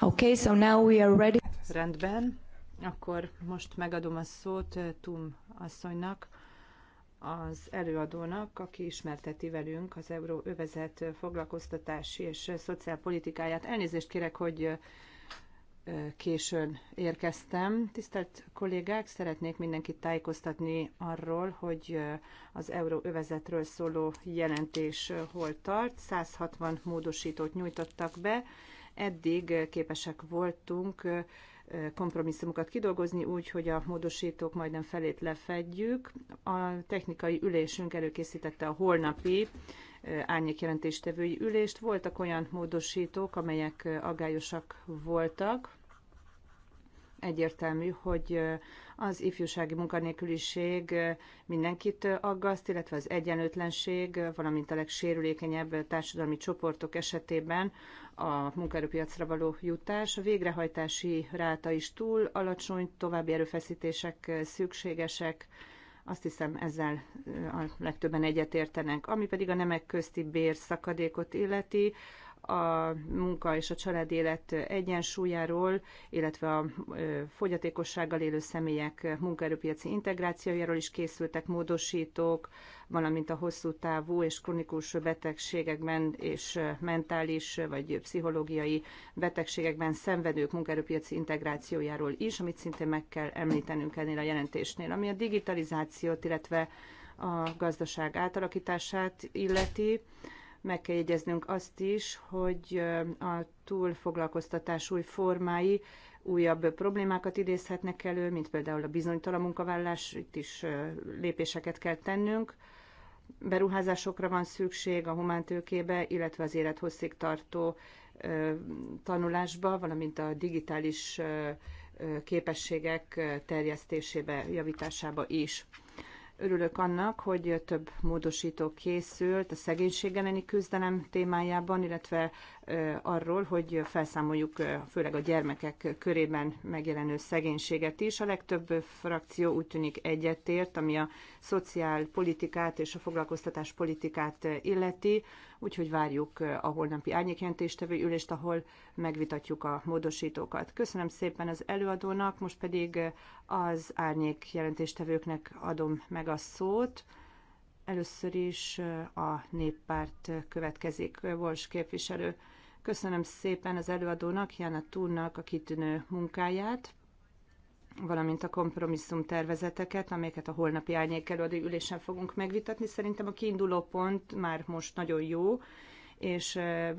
Okay, so now we are ready. Rendben, akkor most megadom a szót eh, Tum asszonynak, az előadónak, aki ismerteti velünk az Euróövezet eh, foglalkoztatási és eh, szociálpolitikáját. Elnézést kérek, hogy későn érkeztem. Tisztelt kollégák, szeretnék mindenkit tájékoztatni arról, hogy az euróövezetről szóló jelentés hol tart. 160 módosítót nyújtottak be, eddig képesek voltunk kompromisszumokat kidolgozni úgy, hogy a módosítók majdnem felét lefedjük. A technikai ülésünk előkészítette a holnapi árnyékjelentéstevői ülést. Voltak olyan módosítók, amelyek agályosak voltak. Egyértelmű, hogy az ifjúsági munkanélküliség mindenkit aggaszt, illetve az egyenlőtlenség, valamint a legsérülékenyebb társadalmi csoportok esetében a munkaerőpiacra való jutás. A végrehajtási ráta is túl alacsony, további erőfeszítések szükségesek, azt hiszem ezzel a legtöbben egyetértenek. Ami pedig a nemek közti bérszakadékot illeti, a munka és a család élet egyensúlyáról, illetve a fogyatékossággal élő személyek munkaerőpiaci integrációjáról is készültek módosítók, valamint a hosszú távú és kronikus betegségekben és mentális vagy pszichológiai betegségekben szenvedők munkaerőpiaci integrációjáról is, amit szintén meg kell említenünk ennél a jelentésnél, ami a digitalizációt, illetve a gazdaság átalakítását illeti meg kell jegyeznünk azt is, hogy a túlfoglalkoztatás új formái újabb problémákat idézhetnek elő, mint például a bizonytalan munkavállalás, itt is lépéseket kell tennünk. Beruházásokra van szükség a humántőkébe, illetve az élethosszig tartó tanulásba, valamint a digitális képességek terjesztésébe, javításába is. Örülök annak, hogy több módosító készült a szegénység elleni küzdelem témájában, illetve arról, hogy felszámoljuk főleg a gyermekek körében megjelenő szegénységet is. A legtöbb frakció úgy tűnik egyetért, ami a szociálpolitikát és a foglalkoztatás politikát illeti, úgyhogy várjuk a holnapi árnyékjelentéstevő ülést, ahol megvitatjuk a módosítókat. Köszönöm szépen az előadónak, most pedig az árnyékjelentéstevőknek adom meg a szót. Először is a néppárt következik, Vols képviselő. Köszönöm szépen az előadónak, Jana Túrnak a kitűnő munkáját, valamint a kompromisszum tervezeteket, amelyeket a holnapi árnyék előadó ülésen fogunk megvitatni. Szerintem a kiinduló pont már most nagyon jó, és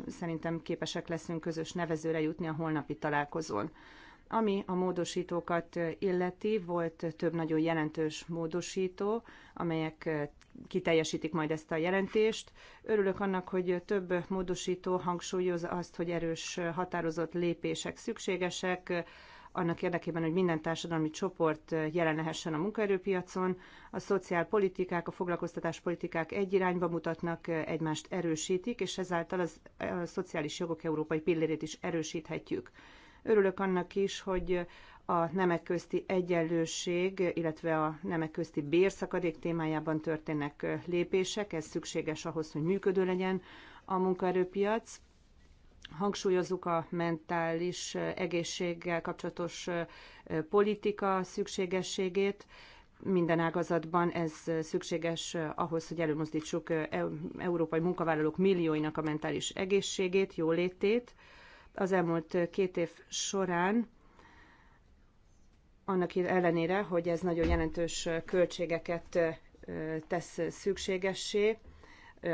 szerintem képesek leszünk közös nevezőre jutni a holnapi találkozón. Ami a módosítókat illeti, volt több nagyon jelentős módosító, amelyek eh, kiteljesítik majd ezt a jelentést. Örülök annak, hogy több módosító hangsúlyoz azt, hogy erős, eh, határozott lépések szükségesek, eh, annak érdekében, hogy minden társadalmi csoport jelen lehessen a munkaerőpiacon. A szociálpolitikák, a foglalkoztatáspolitikák egy irányba mutatnak, egymást erősítik, és ezáltal az, a szociális jogok európai pillérét is erősíthetjük. Örülök annak is, hogy a nemek közti egyenlőség, illetve a nemek közti bérszakadék témájában történnek lépések. Ez szükséges ahhoz, hogy működő legyen a munkaerőpiac. Hangsúlyozzuk a mentális egészséggel kapcsolatos politika szükségességét. Minden ágazatban ez szükséges ahhoz, hogy előmozdítsuk európai munkavállalók millióinak a mentális egészségét, jólétét az elmúlt két év során, annak ellenére, hogy ez nagyon jelentős költségeket tesz szükségessé,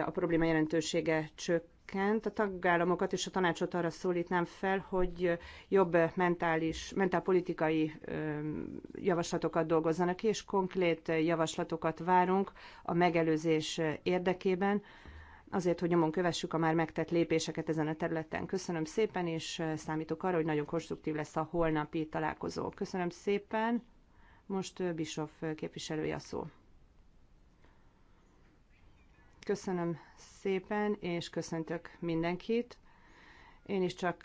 a probléma jelentősége csökkent. A tagállamokat és a tanácsot arra szólítnám fel, hogy jobb mentális, mentálpolitikai javaslatokat dolgozzanak ki, és konkrét javaslatokat várunk a megelőzés érdekében, azért, hogy nyomon kövessük a már megtett lépéseket ezen a területen. Köszönöm szépen, és eh, számítok arra, hogy nagyon konstruktív lesz a holnapi találkozó. Köszönöm szépen. Most eh, Bischoff eh, képviselője a szó. Köszönöm szépen, és köszöntök mindenkit. Én is csak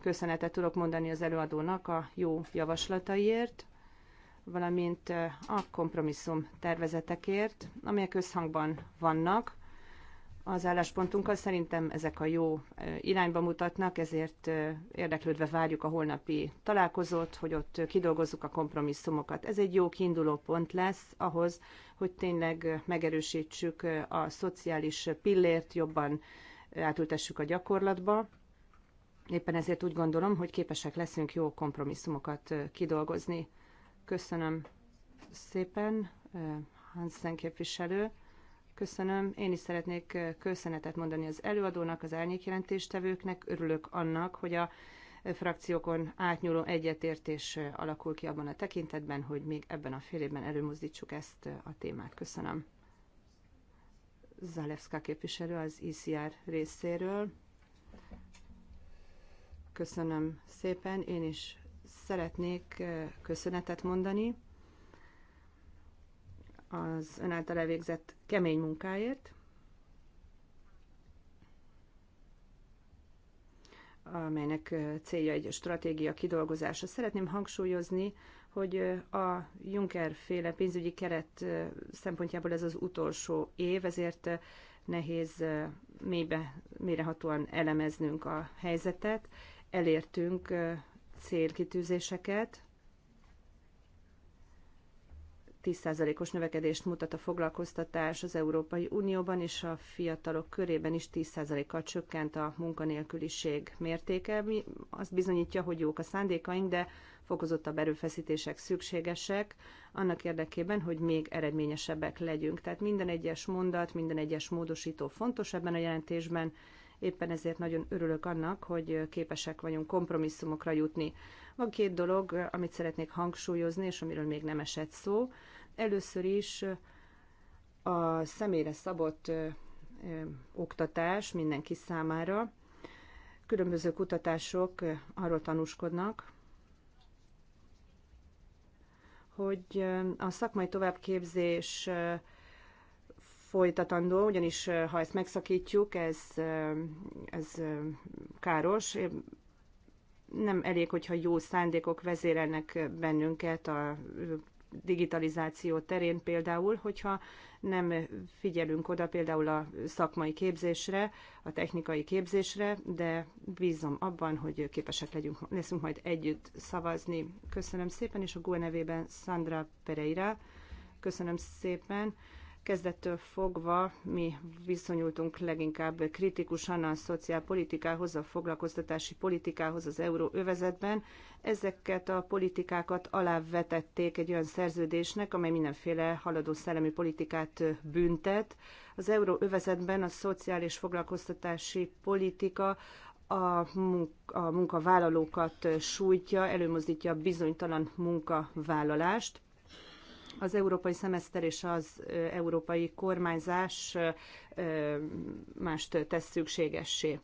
köszönetet tudok mondani az előadónak a jó javaslataiért, valamint a kompromisszum tervezetekért, amelyek összhangban vannak az álláspontunkkal. Szerintem ezek a jó irányba mutatnak, ezért érdeklődve várjuk a holnapi találkozót, hogy ott kidolgozzuk a kompromisszumokat. Ez egy jó kiinduló pont lesz ahhoz, hogy tényleg megerősítsük a szociális pillért, jobban átültessük a gyakorlatba. Éppen ezért úgy gondolom, hogy képesek leszünk jó kompromisszumokat kidolgozni. Köszönöm szépen, Hansen képviselő. Köszönöm. Én is szeretnék köszönetet mondani az előadónak, az árnyékjelentéstevőknek. Örülök annak, hogy a frakciókon átnyúló egyetértés alakul ki abban a tekintetben, hogy még ebben a fél évben előmozdítsuk ezt a témát. Köszönöm. Zalewska képviselő az ICR e részéről. Köszönöm szépen. Én is szeretnék köszönetet mondani az ön által elvégzett kemény munkáért, amelynek célja egy stratégia kidolgozása. Szeretném hangsúlyozni, hogy a Juncker féle pénzügyi keret szempontjából ez az utolsó év, ezért nehéz mélybe, mélyrehatóan elemeznünk a helyzetet. Elértünk célkitűzéseket, 10%-os növekedést mutat a foglalkoztatás az Európai Unióban, és a fiatalok körében is 10%-kal csökkent a munkanélküliség mértéke. Mi azt bizonyítja, hogy jók a szándékaink, de fokozottabb erőfeszítések szükségesek annak érdekében, hogy még eredményesebbek legyünk. Tehát minden egyes mondat, minden egyes módosító fontos ebben a jelentésben, éppen ezért nagyon örülök annak, hogy képesek vagyunk kompromisszumokra jutni. Van két dolog, amit szeretnék hangsúlyozni, és amiről még nem esett szó. Először is a személyre szabott oktatás mindenki számára. Különböző kutatások arról tanúskodnak, hogy a szakmai továbbképzés folytatandó, ugyanis ha ezt megszakítjuk, ez, ez káros. Nem elég, hogyha jó szándékok vezérelnek bennünket a digitalizáció terén például, hogyha nem figyelünk oda például a szakmai képzésre, a technikai képzésre, de bízom abban, hogy képesek legyünk, leszünk majd együtt szavazni. Köszönöm szépen, és a GUE nevében Sandra Pereira. Köszönöm szépen. Kezdettől fogva mi viszonyultunk leginkább kritikusan a szociálpolitikához, a foglalkoztatási politikához az euróövezetben. Ezeket a politikákat alávetették egy olyan szerződésnek, amely mindenféle haladó szellemi politikát büntet. Az euróövezetben a szociális foglalkoztatási politika a, a munkavállalókat sújtja, előmozdítja a bizonytalan munkavállalást az európai szemeszter és az európai kormányzás mást tesz szükségessé.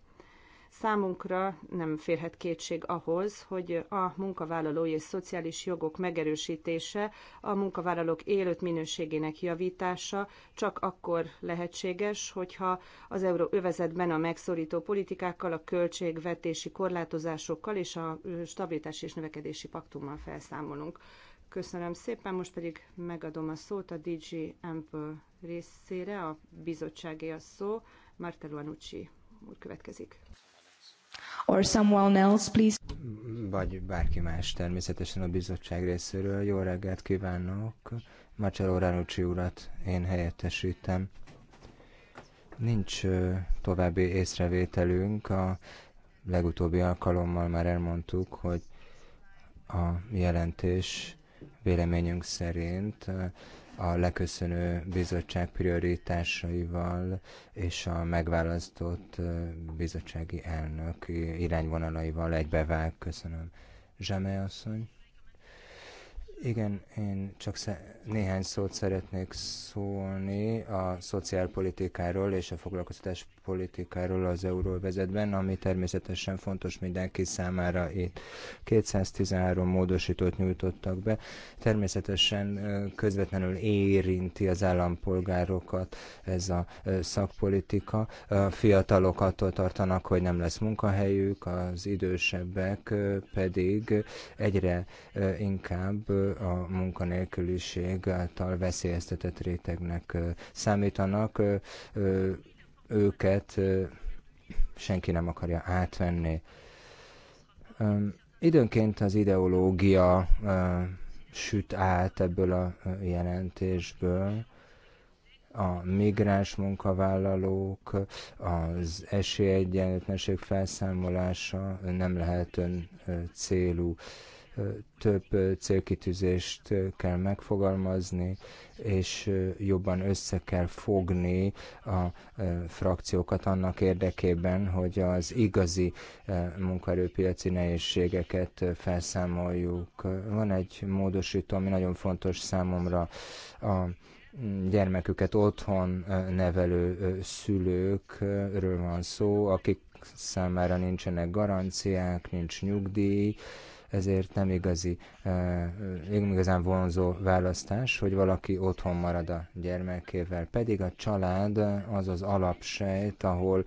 Számunkra nem férhet kétség ahhoz, hogy a munkavállalói és szociális jogok megerősítése, a munkavállalók életminőségének javítása csak akkor lehetséges, hogyha az euró övezetben a megszorító politikákkal, a költségvetési korlátozásokkal és a stabilitási és növekedési paktummal felszámolunk. Köszönöm szépen, most pedig megadom a szót a DG Ample részére, a bizottságé a szó. Martello Anucci úgy következik. Or someone else, please. Vagy bárki más természetesen a bizottság részéről. Jó reggelt kívánok! Marcello Ranucci urat én helyettesítem. Nincs további észrevételünk. A legutóbbi alkalommal már elmondtuk, hogy a jelentés Véleményünk szerint eh, a leköszönő bizottság prioritásaival és a megválasztott eh, bizottsági elnök irányvonalaival egybevág. Köszönöm. Zseme asszony? Igen, én csak néhány szót szeretnék szólni a szociálpolitikáról és a foglalkoztatás politikáról az euróvezetben, ami természetesen fontos mindenki számára itt. 213 módosítót nyújtottak be, természetesen közvetlenül érinti az állampolgárokat ez a szakpolitika. A fiatalok attól tartanak, hogy nem lesz munkahelyük, az idősebbek pedig egyre inkább a munkanélküliség által veszélyeztetett rétegnek számítanak őket senki nem akarja átvenni. Időnként az ideológia süt át ebből a jelentésből, a migráns munkavállalók, az esélyegyenlőtlenség felszámolása nem lehet ön célú. Több célkitűzést kell megfogalmazni, és jobban össze kell fogni a frakciókat annak érdekében, hogy az igazi munkaerőpiaci nehézségeket felszámoljuk. Van egy módosító, ami nagyon fontos számomra a gyermeküket otthon nevelő szülőkről van szó, akik számára nincsenek garanciák, nincs nyugdíj, ezért nem igazi, eh, eh, nem igazán vonzó választás, hogy valaki otthon marad a gyermekével. Pedig a család az az alapsejt, ahol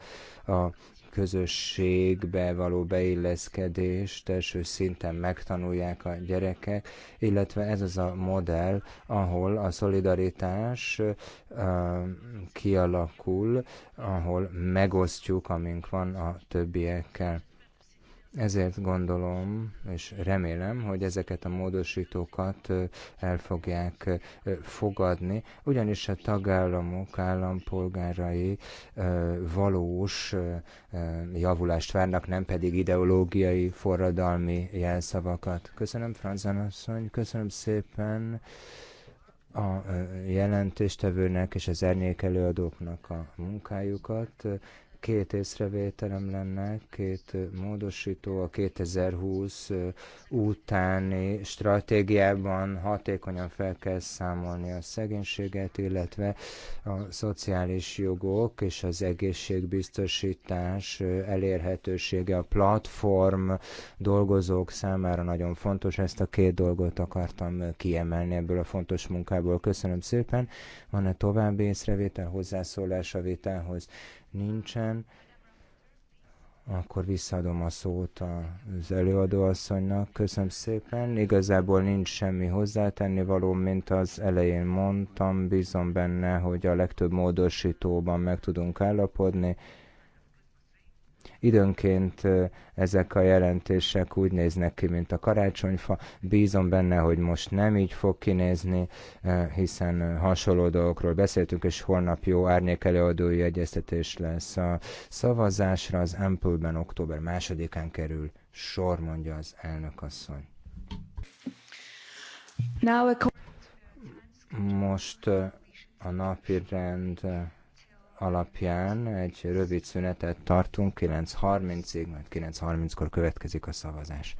a közösségbe való beilleszkedést első szinten megtanulják a gyerekek, illetve ez az a modell, ahol a szolidaritás eh, kialakul, ahol megosztjuk, amink van a többiekkel. Ezért gondolom és remélem, hogy ezeket a módosítókat el fogják fogadni, ugyanis a tagállamok állampolgárai valós javulást várnak, nem pedig ideológiai, forradalmi jelszavakat. Köszönöm, Franzan asszony, köszönöm szépen a jelentéstevőnek és az ernyék előadóknak a munkájukat. Két észrevételem lenne, két módosító a 2020 utáni stratégiában hatékonyan fel kell számolni a szegénységet, illetve a szociális jogok és az egészségbiztosítás elérhetősége a platform dolgozók számára nagyon fontos. Ezt a két dolgot akartam kiemelni ebből a fontos munkából. Köszönöm szépen. Van-e további észrevétel, hozzászólás a vitához? nincsen, akkor visszaadom a szót az előadóasszonynak. Köszönöm szépen. Igazából nincs semmi hozzátenni való, mint az elején mondtam. Bízom benne, hogy a legtöbb módosítóban meg tudunk állapodni. Időnként ezek a jelentések úgy néznek ki, mint a karácsonyfa. Bízom benne, hogy most nem így fog kinézni, hiszen hasonló dolgokról beszéltünk, és holnap jó árnyék előadói egyeztetés lesz. A szavazásra az Ample-ben október másodikán kerül sor, mondja az elnökasszony. Most a napi rend alapján egy rövid szünetet tartunk, 9.30-ig, majd 9.30-kor következik a szavazás.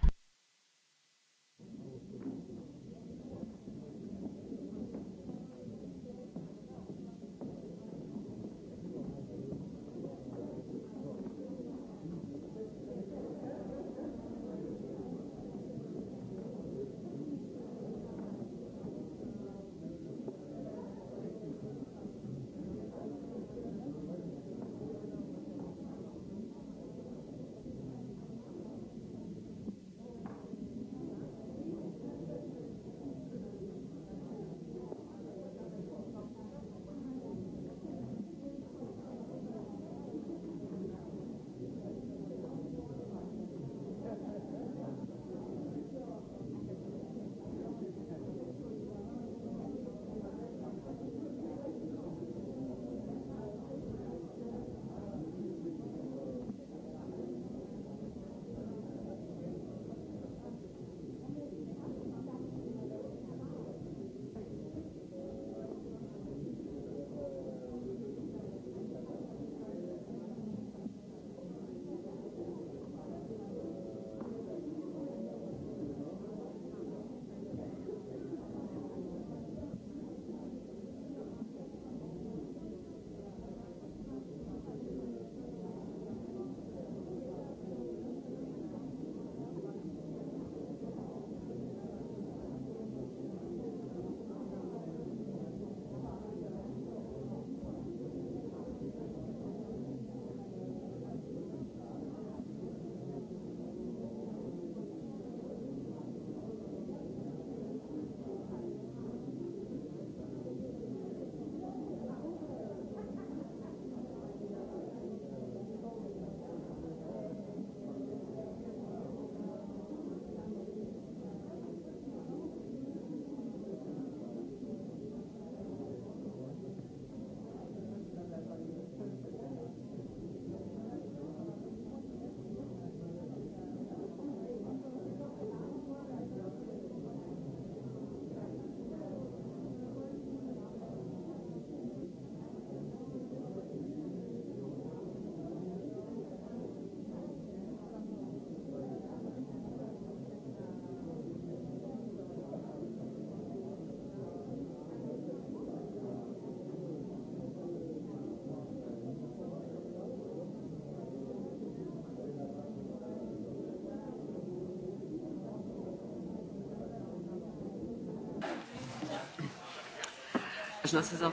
można se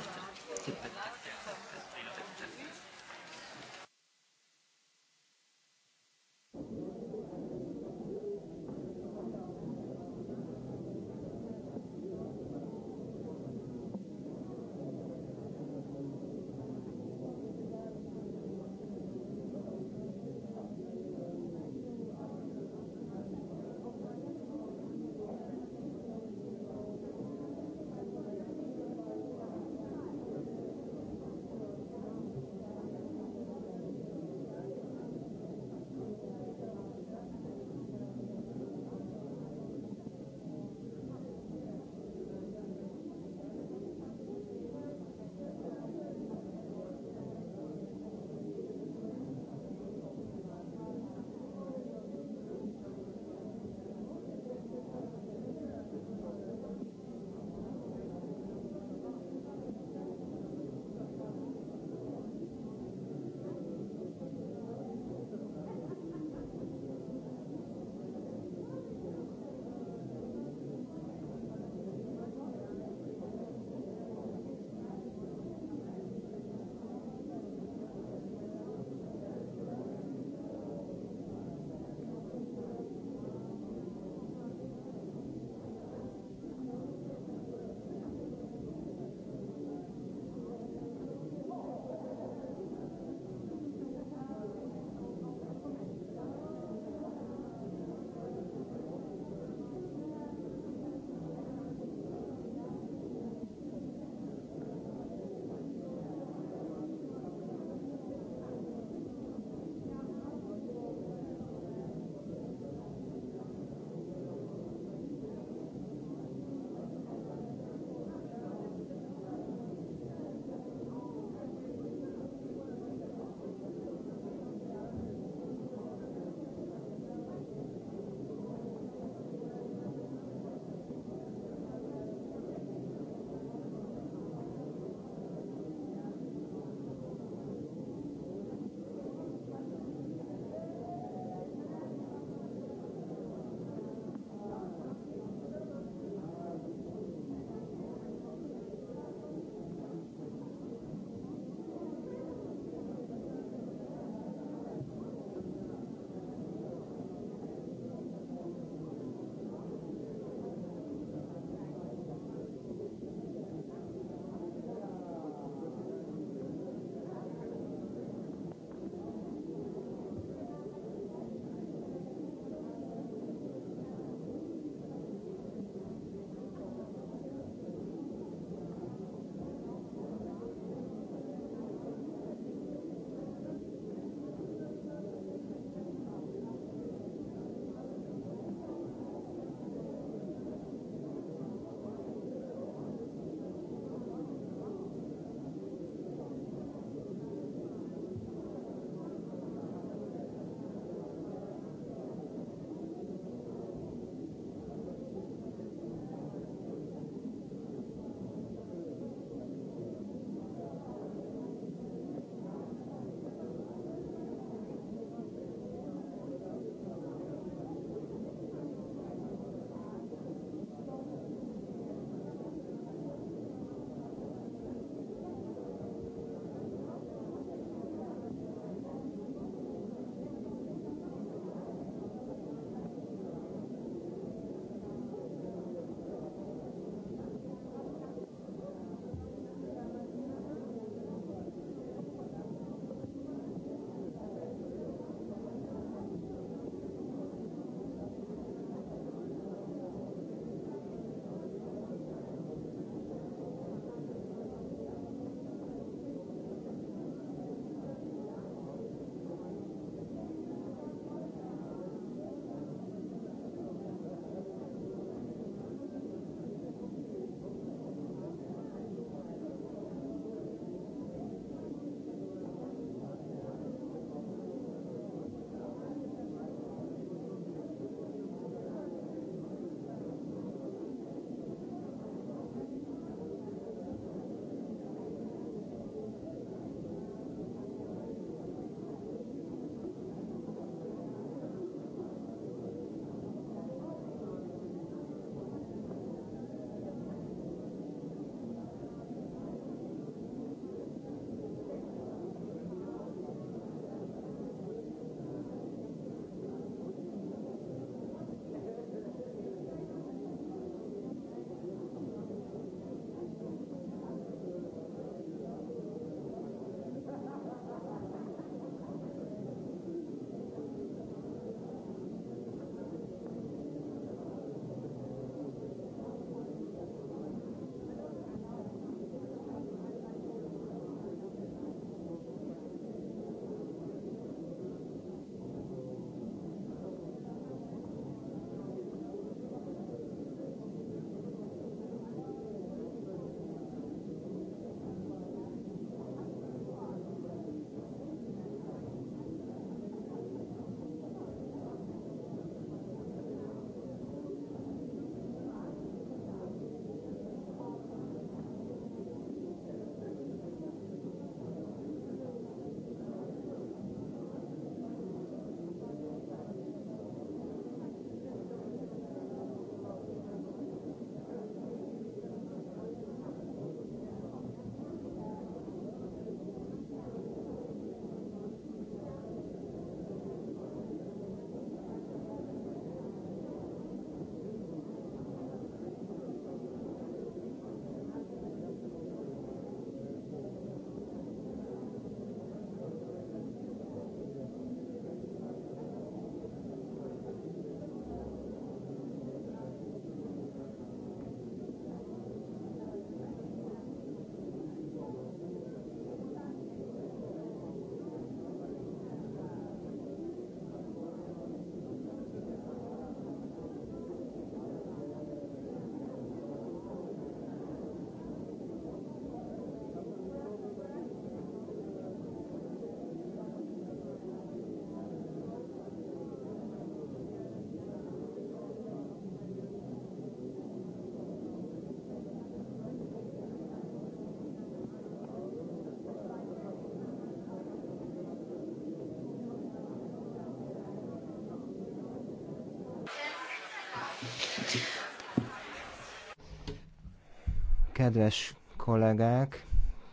Kedves kollégák,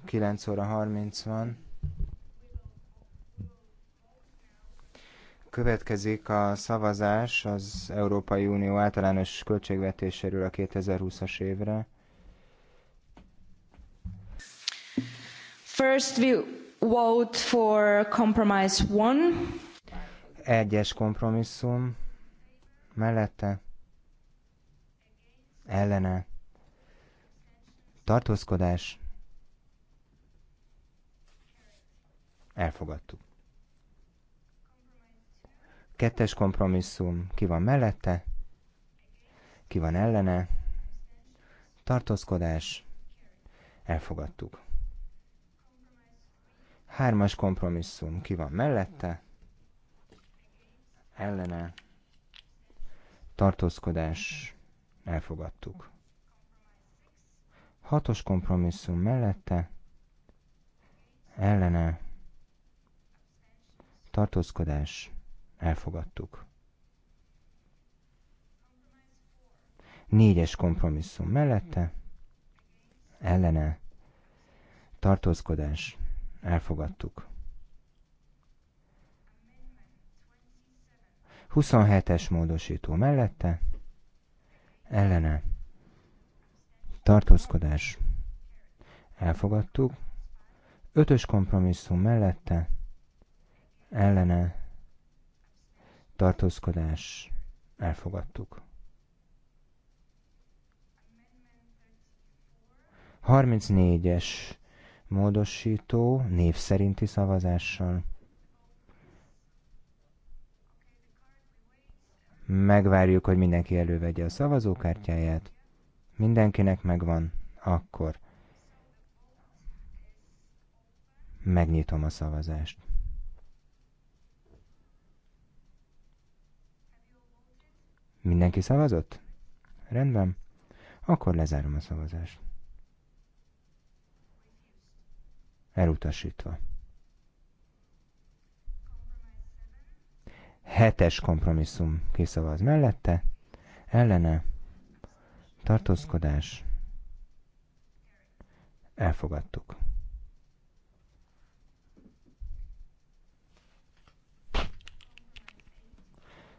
9 óra 30 van. Következik a szavazás az Európai Unió általános költségvetéséről a 2020-as évre. First we vote for compromise one. Egyes kompromisszum. Mellette. Ellene tartózkodás, elfogadtuk. Kettes kompromisszum, ki van mellette, ki van ellene, tartózkodás, elfogadtuk. Hármas kompromisszum, ki van mellette, ellene, tartózkodás, elfogadtuk. Hatos kompromisszum mellette, ellene, tartózkodás, elfogadtuk. Négyes kompromisszum mellette, ellene, tartózkodás, elfogadtuk. 27-es módosító mellette, ellene, tartózkodás elfogadtuk, ötös kompromisszum mellette ellene tartózkodás elfogadtuk. 34-es módosító név szerinti szavazással. Megvárjuk, hogy mindenki elővegye a szavazókártyáját mindenkinek megvan, akkor megnyitom a szavazást. Mindenki szavazott? Rendben. Akkor lezárom a szavazást. Elutasítva. Hetes kompromisszum kiszavaz mellette, ellene tartózkodás, elfogadtuk.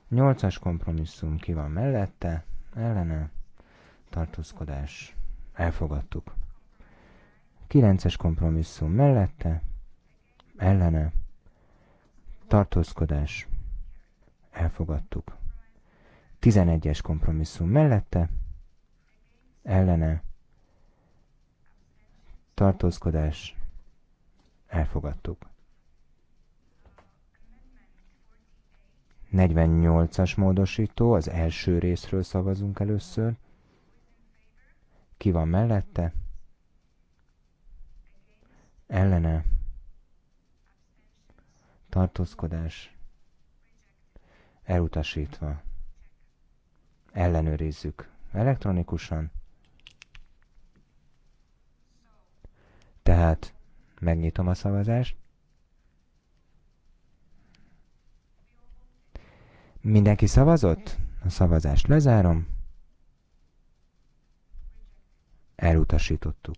Nyolcas kompromisszum ki van mellette, ellene, tartózkodás, elfogadtuk. Kilences kompromisszum mellette, ellene, tartózkodás, elfogadtuk. Tizenegyes kompromisszum mellette, ellene tartózkodás elfogadtuk. 48-as módosító, az első részről szavazunk először. Ki van mellette? Ellene. Tartózkodás. Elutasítva. Ellenőrizzük elektronikusan. Tehát megnyitom a szavazást. Mindenki szavazott? A szavazást lezárom. Elutasítottuk.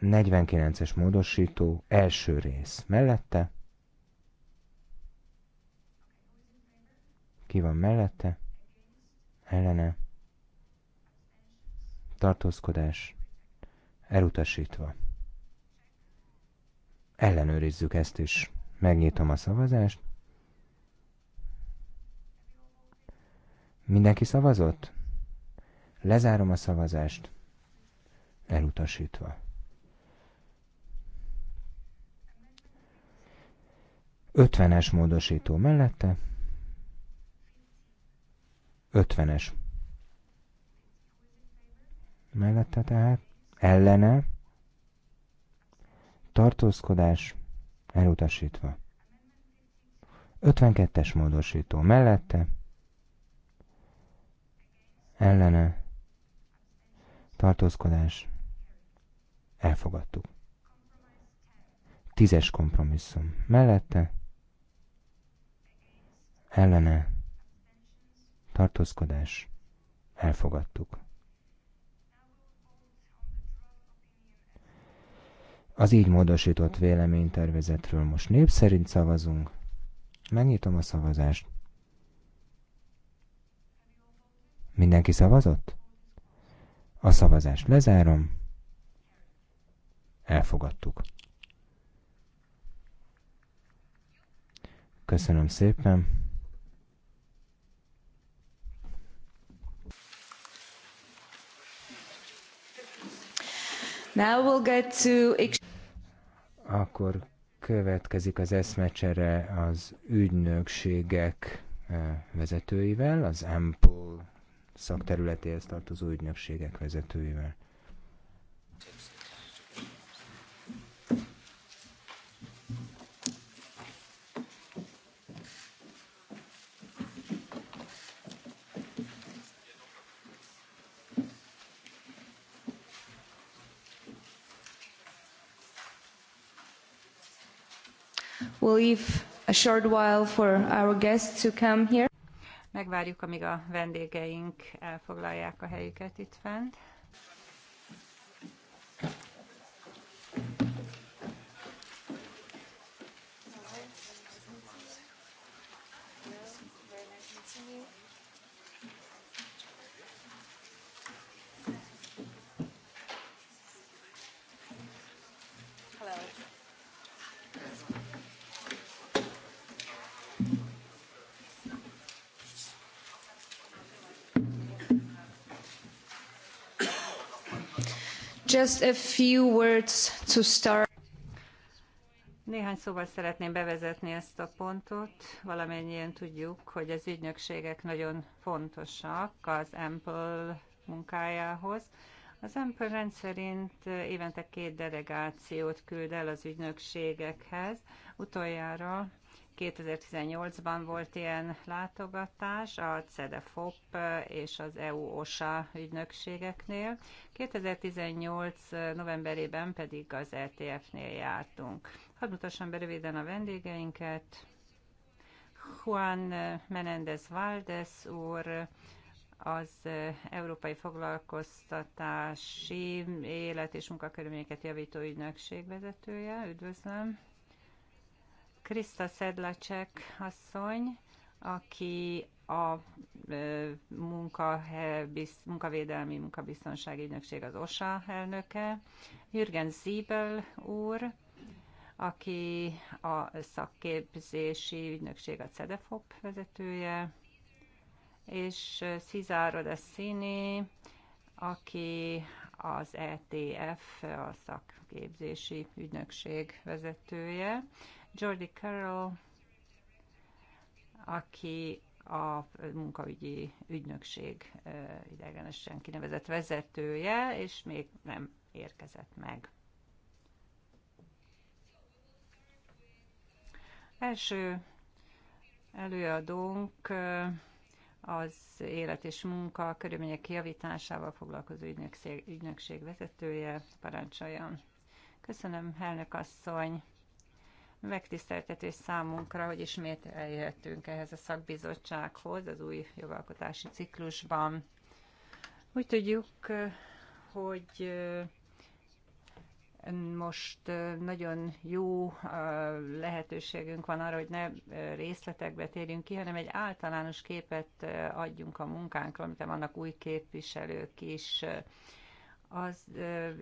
49-es módosító, első rész mellette. Ki van mellette? Ellene tartózkodás, elutasítva. Ellenőrizzük ezt is. Megnyitom a szavazást. Mindenki szavazott? Lezárom a szavazást. Elutasítva. 50-es módosító mellette. 50-es mellette tehát, ellene, tartózkodás elutasítva. 52-es módosító mellette, ellene, tartózkodás, elfogadtuk. Tízes kompromisszum mellette, ellene, tartózkodás, elfogadtuk. Az így módosított véleménytervezetről most nép szerint szavazunk. Megnyitom a szavazást. Mindenki szavazott? A szavazást lezárom. Elfogadtuk. Köszönöm szépen. Now we'll get to akkor következik az eszmecsere az ügynökségek eh, vezetőivel, az AMPOL szakterületéhez tartozó ügynökségek vezetőivel. leave a short while for our guests to come here. Megvárjuk, amíg a vendégeink elfoglalják a helyüket itt fent. Just a few words to start. Néhány szóval szeretném bevezetni ezt a pontot. Valamennyien tudjuk, hogy az ügynökségek nagyon fontosak az Ample munkájához. Az Ample rendszerint évente két delegációt küld el az ügynökségekhez. Utoljára 2018-ban volt ilyen látogatás a CEDEFOP eh, és az EU-OSA ügynökségeknél, 2018 eh, novemberében pedig az etf nél jártunk. Hadd mutassam be röviden a vendégeinket. Juan eh, Menendez Valdez úr, az Európai Foglalkoztatási Élet és Munkakörülményeket Javító Ügynökség vezetője. Üdvözlöm! Krista Szedlacsek asszony, aki a munkavédelmi munkabiztonsági ügynökség az OSA elnöke, Jürgen Siebel úr, aki a szakképzési ügynökség a CEDEFOP vezetője, és Cesaro Dessini, aki az ETF, a szakképzési ügynökség vezetője, Jordi Carroll, aki a munkaügyi ügynökség idegenesen kinevezett vezetője, és még nem érkezett meg. Első előadónk az élet és munka körülmények javításával foglalkozó ügynökség, ügynökség vezetője, parancsoljon. Köszönöm, elnök asszony! megtiszteltetés számunkra, hogy ismét eljöttünk ehhez a szakbizottsághoz az új jogalkotási ciklusban. Úgy tudjuk, hogy eh, most eh, nagyon jó eh, lehetőségünk van arra, hogy ne részletekbe térjünk ki, hanem egy általános képet adjunk a munkánkról, amit vannak új képviselők is az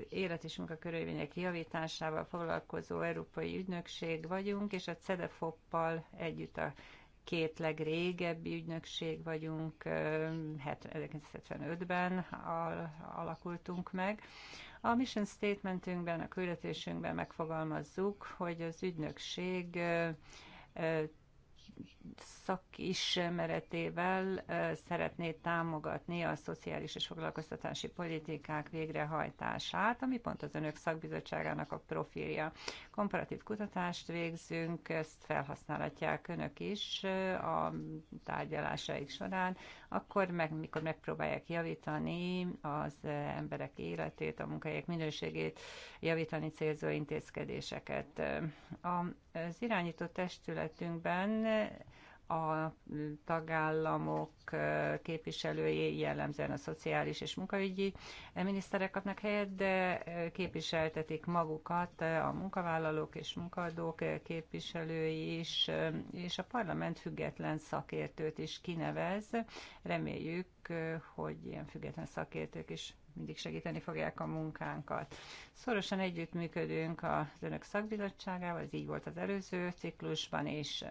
élet és munkakörülmények javításával foglalkozó európai ügynökség vagyunk, és a CEDEFOP-pal együtt a két legrégebbi ügynökség vagyunk, 1975-ben alakultunk meg. A mission statementünkben, a küldetésünkben megfogalmazzuk, hogy az ügynökség szakismeretével szeretné támogatni a szociális és foglalkoztatási politikák végrehajtását, ami pont az önök szakbizottságának a profilja. Komparatív kutatást végzünk, ezt felhasználhatják önök is a tárgyalásaik során, akkor meg, mikor megpróbálják javítani az emberek életét, a munkahelyek minőségét, javítani célzó intézkedéseket. A az irányító testületünkben a tagállamok képviselői, jellemzően a szociális és munkaügyi miniszterek kapnak helyet, de képviseltetik magukat a munkavállalók és munkadók képviselői is, és a parlament független szakértőt is kinevez. Reméljük, hogy ilyen független szakértők is mindig segíteni fogják a munkánkat. Szorosan együttműködünk az Önök szakbizottságával, ez így volt az előző ciklusban is.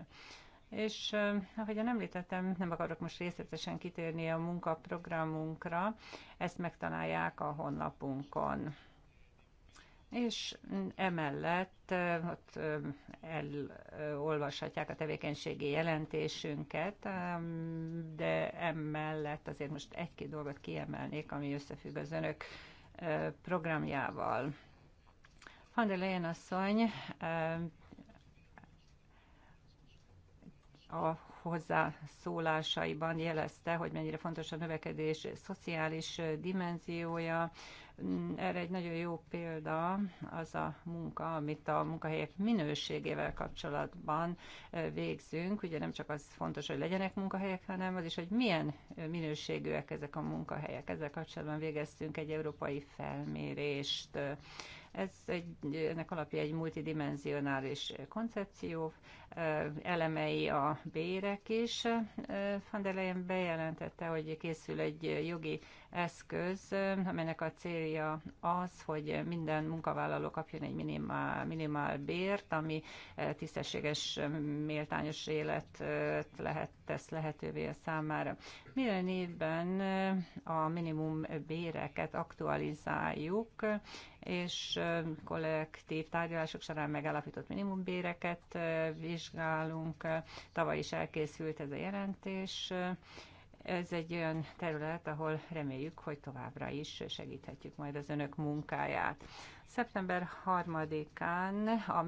És eh, ahogyan említettem, nem akarok most részletesen kitérni a munkaprogramunkra, ezt megtalálják a honlapunkon és emellett ott elolvashatják a tevékenységi jelentésünket, de emellett azért most egy-két dolgot kiemelnék, ami összefügg az önök programjával. Van der Leyen asszony a hozzászólásaiban jelezte, hogy mennyire fontos a növekedés szociális dimenziója, Mm, erre egy nagyon jó példa az a munka, amit a munkahelyek minőségével kapcsolatban végzünk. Ugye nem csak az fontos, hogy legyenek munkahelyek, hanem az is, hogy milyen minőségűek ezek a munkahelyek. Ezzel kapcsolatban végeztünk egy európai felmérést. Ez egy, ennek alapja egy multidimensionális koncepció, elemei a bérek is. Van der Leyen bejelentette, hogy készül egy jogi eszköz, amelynek a célja az, hogy minden munkavállaló kapjon egy minimál, minimál bért, ami eh, tisztességes, méltányos életet eh, lehet, tesz lehetővé a számára. Minden évben eh, a minimum béreket aktualizáljuk, és kollektív tárgyalások során megállapított minimumbéreket is vizsgálunk. Tavaly is elkészült ez a jelentés. Ez egy olyan terület, ahol reméljük, hogy továbbra is segíthetjük majd az önök munkáját. Szeptember 3-án a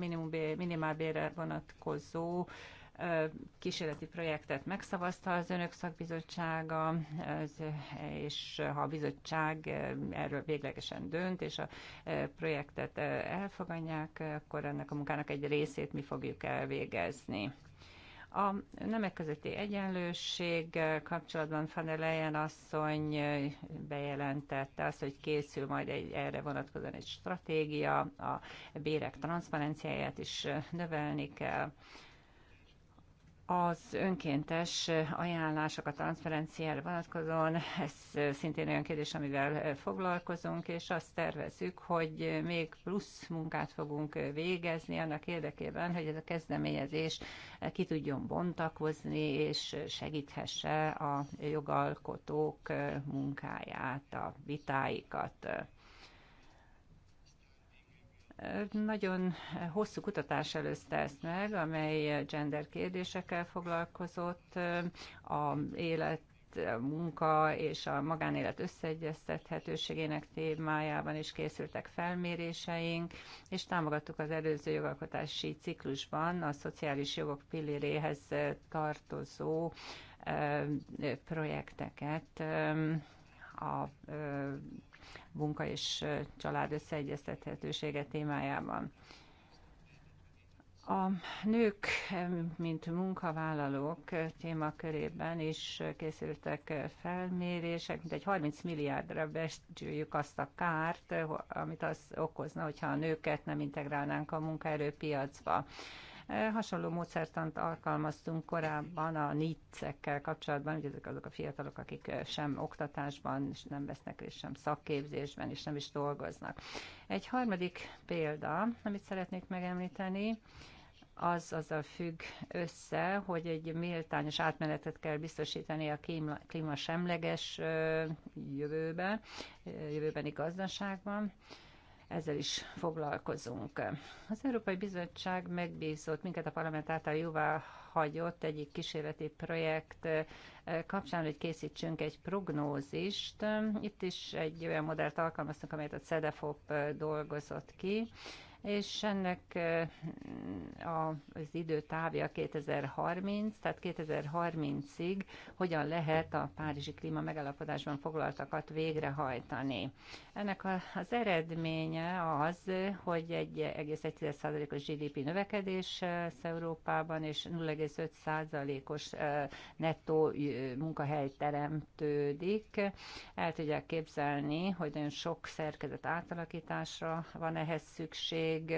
minimálbérre vonatkozó kísérleti projektet megszavazta az önök szakbizottsága, és ha a bizottság erről véglegesen dönt, és a projektet elfogadják, akkor ennek a munkának egy részét mi fogjuk elvégezni. A nemek közötti egyenlőség kapcsolatban van der asszony bejelentette azt, hogy készül majd egy, erre vonatkozóan egy stratégia, a bérek transzparenciáját is növelni kell. Az önkéntes ajánlások a transferenciára vonatkozóan, ez szintén olyan kérdés, amivel foglalkozunk, és azt tervezzük, hogy még plusz munkát fogunk végezni annak érdekében, hogy ez a kezdeményezés ki tudjon bontakozni, és segíthesse a jogalkotók munkáját, a vitáikat. Nagyon hosszú kutatás előzte ezt meg, amely gender kérdésekkel foglalkozott, a élet a munka és a magánélet összeegyeztethetőségének témájában is készültek felméréseink, és támogattuk az előző jogalkotási ciklusban a szociális jogok pilléréhez tartozó projekteket a munka és család összeegyeztethetősége témájában. A nők, mint munkavállalók témakörében is készültek felmérések, mint egy 30 milliárdra becsüljük azt a kárt, amit az okozna, hogyha a nőket nem integrálnánk a munkaerőpiacba. Eh, hasonló módszertant alkalmaztunk korábban a nic kapcsolatban, ugye ezek azok a fiatalok, akik eh, sem oktatásban és nem vesznek részt, sem szakképzésben, és nem is dolgoznak. Egy harmadik példa, amit szeretnék megemlíteni, az azzal függ össze, hogy egy méltányos átmenetet kell biztosítani a klímasemleges eh, jövőben, jövőbeni gazdaságban ezzel is foglalkozunk. Az Európai Bizottság megbízott minket a parlament által jóvá hagyott egyik kísérleti projekt eh, kapcsán, hogy készítsünk egy prognózist. Itt is egy olyan modellt alkalmaztunk, amelyet a CEDEFOP eh, dolgozott ki és ennek az időtávja 2030, tehát 2030-ig hogyan lehet a Párizsi Klíma megalapodásban foglaltakat végrehajtani. Ennek az eredménye az, hogy egy 1,1%-os GDP növekedés Európában, és 0,5%-os nettó munkahely teremtődik. El tudják képzelni, hogy nagyon sok szerkezet átalakításra van ehhez szükség, cég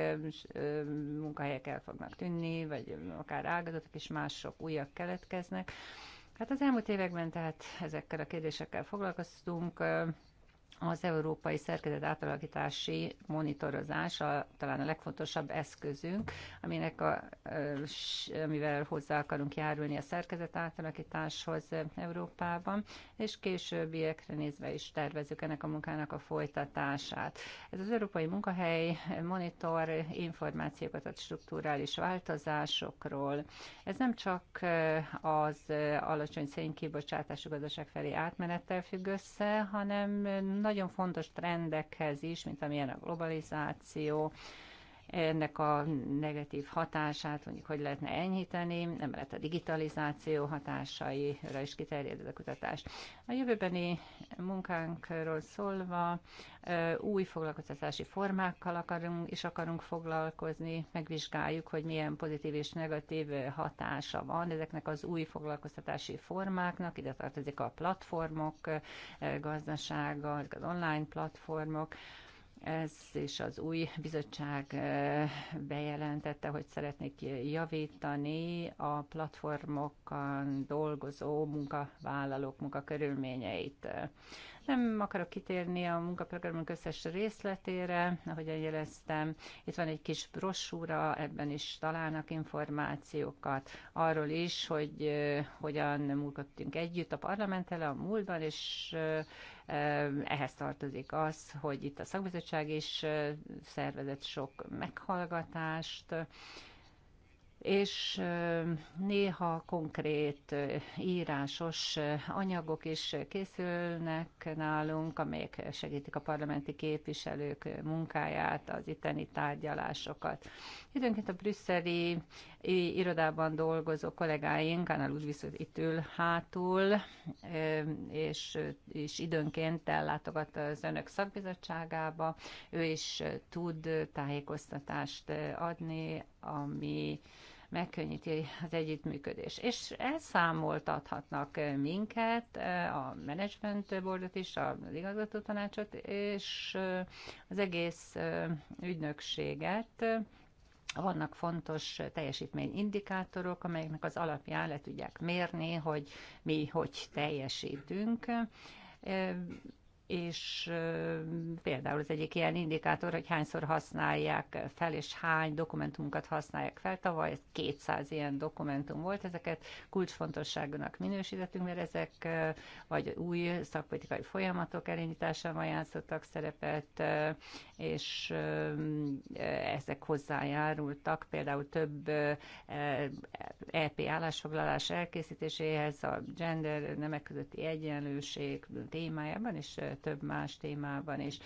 munkahelyek el fognak tűnni, vagy akár ágazatok is mások újak keletkeznek. Hát az elmúlt években tehát ezekkel a kérdésekkel foglalkoztunk, az európai szerkezet átalakítási monitorozás a, talán a legfontosabb eszközünk, aminek a, amivel hozzá akarunk járulni a szerkezet átalakításhoz Európában, és későbbiekre nézve is tervezzük ennek a munkának a folytatását. Ez az európai munkahely monitor információkat ad struktúrális változásokról. Ez nem csak az alacsony szénkibocsátású gazdaság felé átmenettel függ össze, hanem nagyon fontos trendekhez is, mint amilyen a globalizáció, ennek a negatív hatását, mondjuk hogy lehetne enyhíteni, nem lehet a digitalizáció hatásaira is kiterjed ez a kutatás. A jövőbeni munkánkról szólva új foglalkoztatási formákkal akarunk, is akarunk foglalkozni, megvizsgáljuk, hogy milyen pozitív és negatív hatása van ezeknek az új foglalkoztatási formáknak, ide tartozik a platformok gazdasága, az online platformok, ez és az új bizottság bejelentette, hogy szeretnék javítani a platformokon dolgozó munkavállalók munkakörülményeit. Nem akarok kitérni a munkaprogramunk összes részletére, ahogyan jeleztem. Itt van egy kis brosúra, ebben is találnak információkat arról is, hogy hogyan munkodtunk együtt a parlamenttel a múltban, és ehhez tartozik az, hogy itt a szakbizottság is szervezett sok meghallgatást, és néha konkrét írásos anyagok is készülnek nálunk, amelyek segítik a parlamenti képviselők munkáját, az itteni tárgyalásokat. Időnként a brüsszeli irodában dolgozó kollégáink, úgy viszont itt ül hátul, és, és időnként ellátogat az önök szakbizottságába, ő is tud tájékoztatást adni, ami megkönnyíti az együttműködés. És elszámoltathatnak minket, a management boardot is, az igazgató tanácsot, és az egész ügynökséget, vannak fontos teljesítményindikátorok, amelyeknek az alapján le tudják mérni, hogy mi hogy teljesítünk és például az egyik ilyen indikátor, hogy hányszor használják fel, és hány dokumentumokat használják fel. Tavaly 200 ilyen dokumentum volt, ezeket kulcsfontosságúnak minősítettünk, mert ezek vagy új szakpolitikai folyamatok elindításában játszottak szerepet, és ezek hozzájárultak például több EP e állásfoglalás elkészítéséhez, a gender, nemek közötti egyenlőség témájában, és több más témában is.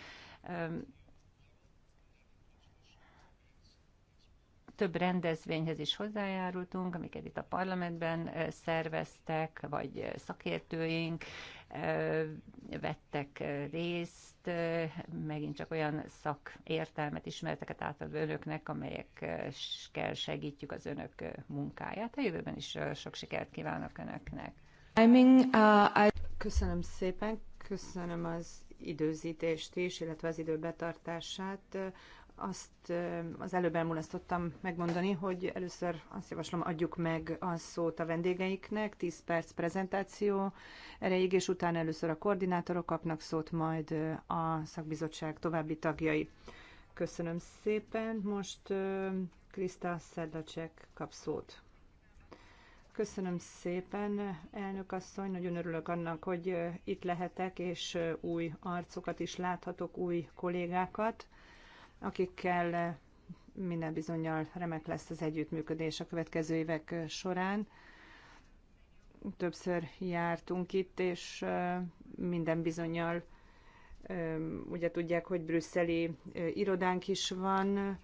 több rendezvényhez is hozzájárultunk, amiket itt a parlamentben szerveztek, vagy szakértőink vettek részt, megint csak olyan szakértelmet, ismereteket átadva önöknek, amelyekkel segítjük az önök munkáját. A jövőben is sok sikert kívánok önöknek. Uh, Köszönöm szépen. Köszönöm az időzítést is, illetve az idő betartását. Azt az előbb elmulasztottam megmondani, hogy először azt javaslom, adjuk meg a szót a vendégeiknek, 10 perc prezentáció erejéig, és utána először a koordinátorok kapnak szót, majd a szakbizottság további tagjai. Köszönöm szépen. Most Krista Szedlacsek kap szót. Köszönöm szépen, elnök asszony, nagyon örülök annak, hogy itt lehetek, és új arcokat is láthatok, új kollégákat, akikkel minden bizonyal remek lesz az együttműködés a következő évek során. Többször jártunk itt, és minden bizonyal, ugye tudják, hogy brüsszeli irodánk is van,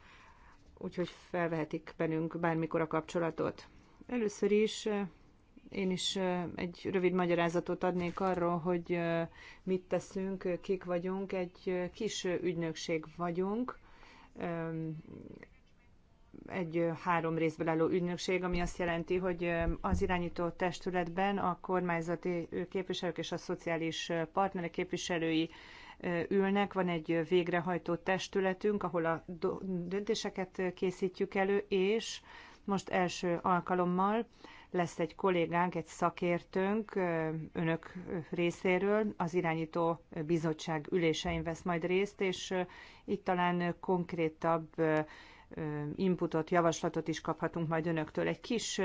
úgyhogy felvehetik bennünk bármikor a kapcsolatot. Először is én is egy rövid magyarázatot adnék arról, hogy mit teszünk, kik vagyunk. Egy kis ügynökség vagyunk, egy három részből álló ügynökség, ami azt jelenti, hogy az irányító testületben a kormányzati képviselők és a szociális partnerek képviselői ülnek, van egy végrehajtó testületünk, ahol a döntéseket készítjük elő, és most első alkalommal lesz egy kollégánk, egy szakértőnk önök részéről, az irányító bizottság ülésein vesz majd részt, és itt talán konkrétabb inputot, javaslatot is kaphatunk majd önöktől. Egy kis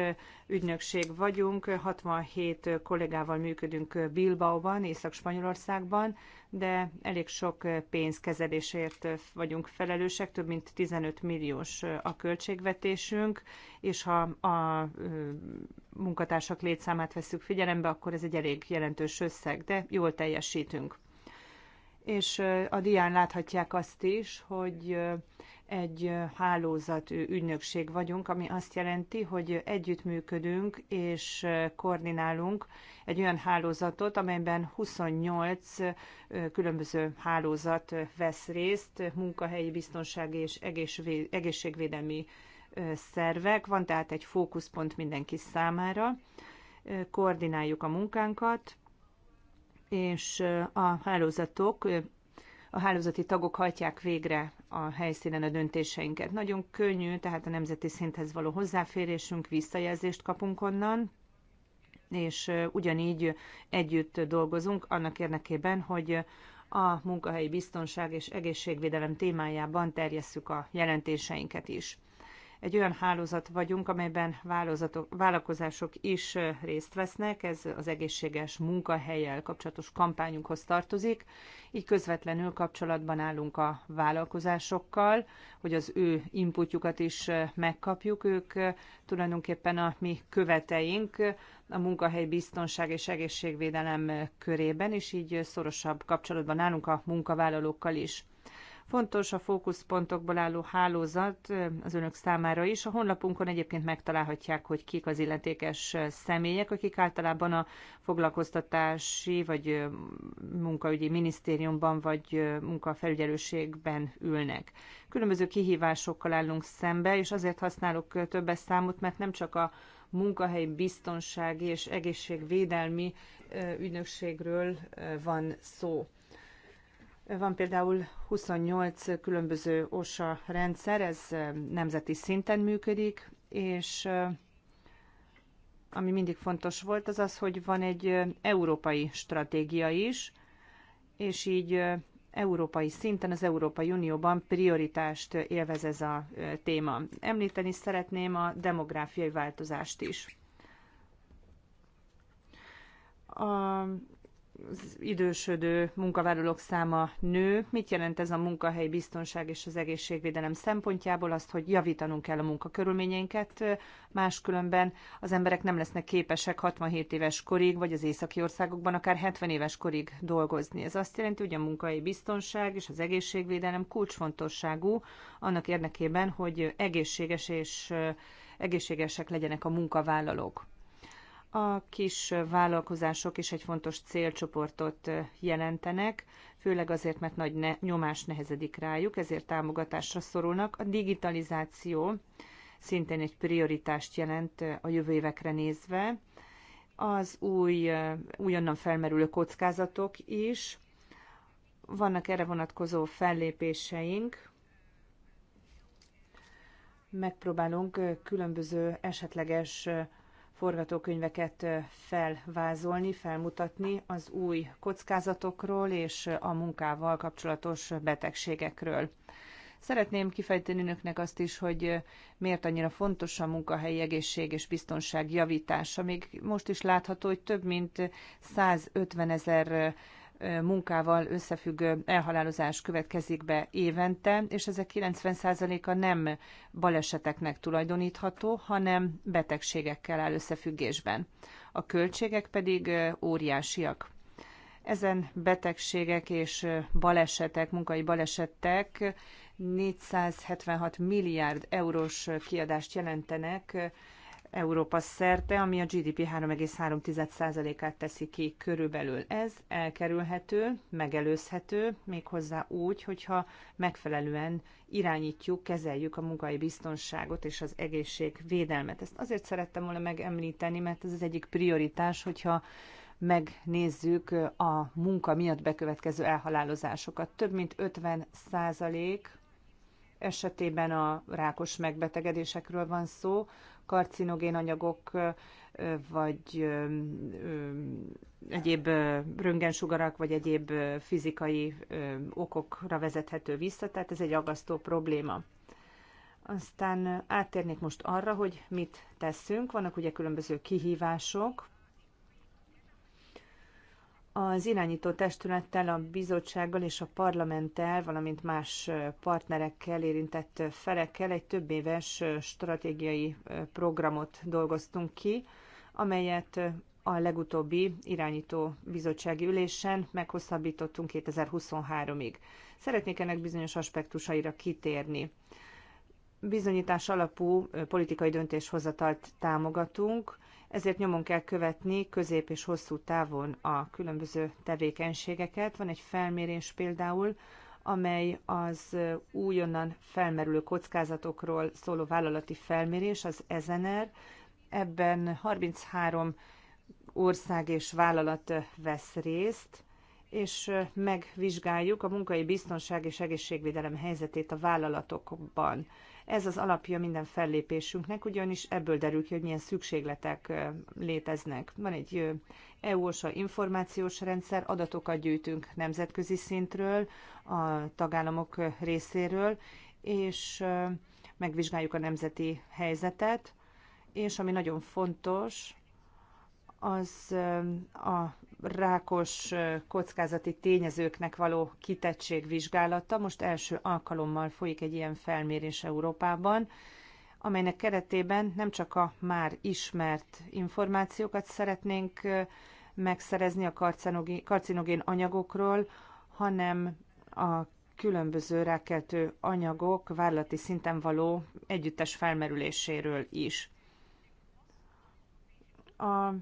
ügynökség vagyunk, 67 kollégával működünk Bilbaoban, Észak-Spanyolországban, de elég sok pénzkezelésért vagyunk felelősek, több mint 15 milliós a költségvetésünk, és ha a munkatársak létszámát veszük figyelembe, akkor ez egy elég jelentős összeg, de jól teljesítünk. És a dián láthatják azt is, hogy egy hálózat ügynökség vagyunk, ami azt jelenti, hogy együttműködünk és koordinálunk egy olyan hálózatot, amelyben 28 különböző hálózat vesz részt, munkahelyi biztonsági és egészségvédelmi szervek. Van tehát egy fókuszpont mindenki számára. Koordináljuk a munkánkat, és a hálózatok a hálózati tagok hajtják végre a helyszínen a döntéseinket. Nagyon könnyű, tehát a nemzeti szinthez való hozzáférésünk, visszajelzést kapunk onnan, és ugyanígy együtt dolgozunk annak érdekében, hogy a munkahelyi biztonság és egészségvédelem témájában terjesszük a jelentéseinket is. Egy olyan hálózat vagyunk, amelyben vállalkozások is részt vesznek, ez az egészséges munkahelyel kapcsolatos kampányunkhoz tartozik, így közvetlenül kapcsolatban állunk a vállalkozásokkal, hogy az ő inputjukat is megkapjuk, ők tulajdonképpen a mi követeink a munkahely biztonság és egészségvédelem körében, és így szorosabb kapcsolatban állunk a munkavállalókkal is. Fontos a fókuszpontokból álló hálózat az önök számára is. A honlapunkon egyébként megtalálhatják, hogy kik az illetékes személyek, akik általában a foglalkoztatási vagy munkaügyi minisztériumban vagy munkafelügyelőségben ülnek. Különböző kihívásokkal állunk szembe, és azért használok többes számot, mert nem csak a munkahelyi biztonsági és egészségvédelmi ügynökségről van szó van például 28 különböző OSA rendszer, ez nemzeti szinten működik, és ami mindig fontos volt, az az, hogy van egy európai stratégia is, és így európai szinten, az Európai Unióban prioritást élvez ez a téma. Említeni szeretném a demográfiai változást is. A az idősödő munkavállalók száma nő. Mit jelent ez a munkahely biztonság és az egészségvédelem szempontjából? Azt, hogy javítanunk kell a munkakörülményeinket, máskülönben az emberek nem lesznek képesek 67 éves korig, vagy az északi országokban akár 70 éves korig dolgozni. Ez azt jelenti, hogy a munkahelyi biztonság és az egészségvédelem kulcsfontosságú annak érdekében, hogy egészséges és egészségesek legyenek a munkavállalók. A kis vállalkozások is egy fontos célcsoportot jelentenek, főleg azért, mert nagy ne, nyomás nehezedik rájuk, ezért támogatásra szorulnak. A digitalizáció szintén egy prioritást jelent a jövő évekre nézve. Az új, újonnan felmerülő kockázatok is. Vannak erre vonatkozó fellépéseink. Megpróbálunk különböző esetleges forgatókönyveket felvázolni, felmutatni az új kockázatokról és a munkával kapcsolatos betegségekről. Szeretném kifejteni önöknek azt is, hogy miért annyira fontos a munkahelyi egészség és biztonság javítása. Még most is látható, hogy több mint 150 ezer munkával összefüggő elhalálozás következik be évente, és ezek 90%-a nem baleseteknek tulajdonítható, hanem betegségekkel áll összefüggésben. A költségek pedig óriásiak. Ezen betegségek és balesetek, munkai balesetek 476 milliárd eurós kiadást jelentenek Európa szerte, ami a GDP 3,3%-át teszi ki körülbelül. Ez elkerülhető, megelőzhető, méghozzá úgy, hogyha megfelelően irányítjuk, kezeljük a munkai biztonságot és az egészségvédelmet. Ezt azért szerettem volna megemlíteni, mert ez az egyik prioritás, hogyha megnézzük a munka miatt bekövetkező elhalálozásokat. Több mint 50 százalék esetében a rákos megbetegedésekről van szó, karcinogén anyagok, vagy egyéb röngensugarak vagy egyéb fizikai okokra vezethető vissza, tehát ez egy aggasztó probléma. Aztán áttérnék most arra, hogy mit teszünk. Vannak ugye különböző kihívások, az irányító testülettel, a bizottsággal és a parlamenttel, valamint más partnerekkel, érintett felekkel egy több éves stratégiai programot dolgoztunk ki, amelyet a legutóbbi irányító bizottsági ülésen meghosszabbítottunk 2023-ig. Szeretnék ennek bizonyos aspektusaira kitérni. Bizonyítás alapú politikai döntéshozatalt támogatunk, ezért nyomon kell követni közép és hosszú távon a különböző tevékenységeket. Van egy felmérés például, amely az újonnan felmerülő kockázatokról szóló vállalati felmérés, az EZNR. Ebben 33 ország és vállalat vesz részt, és megvizsgáljuk a munkai biztonság és egészségvédelem helyzetét a vállalatokban. Ez az alapja minden fellépésünknek, ugyanis ebből derül ki, hogy milyen szükségletek léteznek. Van egy EU-osa információs rendszer, adatokat gyűjtünk nemzetközi szintről, a tagállamok részéről, és megvizsgáljuk a nemzeti helyzetet, és ami nagyon fontos, az a rákos kockázati tényezőknek való kitettség vizsgálata. Most első alkalommal folyik egy ilyen felmérés Európában, amelynek keretében nem csak a már ismert információkat szeretnénk megszerezni a karcinogén anyagokról, hanem a különböző rákeltő anyagok vállalati szinten való együttes felmerüléséről is. A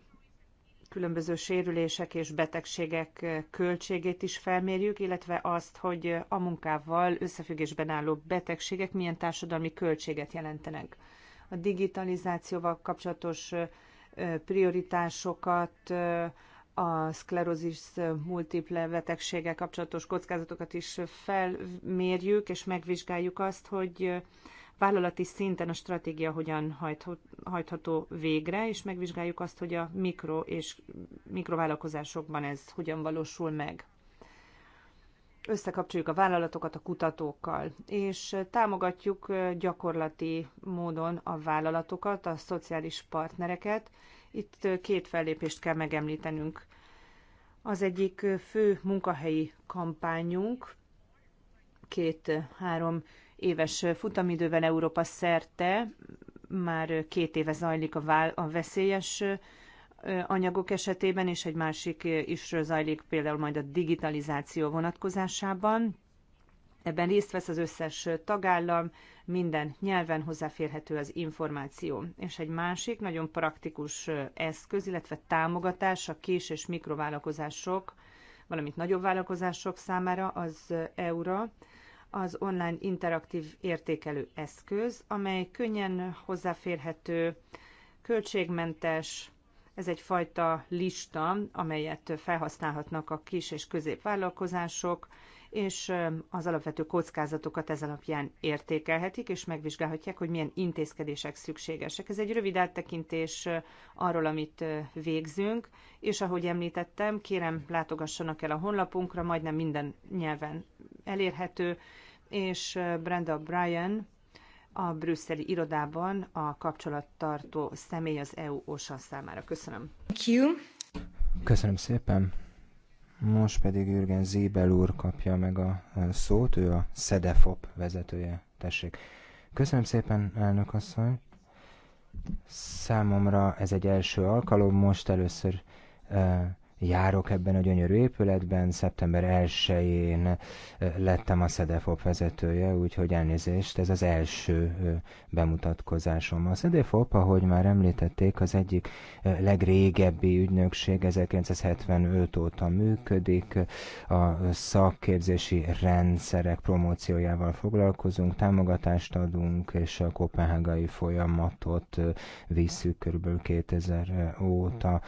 különböző sérülések és betegségek költségét is felmérjük, illetve azt, hogy a munkával összefüggésben álló betegségek milyen társadalmi költséget jelentenek. A digitalizációval kapcsolatos prioritásokat, a szklerozis multiple betegséggel kapcsolatos kockázatokat is felmérjük, és megvizsgáljuk azt, hogy vállalati szinten a stratégia hogyan hajtható végre, és megvizsgáljuk azt, hogy a mikro és mikrovállalkozásokban ez hogyan valósul meg. Összekapcsoljuk a vállalatokat a kutatókkal, és támogatjuk gyakorlati módon a vállalatokat, a szociális partnereket. Itt két fellépést kell megemlítenünk. Az egyik fő munkahelyi kampányunk, két-három éves futamidőben Európa szerte, már két éve zajlik a, vál, a veszélyes anyagok esetében, és egy másik is zajlik például majd a digitalizáció vonatkozásában. Ebben részt vesz az összes tagállam, minden nyelven hozzáférhető az információ. És egy másik nagyon praktikus eszköz, illetve támogatás a kis és mikrovállalkozások, valamint nagyobb vállalkozások számára az EURA, az online interaktív értékelő eszköz, amely könnyen hozzáférhető, költségmentes, ez egyfajta lista, amelyet felhasználhatnak a kis és középvállalkozások, és az alapvető kockázatokat ez alapján értékelhetik, és megvizsgálhatják, hogy milyen intézkedések szükségesek. Ez egy rövid áttekintés arról, amit végzünk, és ahogy említettem, kérem látogassanak el a honlapunkra, majdnem minden nyelven elérhető, és Brenda Bryan, a brüsszeli irodában a kapcsolattartó személy az EU OSA számára. Köszönöm. Thank you. Köszönöm szépen. Most pedig Jürgen Zébel úr kapja meg a e, szót, ő a SZEDEFOP vezetője. Tessék. Köszönöm szépen, elnök asszony. Számomra ez egy első alkalom, most először e, járok ebben a gyönyörű épületben. Szeptember 1-én eh, lettem a SZEDEFOP vezetője, úgyhogy elnézést, ez az első eh, bemutatkozásom. A SZEDEFOP, ahogy már említették, az egyik eh, legrégebbi ügynökség, 1975 óta működik. A szakképzési rendszerek promóciójával foglalkozunk, támogatást adunk, és a kopenhágai folyamatot visszük kb. 2000 óta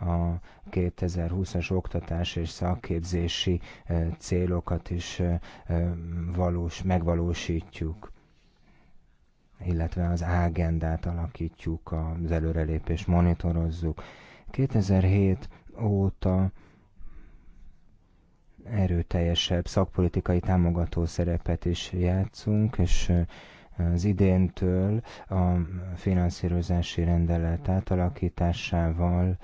a 2020-as oktatás és szakképzési e, célokat is e, e, valós, megvalósítjuk illetve az ágendát alakítjuk, az előrelépést monitorozzuk. 2007 óta erőteljesebb szakpolitikai támogató szerepet is játszunk, és az idéntől a finanszírozási rendelet átalakításával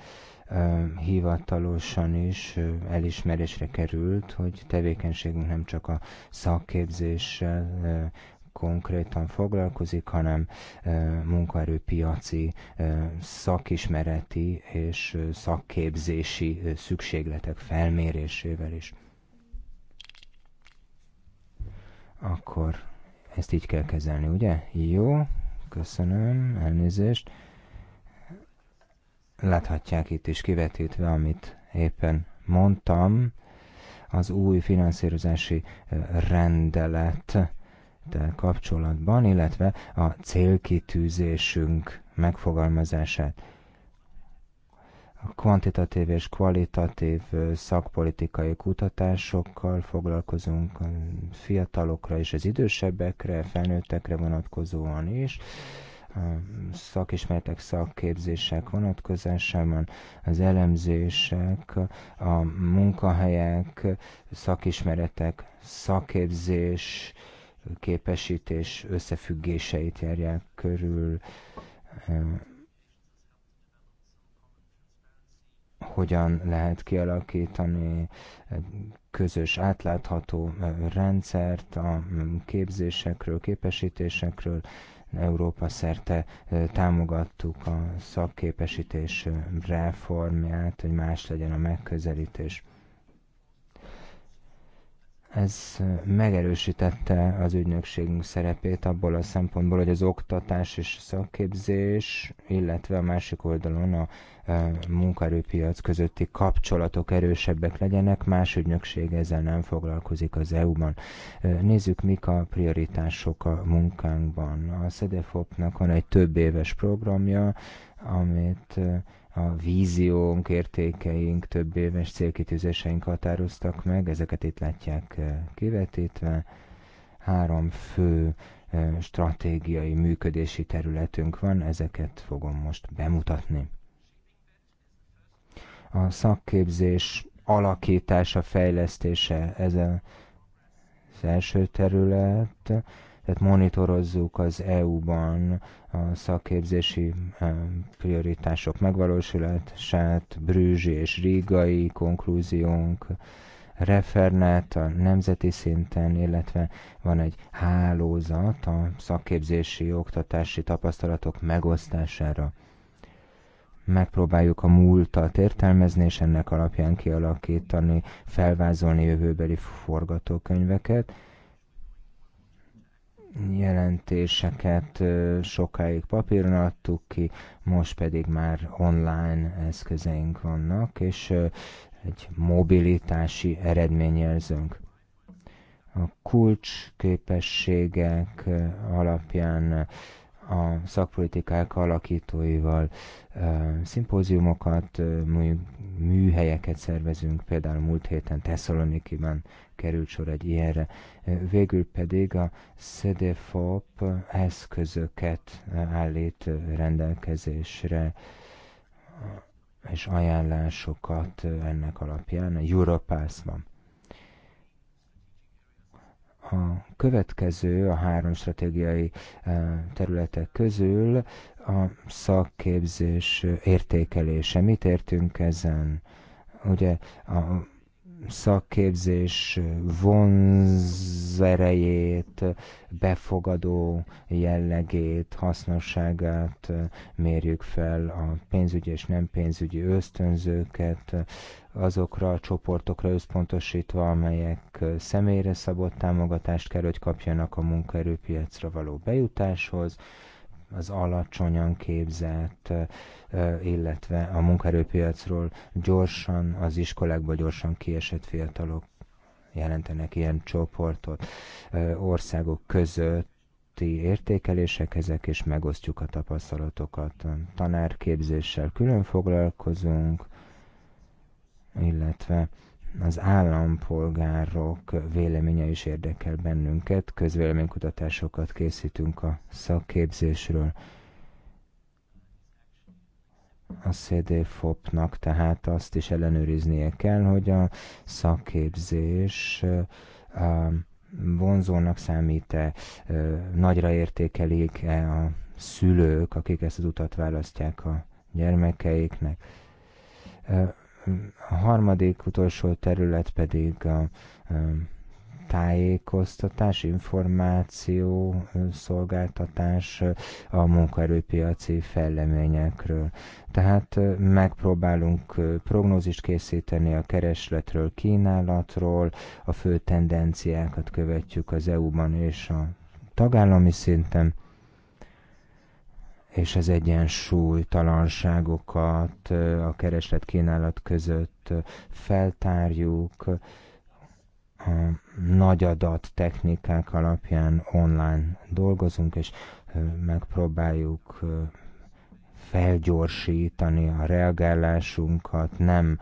hivatalosan is elismerésre került, hogy tevékenységünk nem csak a szakképzéssel konkrétan foglalkozik, hanem munkaerőpiaci, szakismereti és szakképzési szükségletek felmérésével is. Akkor ezt így kell kezelni, ugye? Jó, köszönöm, elnézést. Láthatják itt is kivetítve, amit éppen mondtam, az új finanszírozási rendelet kapcsolatban, illetve a célkitűzésünk megfogalmazását. A kvantitatív és kvalitatív szakpolitikai kutatásokkal foglalkozunk a fiatalokra és az idősebbekre, felnőttekre vonatkozóan is szakismeretek, szakképzések vonatkozásában, az elemzések, a munkahelyek, szakismeretek, szakképzés, képesítés összefüggéseit járják körül, hogyan lehet kialakítani közös átlátható rendszert a képzésekről, képesítésekről, Európa szerte támogattuk a szakképesítés reformját, hogy más legyen a megközelítés. Ez megerősítette az ügynökségünk szerepét abból a szempontból, hogy az oktatás és szakképzés, illetve a másik oldalon a munkaerőpiac közötti kapcsolatok erősebbek legyenek, más ügynökség ezzel nem foglalkozik az EU-ban. Nézzük, mik a prioritások a munkánkban. A SZEDEFOP-nak van egy több éves programja, amit a víziónk, értékeink, több éves célkitűzéseink határoztak meg, ezeket itt látják eh, kivetítve. Három fő eh, stratégiai működési területünk van, ezeket fogom most bemutatni. A szakképzés alakítása, fejlesztése, ez az első terület, tehát monitorozzuk az EU-ban a szakképzési prioritások megvalósulását, brűzsi és rigai konklúziónk, refernet a nemzeti szinten, illetve van egy hálózat a szakképzési, oktatási tapasztalatok megosztására. Megpróbáljuk a múltat értelmezni, és ennek alapján kialakítani, felvázolni jövőbeli forgatókönyveket, jelentéseket sokáig papíron adtuk ki, most pedig már online eszközeink vannak, és egy mobilitási eredményjelzőnk. A kulcsképességek alapján a szakpolitikák alakítóival szimpóziumokat, műhelyeket szervezünk, például múlt héten Tesszalonikiben került sor egy ilyenre. Végül pedig a CDFOP eszközöket állít rendelkezésre és ajánlásokat ennek alapján a Europass-ban. A következő a három stratégiai e, területek közül a szakképzés értékelése. Mit értünk ezen? Ugye a szakképzés vonzerejét, befogadó jellegét, hasznosságát mérjük fel, a pénzügyi és nem pénzügyi ösztönzőket, azokra a csoportokra összpontosítva, amelyek személyre szabott támogatást kell, hogy kapjanak a munkaerőpiacra való bejutáshoz, az alacsonyan képzett, illetve a munkaerőpiacról gyorsan, az iskolákba gyorsan kiesett fiatalok jelentenek ilyen csoportot országok között, közötti értékelések ezek, és megosztjuk a tapasztalatokat. Tanárképzéssel külön foglalkozunk, illetve az állampolgárok véleménye is érdekel bennünket, közvéleménykutatásokat készítünk a szakképzésről. A CDFOP-nak tehát azt is ellenőriznie kell, hogy a szakképzés vonzónak számít-e, nagyra értékelik-e a szülők, akik ezt az utat választják a gyermekeiknek a harmadik utolsó terület pedig a tájékoztatás, információ, szolgáltatás a munkaerőpiaci fejleményekről. Tehát megpróbálunk prognózist készíteni a keresletről, kínálatról, a fő tendenciákat követjük az EU-ban és a tagállami szinten, és az egyensúlytalanságokat a kereslet-kínálat között feltárjuk a nagy adat technikák alapján online dolgozunk, és megpróbáljuk felgyorsítani a reagálásunkat, nem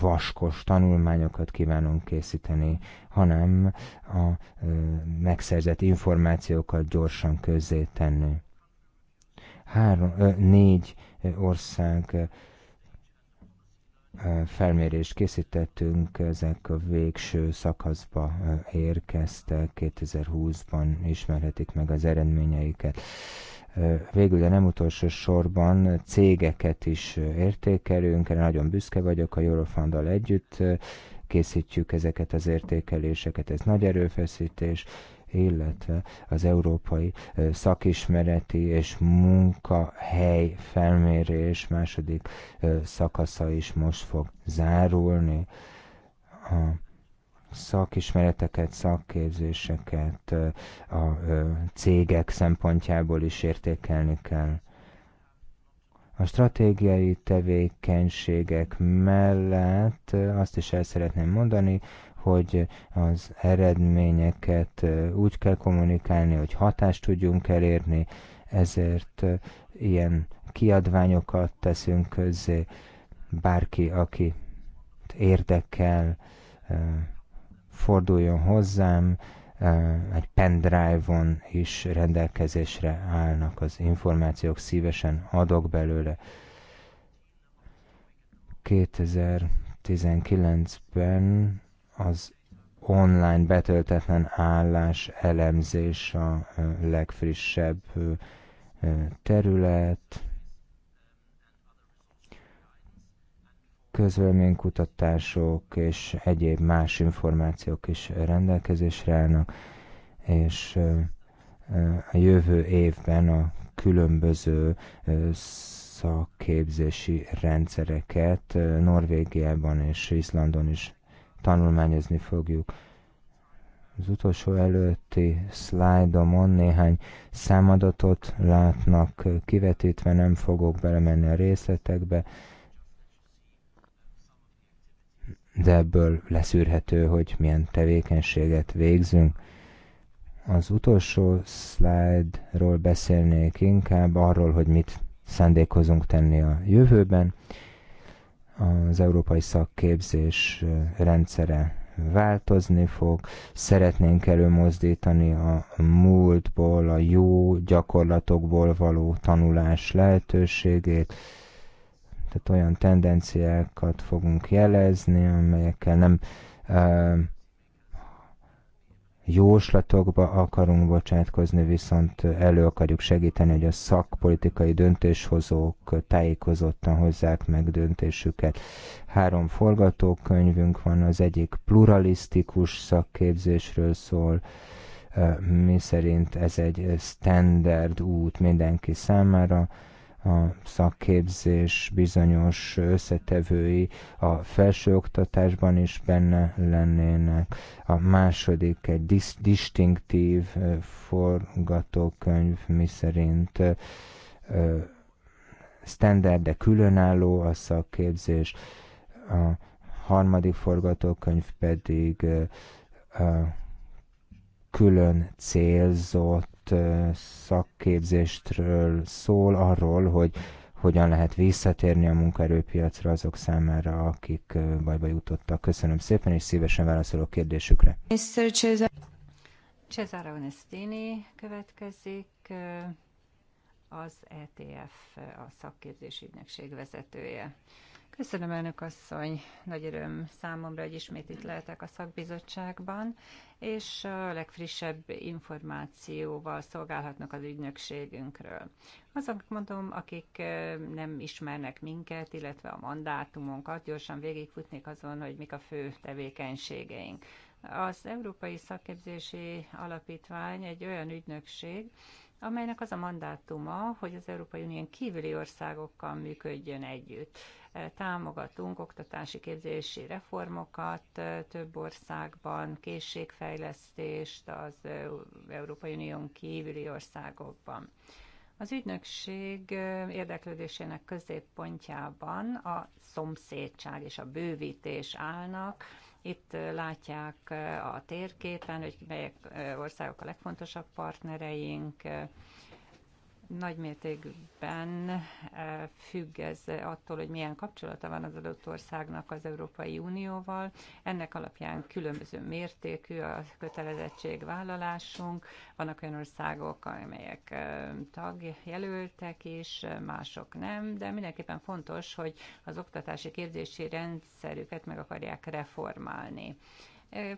vaskos tanulmányokat kívánunk készíteni, hanem a megszerzett információkat gyorsan közzétenni három, négy ország felmérést készítettünk, ezek a végső szakaszba érkeztek, 2020-ban ismerhetik meg az eredményeiket. Végül, de nem utolsó sorban cégeket is értékelünk, erre nagyon büszke vagyok a Eurofundal együtt, készítjük ezeket az értékeléseket, ez nagy erőfeszítés, illetve az európai szakismereti és munkahely felmérés második szakasza is most fog zárulni. A szakismereteket, szakképzéseket a cégek szempontjából is értékelni kell a stratégiai tevékenységek mellett azt is el szeretném mondani, hogy az eredményeket úgy kell kommunikálni, hogy hatást tudjunk elérni, ezért ilyen kiadványokat teszünk közzé. Bárki, aki érdekel, forduljon hozzám, egy pendrive-on is rendelkezésre állnak az információk, szívesen adok belőle. 2019-ben az online betöltetlen állás elemzés a legfrissebb terület, közvéleménykutatások és egyéb más információk is rendelkezésre állnak, és a jövő évben a különböző szakképzési rendszereket Norvégiában és Izlandon is tanulmányozni fogjuk. Az utolsó előtti szlájdomon néhány számadatot látnak kivetítve, nem fogok belemenni a részletekbe, de ebből leszűrhető, hogy milyen tevékenységet végzünk. Az utolsó szlájdról beszélnék inkább arról, hogy mit szándékozunk tenni a jövőben az európai szakképzés rendszere változni fog, szeretnénk előmozdítani a múltból, a jó gyakorlatokból való tanulás lehetőségét, tehát olyan tendenciákat fogunk jelezni, amelyekkel nem jóslatokba akarunk bocsátkozni, viszont elő akarjuk segíteni, hogy a szakpolitikai döntéshozók tájékozottan hozzák meg döntésüket. Három forgatókönyvünk van, az egyik pluralisztikus szakképzésről szól, eh, mi szerint ez egy standard út mindenki számára, a szakképzés bizonyos összetevői a felsőoktatásban is benne lennének. A második egy dis- distinktív forgatókönyv, miszerint standard, de különálló a szakképzés. A harmadik forgatókönyv pedig külön célzott kapott szakképzéstről szól, arról, hogy hogyan lehet visszatérni a munkaerőpiacra azok számára, akik bajba jutottak. Köszönöm szépen, és szívesen válaszolok kérdésükre. Mr. Cesar Cesare Onestini következik, az ETF, a szakképzési ügynökség vezetője. Köszönöm, elnök asszony. Nagy öröm számomra, hogy ismét itt lehetek a szakbizottságban, és a legfrissebb információval szolgálhatnak az ügynökségünkről. Azok mondom, akik nem ismernek minket, illetve a mandátumunkat, gyorsan végigfutnék azon, hogy mik a fő tevékenységeink. Az Európai Szakképzési Alapítvány egy olyan ügynökség, amelynek az a mandátuma, hogy az Európai Unión kívüli országokkal működjön együtt. E, támogatunk oktatási képzési reformokat e, több országban, készségfejlesztést az e, Európai Unión kívüli országokban. Az ügynökség érdeklődésének középpontjában a szomszédság és a bővítés állnak, itt látják a térképen, hogy melyek országok a legfontosabb partnereink, nagy mértékben eh, függ ez attól, hogy milyen kapcsolata van az adott országnak az Európai Unióval. Ennek alapján különböző mértékű a kötelezettségvállalásunk. Vannak olyan országok, amelyek eh, tagjelöltek is, mások nem, de mindenképpen fontos, hogy az oktatási képzési rendszerüket meg akarják reformálni.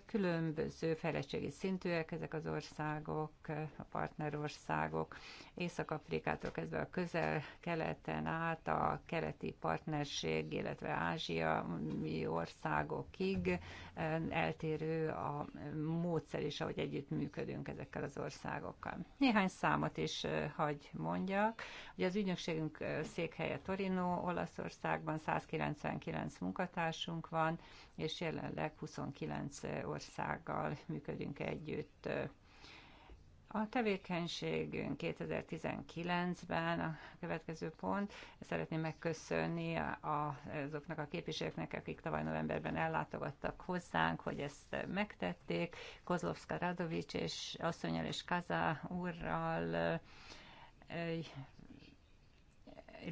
Különböző fejlettségi szintűek ezek az országok, a partnerországok, Észak-Afrikától kezdve a közel-keleten át a keleti partnerség, illetve Ázsia országokig eltérő a módszer is, ahogy együttműködünk ezekkel az országokkal. Néhány számot is hagy mondjak. Ugye az ügynökségünk székhelye Torino, Olaszországban 199 munkatársunk van, és jelenleg 29 országgal működünk együtt. A tevékenységünk 2019-ben a következő pont, szeretném megköszönni azoknak a képviselőknek, akik tavaly novemberben ellátogattak hozzánk, hogy ezt megtették. Kozlovska Radovics és asszonyal és Kaza úrral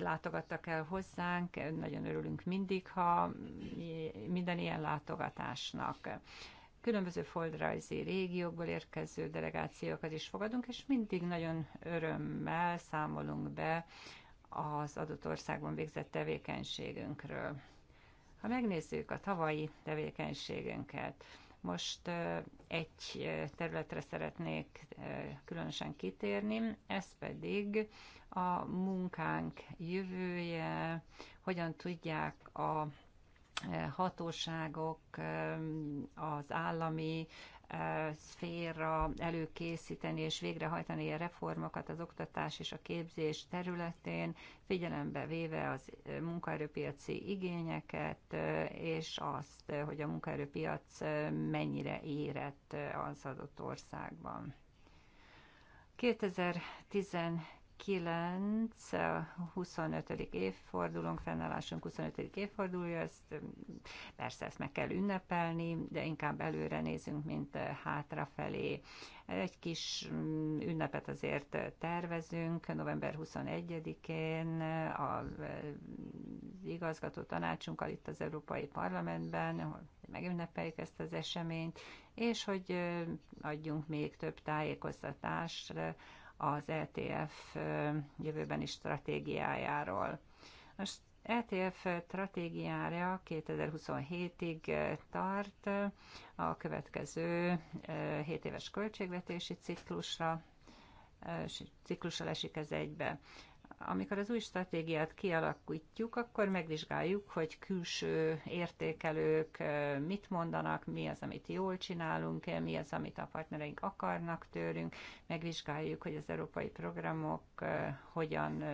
látogattak el hozzánk, nagyon örülünk mindig, ha minden ilyen látogatásnak különböző földrajzi régiókból érkező delegációkat is fogadunk, és mindig nagyon örömmel számolunk be az adott országban végzett tevékenységünkről. Ha megnézzük a tavalyi tevékenységünket, most egy területre szeretnék különösen kitérni, ez pedig a munkánk jövője, hogyan tudják a hatóságok, az állami szféra előkészíteni és végrehajtani a reformokat az oktatás és a képzés területén, figyelembe véve az munkaerőpiaci igényeket, és azt, hogy a munkaerőpiac mennyire érett az adott országban. 2010 9, 25. évfordulónk, fennállásunk 25. évfordulója, ezt persze ezt meg kell ünnepelni, de inkább előre nézünk, mint hátrafelé. Egy kis mm, ünnepet azért tervezünk, november 21-én az igazgató tanácsunkkal itt az Európai Parlamentben, hogy megünnepeljük ezt az eseményt, és hogy adjunk még több tájékoztatást az ETF jövőbeni stratégiájáról. Most e ETF stratégiája 2027-ig tart a következő 7 éves költségvetési ciklusra, ciklusra esik ez egybe amikor az új stratégiát kialakítjuk, akkor megvizsgáljuk, hogy külső értékelők mit mondanak, mi az, amit jól csinálunk, mi az, amit a partnereink akarnak tőlünk, megvizsgáljuk, hogy az európai programok hogyan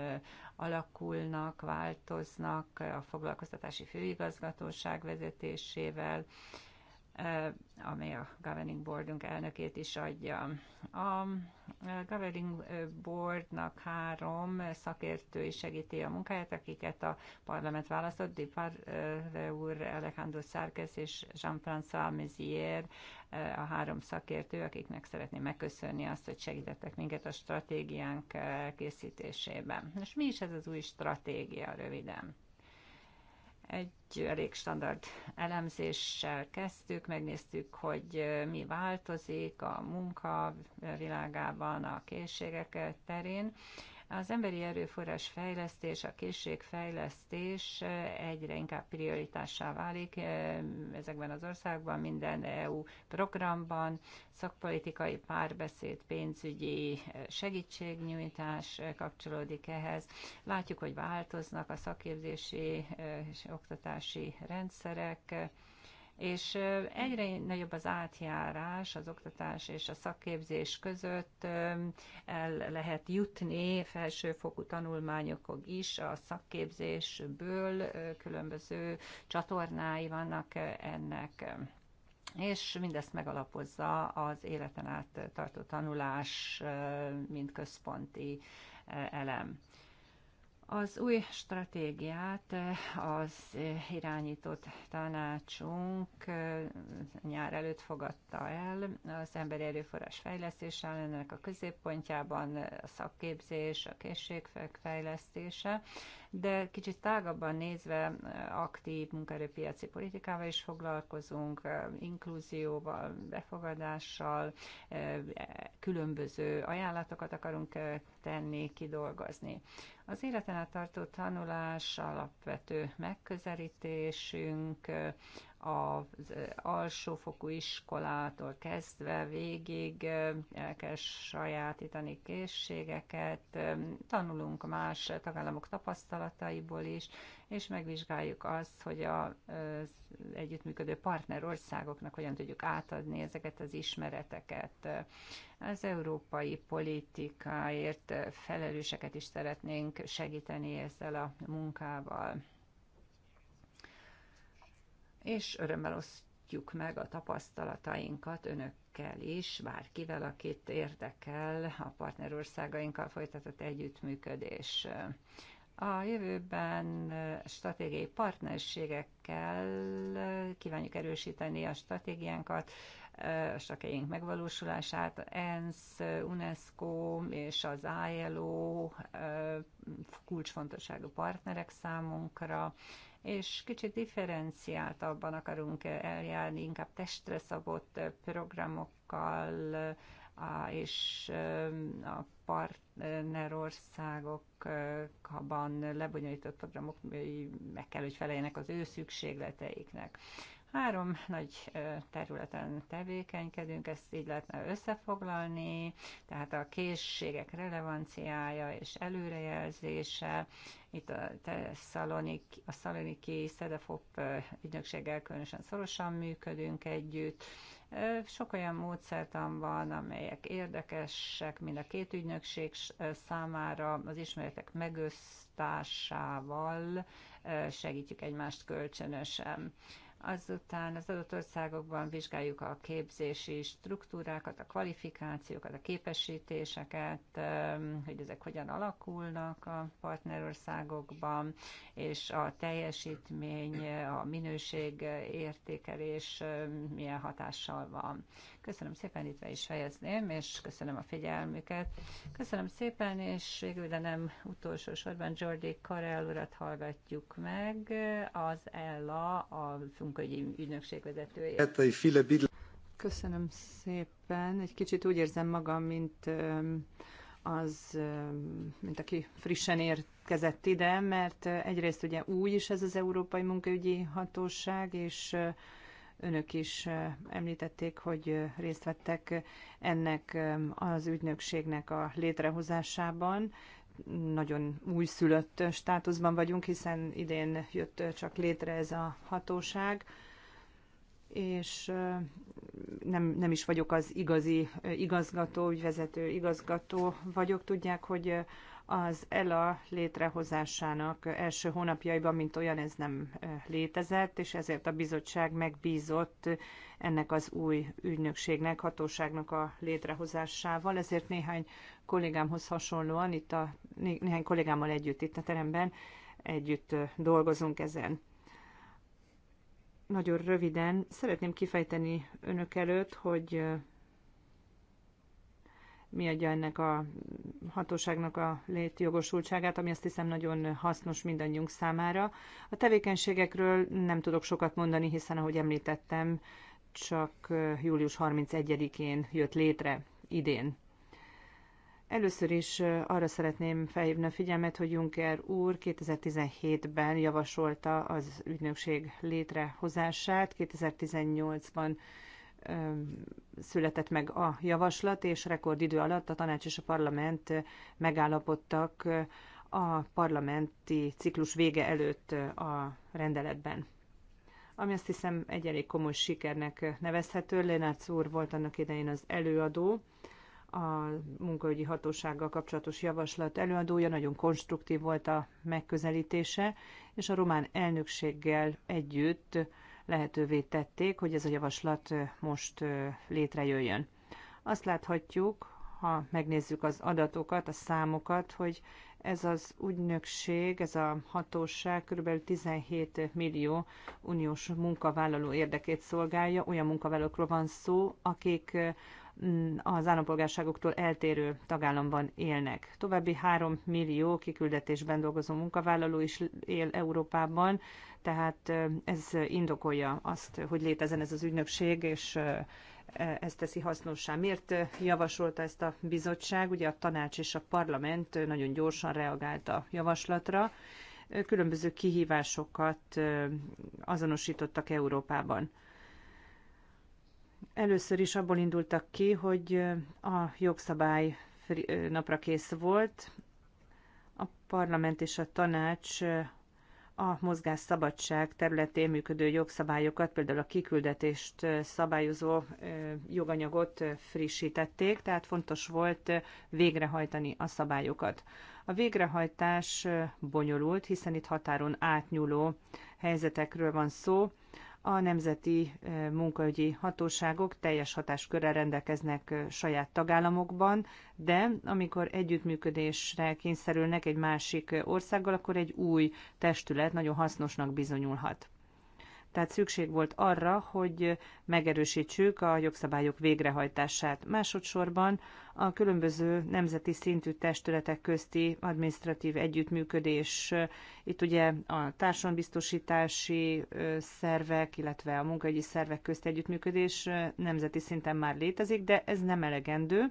alakulnak, változnak a foglalkoztatási főigazgatóság vezetésével, Eh, amely a Governing Boardunk elnökét is adja. A Governing eh, Boardnak három szakértő is segíti a munkáját, akiket a parlament választott, Dipar eh, úr, Alejandro Sárkesz és Jean-François Mézier, a három szakértő, akiknek szeretném megköszönni azt, hogy segítettek minket a stratégiánk készítésében. És mi is ez az új stratégia röviden? egy elég standard elemzéssel kezdtük, megnéztük, hogy mi változik a munka világában, a készségek terén, az emberi erőforrás fejlesztés, a készségfejlesztés egyre inkább prioritássá válik eh, ezekben az országban, minden EU programban, szakpolitikai párbeszéd, pénzügyi eh, segítségnyújtás eh, kapcsolódik ehhez. Látjuk, hogy változnak a szakképzési és oktatási rendszerek, és egyre nagyobb az átjárás az oktatás és a szakképzés között, el lehet jutni felsőfokú tanulmányokon is, a szakképzésből különböző csatornái vannak ennek és mindezt megalapozza az életen át tartó tanulás, mint központi elem. Az új stratégiát eh, az eh, irányított tanácsunk eh, nyár előtt fogadta el. Az emberi erőforrás fejlesztése ennek a középpontjában a szakképzés, a készségfejlesztése, de kicsit tágabban nézve aktív munkaerőpiaci politikával is foglalkozunk, inkluzióval, befogadással, különböző ajánlatokat akarunk eh, tenni, kidolgozni. Az életen át tartó tanulás alapvető megközelítésünk, az alsófokú iskolától kezdve végig el kell sajátítani készségeket, tanulunk más tagállamok tapasztalataiból is, és megvizsgáljuk azt, hogy az együttműködő partner országoknak hogyan tudjuk átadni ezeket az ismereteket. Az európai politikáért felelőseket is szeretnénk segíteni ezzel a munkával és örömmel osztjuk meg a tapasztalatainkat önökkel is, bárkivel, akit érdekel a partnerországainkkal folytatott együttműködés. A jövőben stratégiai partnerségekkel kívánjuk erősíteni a stratégiánkat, a stratégiánk megvalósulását, ENSZ, UNESCO és az ILO kulcsfontosságú partnerek számunkra, és kicsit differenciáltabban akarunk eh, eljárni, inkább testre szabott eh, programokkal, eh, és a partnerországokban lebonyolított programok meg kell, hogy feleljenek az ő szükségleteiknek. Három nagy területen tevékenykedünk, ezt így lehetne összefoglalni, tehát a készségek relevanciája és előrejelzése, itt a Szalonik, a Szaloniki Szedefop ügynökséggel különösen szorosan működünk együtt. Sok olyan módszertan van, amelyek érdekesek mind a két ügynökség számára, az ismeretek megösztásával segítjük egymást kölcsönösen. Azután az adott országokban vizsgáljuk a képzési struktúrákat, a kvalifikációkat, a képesítéseket, hogy ezek hogyan alakulnak a partnerországokban, és a teljesítmény, a minőség értékelés milyen hatással van. Köszönöm szépen, itt be is fejezném, és köszönöm a figyelmüket. Köszönöm szépen, és végül, de nem utolsó sorban Jordi Karel urat hallgatjuk meg, az Ella, a Funkögyi ügynökség vezetője. Hát, köszönöm szépen. Egy kicsit úgy érzem magam, mint az, mint aki frissen érkezett ide, mert egyrészt ugye új is ez az Európai Munkaügyi Hatóság, és önök is említették, hogy részt vettek ennek az ügynökségnek a létrehozásában. Nagyon újszülött státuszban vagyunk, hiszen idén jött csak létre ez a hatóság és nem, nem is vagyok az igazi igazgató, ügyvezető igazgató vagyok. Tudják, hogy az ELA létrehozásának első hónapjaiban, mint olyan ez nem létezett, és ezért a bizottság megbízott ennek az új ügynökségnek, hatóságnak a létrehozásával. Ezért néhány kollégámhoz hasonlóan, itt a, néhány kollégámmal együtt itt a teremben együtt dolgozunk ezen. Nagyon röviden szeretném kifejteni önök előtt, hogy mi adja ennek a hatóságnak a létjogosultságát, ami azt hiszem nagyon hasznos mindannyiunk számára. A tevékenységekről nem tudok sokat mondani, hiszen ahogy említettem, csak július 31-én jött létre idén. Először is arra szeretném felhívni a figyelmet, hogy Juncker úr 2017-ben javasolta az ügynökség létrehozását, 2018-ban született meg a javaslat, és rekordidő alatt a tanács és a parlament megállapodtak a parlamenti ciklus vége előtt a rendeletben. Ami azt hiszem egy elég komoly sikernek nevezhető. Lénárc úr volt annak idején az előadó, a munkaügyi hatósággal kapcsolatos javaslat előadója, nagyon konstruktív volt a megközelítése, és a román elnökséggel együtt lehetővé tették, hogy ez a javaslat most létrejöjjön. Azt láthatjuk, ha megnézzük az adatokat, a számokat, hogy ez az ügynökség, ez a hatóság kb. 17 millió uniós munkavállaló érdekét szolgálja. Olyan munkavállalókról van szó, akik az állampolgárságoktól eltérő tagállamban élnek. További 3 millió kiküldetésben dolgozó munkavállaló is él Európában, tehát ez indokolja azt, hogy létezen ez az ügynökség, és e, ez teszi hasznossá. Miért javasolta ezt a bizottság? Ugye a tanács és a parlament nagyon gyorsan reagált a javaslatra. Különböző kihívásokat azonosítottak Európában. Először is abból indultak ki, hogy a jogszabály napra kész volt, a parlament és a tanács a mozgásszabadság területén működő jogszabályokat, például a kiküldetést szabályozó joganyagot frissítették, tehát fontos volt végrehajtani a szabályokat. A végrehajtás bonyolult, hiszen itt határon átnyúló helyzetekről van szó, a nemzeti munkaügyi hatóságok teljes hatáskörrel rendelkeznek saját tagállamokban, de amikor együttműködésre kényszerülnek egy másik országgal, akkor egy új testület nagyon hasznosnak bizonyulhat. Tehát szükség volt arra, hogy megerősítsük a jogszabályok végrehajtását. Másodszorban a különböző nemzeti szintű testületek közti administratív együttműködés, itt ugye a társadalombiztosítási szervek, illetve a munkaügyi szervek közti együttműködés nemzeti szinten már létezik, de ez nem elegendő.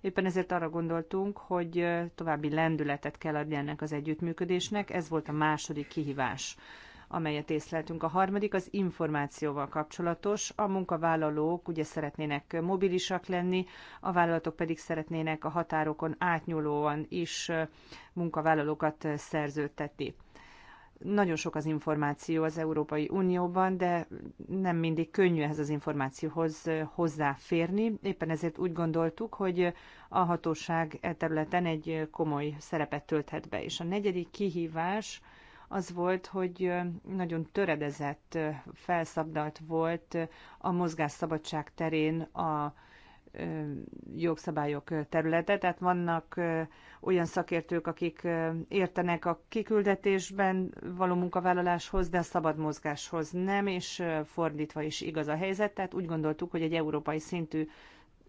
Éppen ezért arra gondoltunk, hogy további lendületet kell adni ennek az együttműködésnek. Ez volt a második kihívás amelyet észleltünk. A harmadik az információval kapcsolatos. A munkavállalók ugye szeretnének mobilisak lenni, a vállalatok pedig szeretnének a határokon átnyúlóan is munkavállalókat szerződtetni nagyon sok az információ az Európai Unióban, de nem mindig könnyű ehhez az információhoz hozzáférni. Éppen ezért úgy gondoltuk, hogy a hatóság e területen egy komoly szerepet tölthet be. És a negyedik kihívás az volt, hogy nagyon töredezett, felszabdalt volt a mozgásszabadság terén a jogszabályok területe. Tehát vannak olyan szakértők, akik értenek a kiküldetésben való munkavállaláshoz, de a szabad mozgáshoz nem, és fordítva is igaz a helyzet. Tehát úgy gondoltuk, hogy egy európai szintű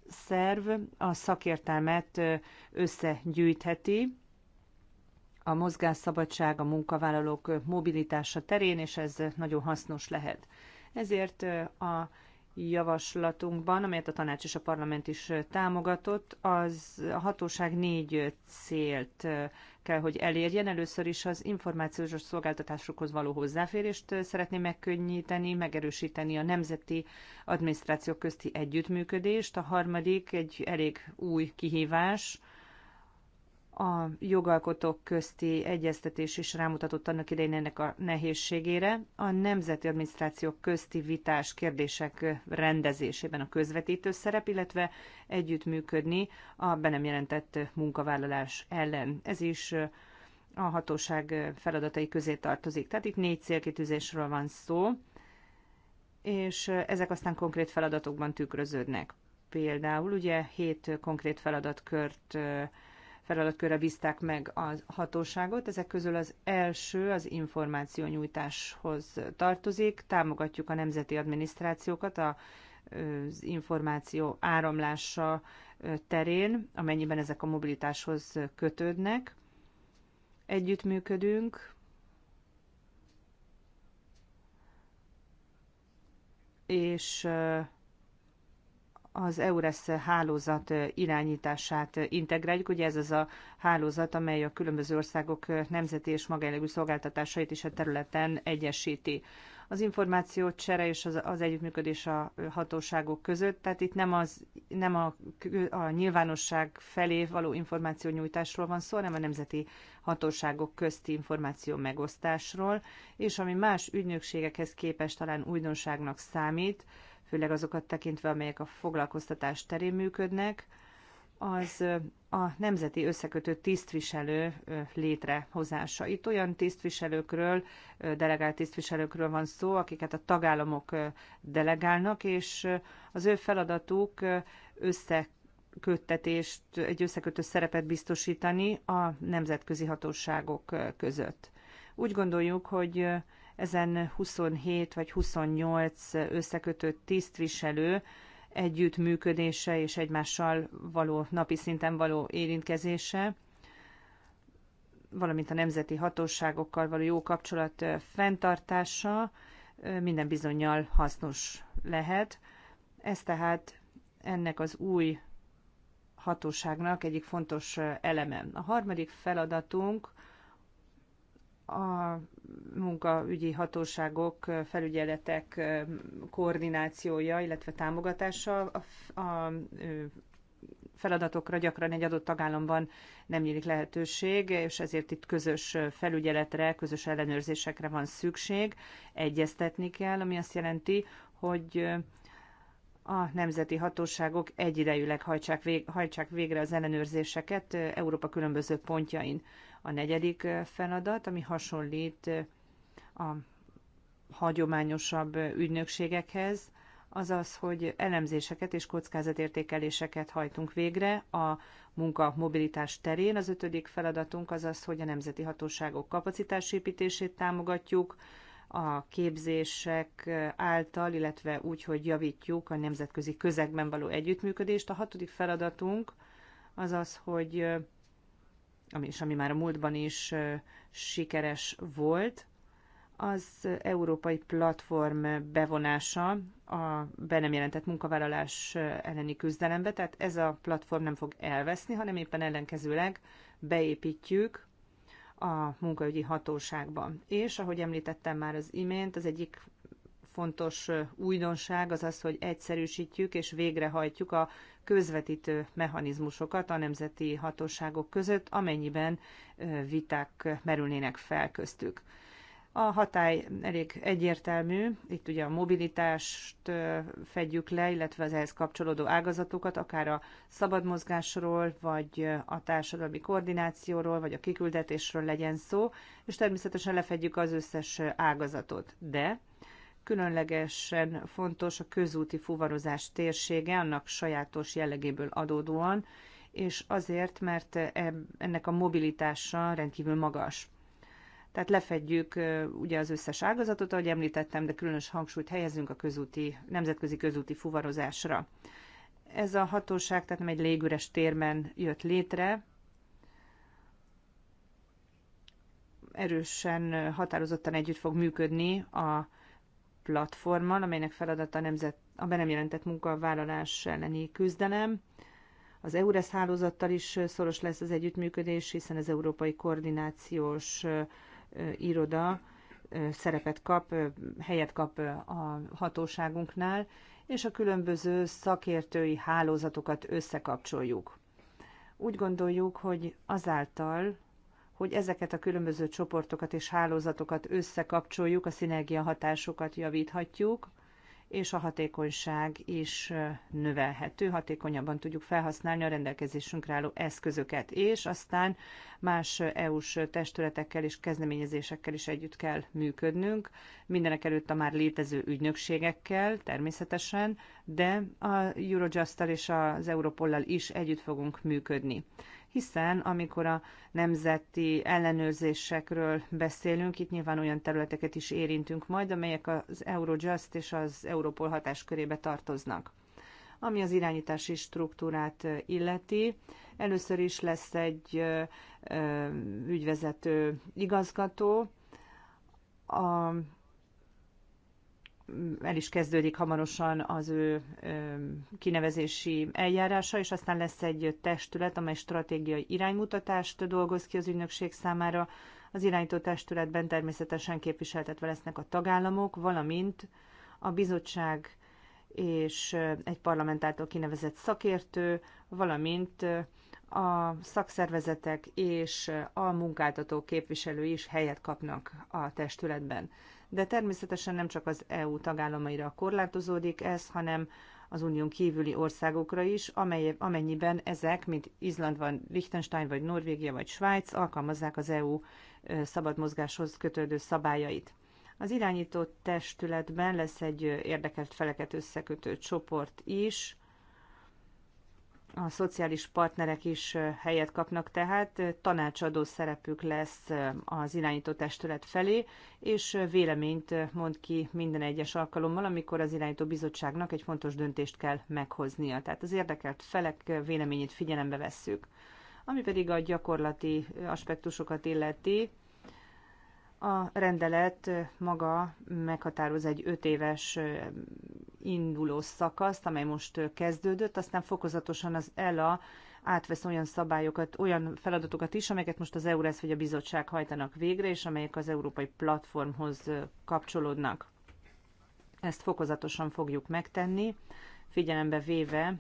szerv a szakértelmet összegyűjtheti, a mozgásszabadság, a munkavállalók mobilitása terén, és ez nagyon hasznos lehet. Ezért a javaslatunkban, amelyet a tanács és a parlament is támogatott, az a hatóság négy célt kell, hogy elérjen. Először is az információs szolgáltatásokhoz való hozzáférést szeretné megkönnyíteni, megerősíteni a nemzeti adminisztrációk közti együttműködést. A harmadik egy elég új kihívás, a jogalkotók közti egyeztetés is rámutatott annak idején ennek a nehézségére. A nemzeti adminisztrációk közti vitás kérdések rendezésében a közvetítő szerep, illetve együttműködni a be nem jelentett munkavállalás ellen. Ez is a hatóság feladatai közé tartozik. Tehát itt négy célkitűzésről van szó, és ezek aztán konkrét feladatokban tükröződnek. Például ugye hét konkrét feladatkört feladatkörre bízták meg a hatóságot. Ezek közül az első az információnyújtáshoz tartozik. Támogatjuk a nemzeti adminisztrációkat az információ áramlása terén, amennyiben ezek a mobilitáshoz kötődnek. Együttműködünk, és az EURES hálózat irányítását integráljuk. Ugye ez az a hálózat, amely a különböző országok nemzeti és magánlegű szolgáltatásait is a területen egyesíti. Az információ csere és az, az együttműködés a hatóságok között, tehát itt nem, az, nem a, a nyilvánosság felé való nyújtásról van szó, hanem a nemzeti hatóságok közti információ megosztásról, és ami más ügynökségekhez képest talán újdonságnak számít, főleg azokat tekintve, amelyek a foglalkoztatás terén működnek, az a nemzeti összekötő tisztviselő létrehozása. Itt olyan tisztviselőkről, delegált tisztviselőkről van szó, akiket a tagállamok delegálnak, és az ő feladatuk összeköttetést, egy összekötő szerepet biztosítani a nemzetközi hatóságok között. Úgy gondoljuk, hogy ezen 27 vagy 28 összekötött tisztviselő együttműködése és egymással való napi szinten való érintkezése, valamint a nemzeti hatóságokkal való jó kapcsolat fenntartása minden bizonyal hasznos lehet. Ez tehát ennek az új hatóságnak egyik fontos eleme. A harmadik feladatunk a munkaügyi hatóságok, felügyeletek koordinációja, illetve támogatása a feladatokra gyakran egy adott tagállamban nem nyílik lehetőség, és ezért itt közös felügyeletre, közös ellenőrzésekre van szükség, egyeztetni kell, ami azt jelenti, hogy a nemzeti hatóságok egyidejűleg hajtsák, vég, hajtsák végre az ellenőrzéseket Európa különböző pontjain. A negyedik feladat, ami hasonlít a hagyományosabb ügynökségekhez, az az, hogy elemzéseket és kockázatértékeléseket hajtunk végre a munka mobilitás terén. Az ötödik feladatunk az az, hogy a nemzeti hatóságok kapacitásépítését támogatjuk, a képzések által, illetve úgy, hogy javítjuk a nemzetközi közegben való együttműködést. A hatodik feladatunk az az, hogy ami, és ami már a múltban is sikeres volt, az európai platform bevonása a be nem jelentett munkavállalás elleni küzdelembe, tehát ez a platform nem fog elveszni, hanem éppen ellenkezőleg beépítjük a munkaügyi hatóságba. És ahogy említettem már az imént, az egyik fontos újdonság az az, hogy egyszerűsítjük és végrehajtjuk a közvetítő mechanizmusokat a nemzeti hatóságok között, amennyiben viták merülnének fel köztük. A hatály elég egyértelmű, itt ugye a mobilitást fedjük le, illetve az ehhez kapcsolódó ágazatokat, akár a szabadmozgásról, vagy a társadalmi koordinációról, vagy a kiküldetésről legyen szó, és természetesen lefedjük az összes ágazatot. De különlegesen fontos a közúti fuvarozás térsége, annak sajátos jellegéből adódóan, és azért, mert ennek a mobilitása rendkívül magas. Tehát lefedjük ugye az összes ágazatot, ahogy említettem, de különös hangsúlyt helyezünk a közúti, nemzetközi közúti fuvarozásra. Ez a hatóság tehát nem egy légüres térben jött létre, erősen, határozottan együtt fog működni a platformmal, amelynek feladata nemzet, a be nem jelentett munkavállalás elleni küzdelem. Az EURES hálózattal is szoros lesz az együttműködés, hiszen az Európai Koordinációs Iroda szerepet kap, helyet kap a hatóságunknál, és a különböző szakértői hálózatokat összekapcsoljuk. Úgy gondoljuk, hogy azáltal, hogy ezeket a különböző csoportokat és hálózatokat összekapcsoljuk, a szinergia hatásokat javíthatjuk, és a hatékonyság is növelhető, hatékonyabban tudjuk felhasználni a rendelkezésünkre álló eszközöket, és aztán más EU-s testületekkel és kezdeményezésekkel is együtt kell működnünk, mindenek előtt a már létező ügynökségekkel természetesen, de a Eurojust-tal és az Europollal is együtt fogunk működni hiszen amikor a nemzeti ellenőrzésekről beszélünk, itt nyilván olyan területeket is érintünk majd, amelyek az Eurojust és az Europol hatáskörébe tartoznak. Ami az irányítási struktúrát illeti, először is lesz egy ügyvezető igazgató, a el is kezdődik hamarosan az ő kinevezési eljárása, és aztán lesz egy testület, amely stratégiai iránymutatást dolgoz ki az ügynökség számára. Az irányító testületben természetesen képviseltetve lesznek a tagállamok, valamint a bizottság és egy parlament által kinevezett szakértő, valamint a szakszervezetek és a munkáltatók képviselői is helyet kapnak a testületben de természetesen nem csak az EU tagállamaira korlátozódik ez, hanem az unión kívüli országokra is, amely, amennyiben ezek, mint Izland van, Liechtenstein, vagy Norvégia, vagy Svájc, alkalmazzák az EU szabadmozgáshoz kötődő szabályait. Az irányított testületben lesz egy érdekelt feleket összekötő csoport is, a szociális partnerek is helyet kapnak, tehát tanácsadó szerepük lesz az irányító testület felé, és véleményt mond ki minden egyes alkalommal, amikor az irányító bizottságnak egy fontos döntést kell meghoznia. Tehát az érdekelt felek véleményét figyelembe vesszük. Ami pedig a gyakorlati aspektusokat illeti, a rendelet maga meghatároz egy öt éves induló szakaszt, amely most kezdődött, aztán fokozatosan az ELA átvesz olyan szabályokat, olyan feladatokat is, amelyeket most az EURES vagy a bizottság hajtanak végre, és amelyek az európai platformhoz kapcsolódnak. Ezt fokozatosan fogjuk megtenni, figyelembe véve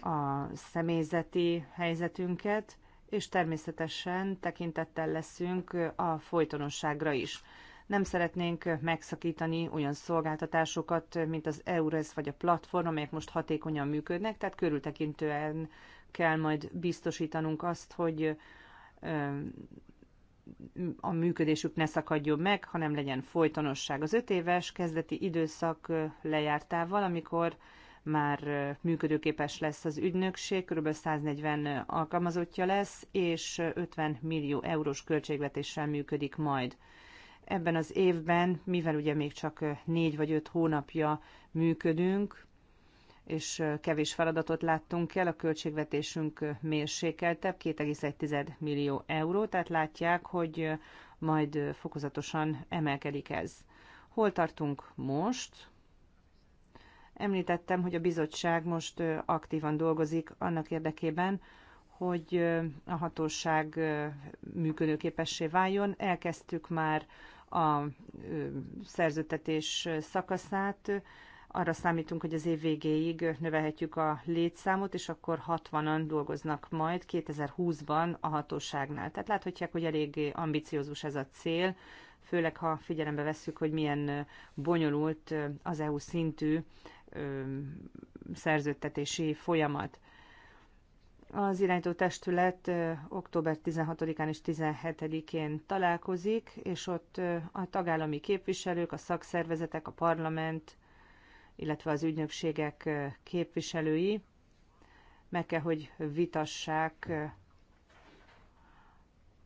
a személyzeti helyzetünket, és természetesen tekintettel leszünk a folytonosságra is. Nem szeretnénk megszakítani olyan szolgáltatásokat, mint az EURES vagy a platform, amelyek most hatékonyan működnek, tehát körültekintően kell majd biztosítanunk azt, hogy a működésük ne szakadjon meg, hanem legyen folytonosság. Az öt éves kezdeti időszak lejártával, amikor már működőképes lesz az ügynökség, kb. 140 alkalmazottja lesz, és 50 millió eurós költségvetéssel működik majd. Ebben az évben, mivel ugye még csak 4 vagy 5 hónapja működünk, és kevés feladatot láttunk el, a költségvetésünk mérsékeltebb, 2,1 millió euró, tehát látják, hogy majd fokozatosan emelkedik ez. Hol tartunk most? Említettem, hogy a bizottság most aktívan dolgozik annak érdekében, hogy a hatóság működőképessé váljon. Elkezdtük már a szerzőtetés szakaszát. Arra számítunk, hogy az év végéig növelhetjük a létszámot, és akkor 60-an dolgoznak majd 2020-ban a hatóságnál. Tehát láthatják, hogy elég ambiciózus ez a cél, főleg ha figyelembe vesszük, hogy milyen bonyolult az EU szintű szerződtetési folyamat. Az irányító testület október 16-án és 17-én találkozik, és ott a tagállami képviselők, a szakszervezetek, a parlament, illetve az ügynökségek képviselői meg kell, hogy vitassák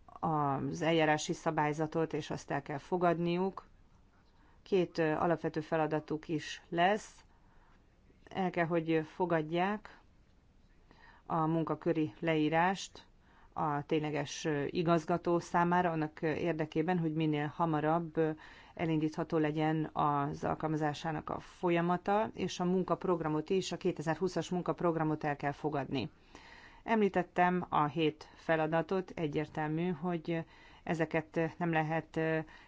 az eljárási szabályzatot, és azt el kell fogadniuk. Két alapvető feladatuk is lesz el kell, hogy fogadják a munkaköri leírást a tényleges igazgató számára, annak érdekében, hogy minél hamarabb elindítható legyen az alkalmazásának a folyamata, és a munkaprogramot is, a 2020-as munkaprogramot el kell fogadni. Említettem a hét feladatot, egyértelmű, hogy ezeket nem lehet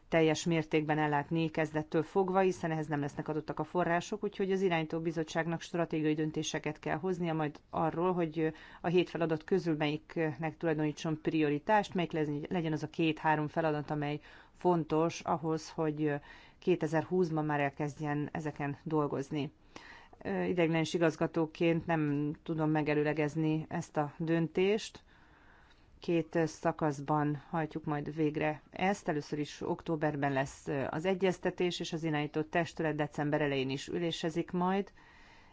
teljes mértékben ellátni kezdettől fogva, hiszen ehhez nem lesznek adottak a források, úgyhogy az irányító bizottságnak stratégiai döntéseket kell hoznia majd arról, hogy a hét feladat közül melyiknek tulajdonítson prioritást, melyik legyen az a két-három feladat, amely fontos ahhoz, hogy 2020-ban már elkezdjen ezeken dolgozni ideiglenes igazgatóként nem tudom megelőlegezni ezt a döntést, két szakaszban hajtjuk majd végre ezt. Először is októberben lesz az egyeztetés, és az irányító testület december elején is ülésezik majd,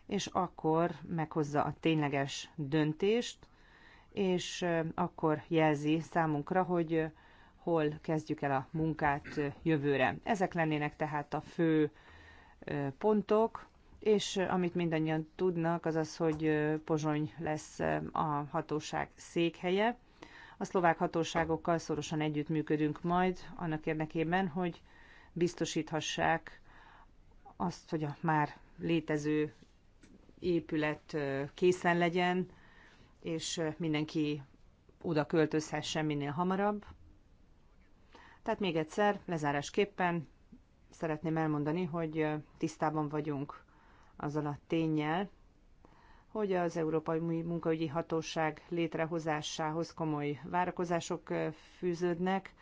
és akkor meghozza a tényleges döntést, és akkor jelzi számunkra, hogy hol kezdjük el a munkát jövőre. Ezek lennének tehát a fő pontok, és amit mindannyian tudnak, az az, hogy Pozsony lesz a hatóság székhelye, a szlovák hatóságokkal szorosan együttműködünk majd annak érdekében, hogy biztosíthassák azt, hogy a már létező épület készen legyen, és mindenki oda költözhessen minél hamarabb. Tehát még egyszer, lezárásképpen szeretném elmondani, hogy tisztában vagyunk azzal a tényel, hogy az Európai Munkaügyi Hatóság létrehozásához komoly várakozások fűződnek.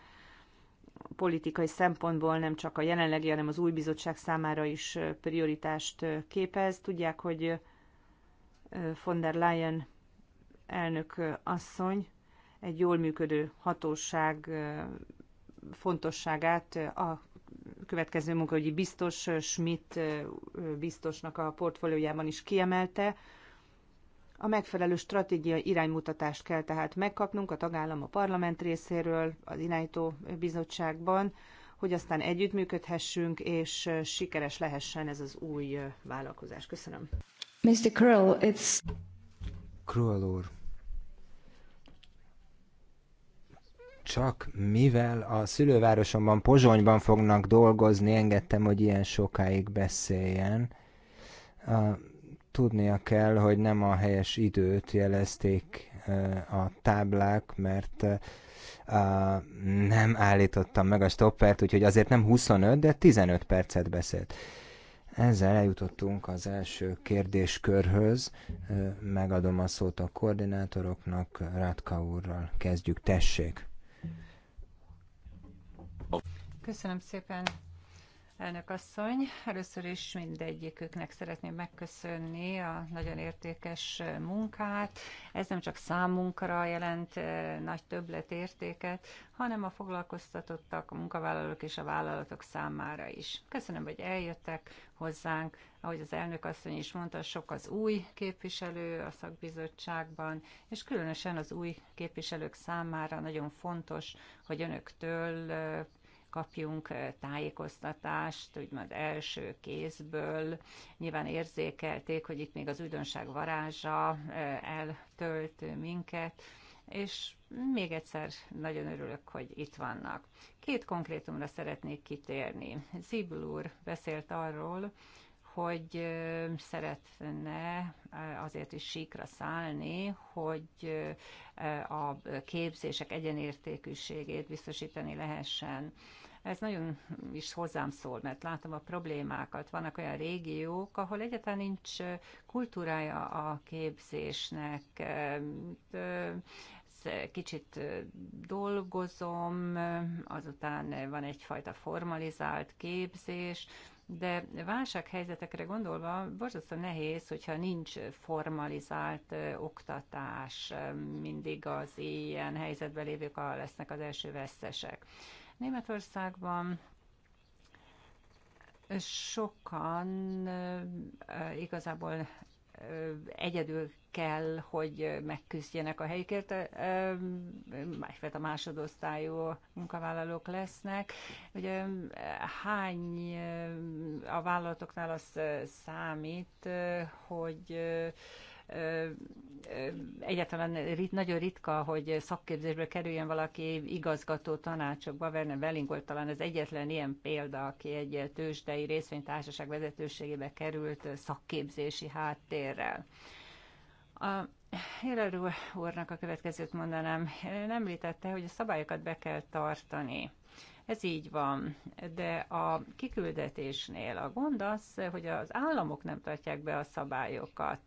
Politikai szempontból nem csak a jelenlegi, hanem az új bizottság számára is prioritást képez. Tudják, hogy von der Leyen elnök asszony egy jól működő hatóság fontosságát a következő munkaügyi biztos Schmidt biztosnak a portfóliójában is kiemelte. A megfelelő stratégia iránymutatást kell tehát megkapnunk a tagállam a parlament részéről, az irányító bizottságban, hogy aztán együttműködhessünk, és sikeres lehessen ez az új vállalkozás. Köszönöm. Mr. Krull, it's... Krull úr. Csak mivel a szülővárosomban, Pozsonyban fognak dolgozni, engedtem, hogy ilyen sokáig beszéljen tudnia kell, hogy nem a helyes időt jelezték a táblák, mert nem állítottam meg a stoppert, úgyhogy azért nem 25, de 15 percet beszélt. Ezzel eljutottunk az első kérdéskörhöz. Megadom a szót a koordinátoroknak. Rátka úrral kezdjük. Tessék! Köszönöm szépen, Elnök asszony, először is mindegyiküknek szeretném megköszönni a nagyon értékes munkát. Ez nem csak számunkra jelent eh, nagy többlet értéket, hanem a foglalkoztatottak, a munkavállalók és a vállalatok számára is. Köszönöm, hogy eljöttek hozzánk. Ahogy az elnök asszony is mondta, sok az új képviselő a szakbizottságban, és különösen az új képviselők számára nagyon fontos, hogy önöktől eh, kapjunk tájékoztatást, úgymond első kézből. Nyilván érzékelték, hogy itt még az üdönség varázsa eltölt minket, és még egyszer nagyon örülök, hogy itt vannak. Két konkrétumra szeretnék kitérni. Ziblur úr beszélt arról, hogy szeretne azért is síkra szállni, hogy a képzések egyenértékűségét biztosítani lehessen. Ez nagyon is hozzám szól, mert látom a problémákat. Vannak olyan régiók, ahol egyáltalán nincs kultúrája a képzésnek. kicsit dolgozom, azután van egyfajta formalizált képzés, de válsághelyzetekre gondolva borzasztó nehéz, hogyha nincs formalizált oktatás, mindig az ilyen helyzetben lévők a lesznek az első vesztesek. Németországban sokan igazából egyedül kell, hogy megküzdjenek a helyükért, másfajta másodosztályú munkavállalók lesznek. Ugye hány a vállalatoknál az számít, hogy egyáltalán rit, nagyon ritka, hogy szakképzésből kerüljön valaki igazgató tanácsokba. Werner Welling volt talán az egyetlen ilyen példa, aki egy tőzsdei részvénytársaság vezetőségébe került szakképzési háttérrel. A Heller úrnak a következőt mondanám. Ön említette, hogy a szabályokat be kell tartani. Ez így van, de a kiküldetésnél a gond az, hogy az államok nem tartják be a szabályokat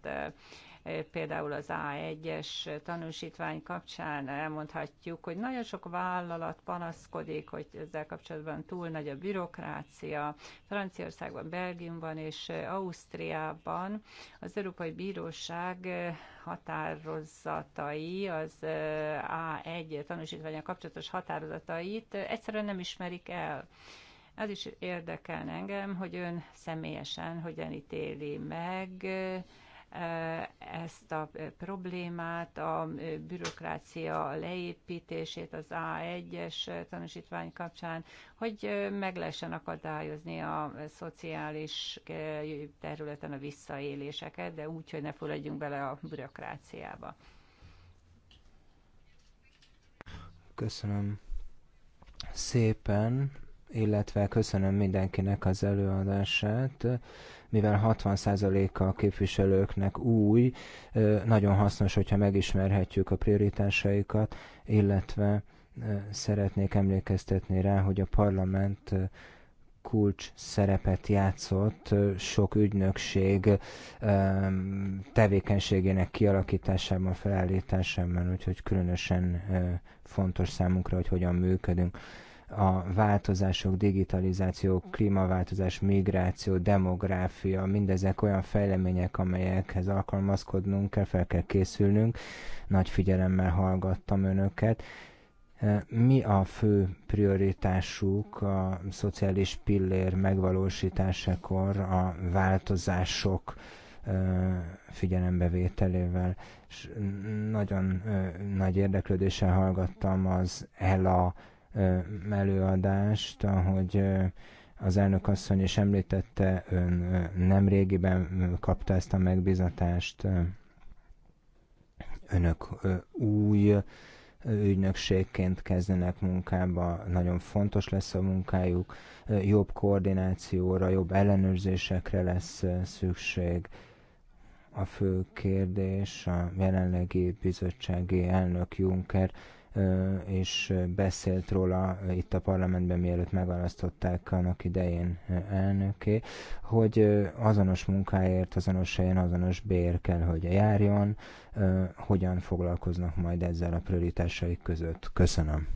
például az A1-es tanúsítvány kapcsán elmondhatjuk, hogy nagyon sok vállalat panaszkodik, hogy ezzel kapcsolatban túl nagy a bürokrácia. Franciaországban, Belgiumban és Ausztriában az Európai Bíróság határozatai, az A1 tanúsítványa kapcsolatos határozatait egyszerűen nem ismerik el. Ez is érdekel engem, hogy ön személyesen hogyan ítéli meg ezt a problémát, a bürokrácia leépítését az A1-es tanúsítvány kapcsán, hogy meg lehessen akadályozni a szociális területen a visszaéléseket, de úgy, hogy ne fulladjunk bele a bürokráciába. Köszönöm szépen illetve köszönöm mindenkinek az előadását. Mivel 60%-a a képviselőknek új, nagyon hasznos, hogyha megismerhetjük a prioritásaikat, illetve szeretnék emlékeztetni rá, hogy a parlament kulcs szerepet játszott sok ügynökség tevékenységének kialakításában, felállításában, úgyhogy különösen fontos számunkra, hogy hogyan működünk a változások, digitalizáció, klímaváltozás, migráció, demográfia, mindezek olyan fejlemények, amelyekhez alkalmazkodnunk kell, fel kell készülnünk. Nagy figyelemmel hallgattam önöket. E, mi a fő prioritásuk a szociális pillér megvalósításakor a változások e, figyelembevételével, és nagyon e, nagy érdeklődéssel hallgattam az ELA előadást, ahogy az elnök asszony is említette, ön nem régiben kapta ezt a megbizatást, önök új ügynökségként kezdenek munkába, nagyon fontos lesz a munkájuk, jobb koordinációra, jobb ellenőrzésekre lesz szükség. A fő kérdés a jelenlegi bizottsági elnök Juncker és beszélt róla itt a parlamentben, mielőtt megválasztották annak idején elnöké, hogy azonos munkáért, azonos helyen, azonos bér kell, hogy járjon, hogyan foglalkoznak majd ezzel a prioritásaik között. Köszönöm.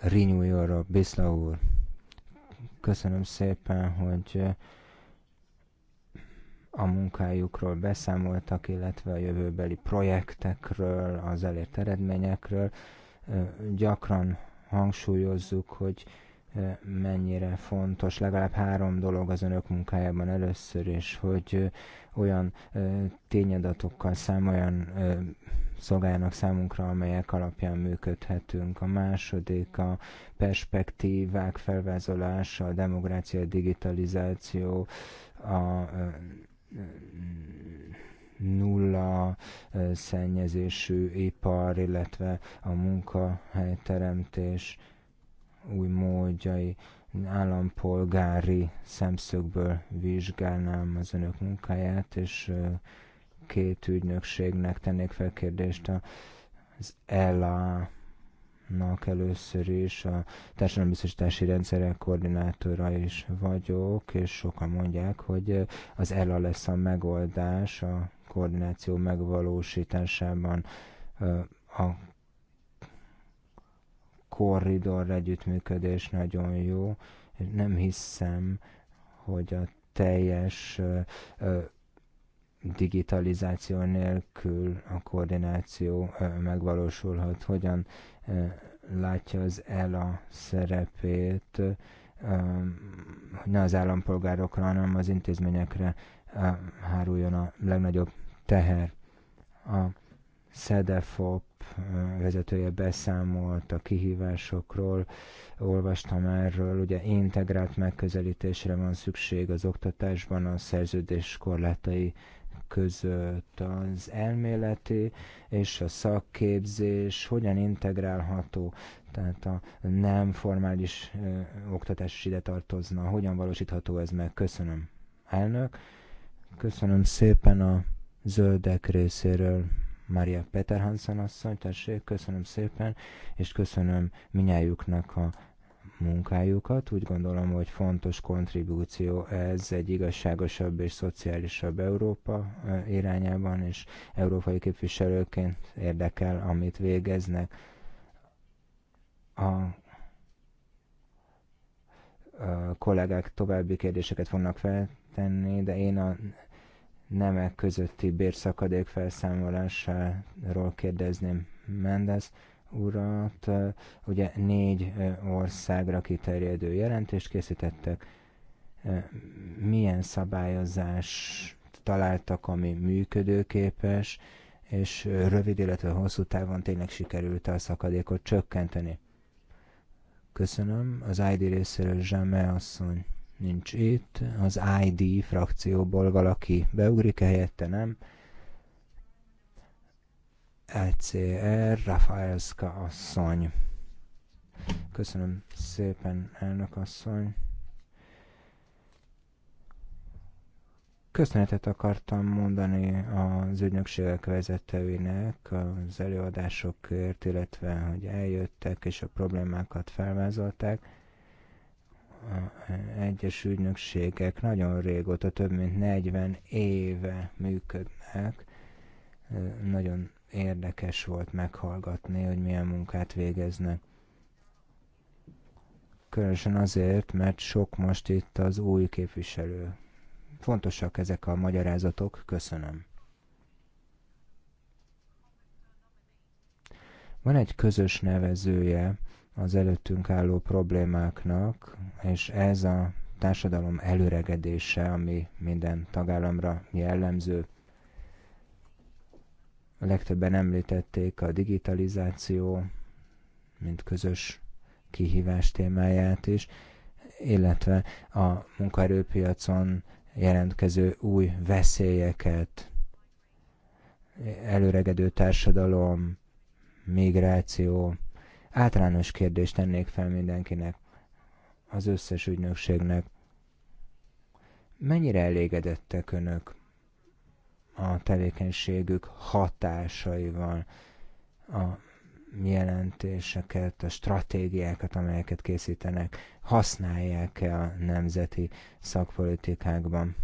Renew Europe, Biszla úr. Köszönöm szépen, hogy a munkájukról beszámoltak, illetve a jövőbeli projektekről, az elért eredményekről. Gyakran hangsúlyozzuk, hogy mennyire fontos. Legalább három dolog az önök munkájában először is, hogy olyan tényadatokkal számoljon szolgáljanak számunkra, amelyek alapján működhetünk. A második a perspektívák felvázolása, a demokrácia, a digitalizáció, a nulla szennyezésű ipar, illetve a munkahelyteremtés új módjai állampolgári szemszögből vizsgálnám az önök munkáját, és két ügynökségnek tennék fel kérdést az ELA Nak először is a társadalombiztosítási rendszerek koordinátora is vagyok, és sokan mondják, hogy az ELA lesz a megoldás a koordináció megvalósításában a korridor együttműködés nagyon jó. Nem hiszem, hogy a teljes digitalizáció nélkül a koordináció megvalósulhat. Hogyan látja az ELA szerepét, hogy ne az állampolgárokra, hanem az intézményekre háruljon a legnagyobb teher. A SZEDEFOP vezetője beszámolt a kihívásokról, olvastam erről, ugye integrált megközelítésre van szükség az oktatásban, a szerződés korlátai között az elméleti és a szakképzés hogyan integrálható, tehát a nem formális ö, oktatás is ide tartozna, hogyan valósítható ez meg. Köszönöm, elnök. Köszönöm szépen a zöldek részéről. Maria Peterhansen asszony, tessék, köszönöm szépen, és köszönöm minnyájuknak a munkájukat. Úgy gondolom, hogy fontos kontribúció ez egy igazságosabb és szociálisabb Európa irányában, és európai képviselőként érdekel, amit végeznek. A kollégák további kérdéseket fognak feltenni, de én a nemek közötti bérszakadék felszámolásáról kérdezném Mendes urat. Ugye négy országra kiterjedő jelentést készítettek. Milyen szabályozás találtak, ami működőképes, és rövid, illetve hosszú távon tényleg sikerült a szakadékot csökkenteni. Köszönöm. Az ID részéről Zseme asszony nincs itt. Az ID frakcióból valaki beugrik, helyette nem. ECR, Rafaelska asszony. Köszönöm szépen, elnök asszony. Köszönetet akartam mondani az ügynökségek vezetőinek az előadásokért, illetve hogy eljöttek és a problémákat felvázolták. Egyes ügynökségek nagyon régóta, több mint 40 éve működnek. Nagyon érdekes volt meghallgatni, hogy milyen munkát végeznek. Különösen azért, mert sok most itt az új képviselő. Fontosak ezek a magyarázatok, köszönöm. Van egy közös nevezője az előttünk álló problémáknak, és ez a társadalom előregedése, ami minden tagállamra jellemző a legtöbben említették a digitalizáció, mint közös kihívás témáját is, illetve a munkaerőpiacon jelentkező új veszélyeket, előregedő társadalom, migráció, általános kérdést tennék fel mindenkinek, az összes ügynökségnek. Mennyire elégedettek önök a tevékenységük hatásaival a jelentéseket, a stratégiákat, amelyeket készítenek, használják-e a nemzeti szakpolitikákban.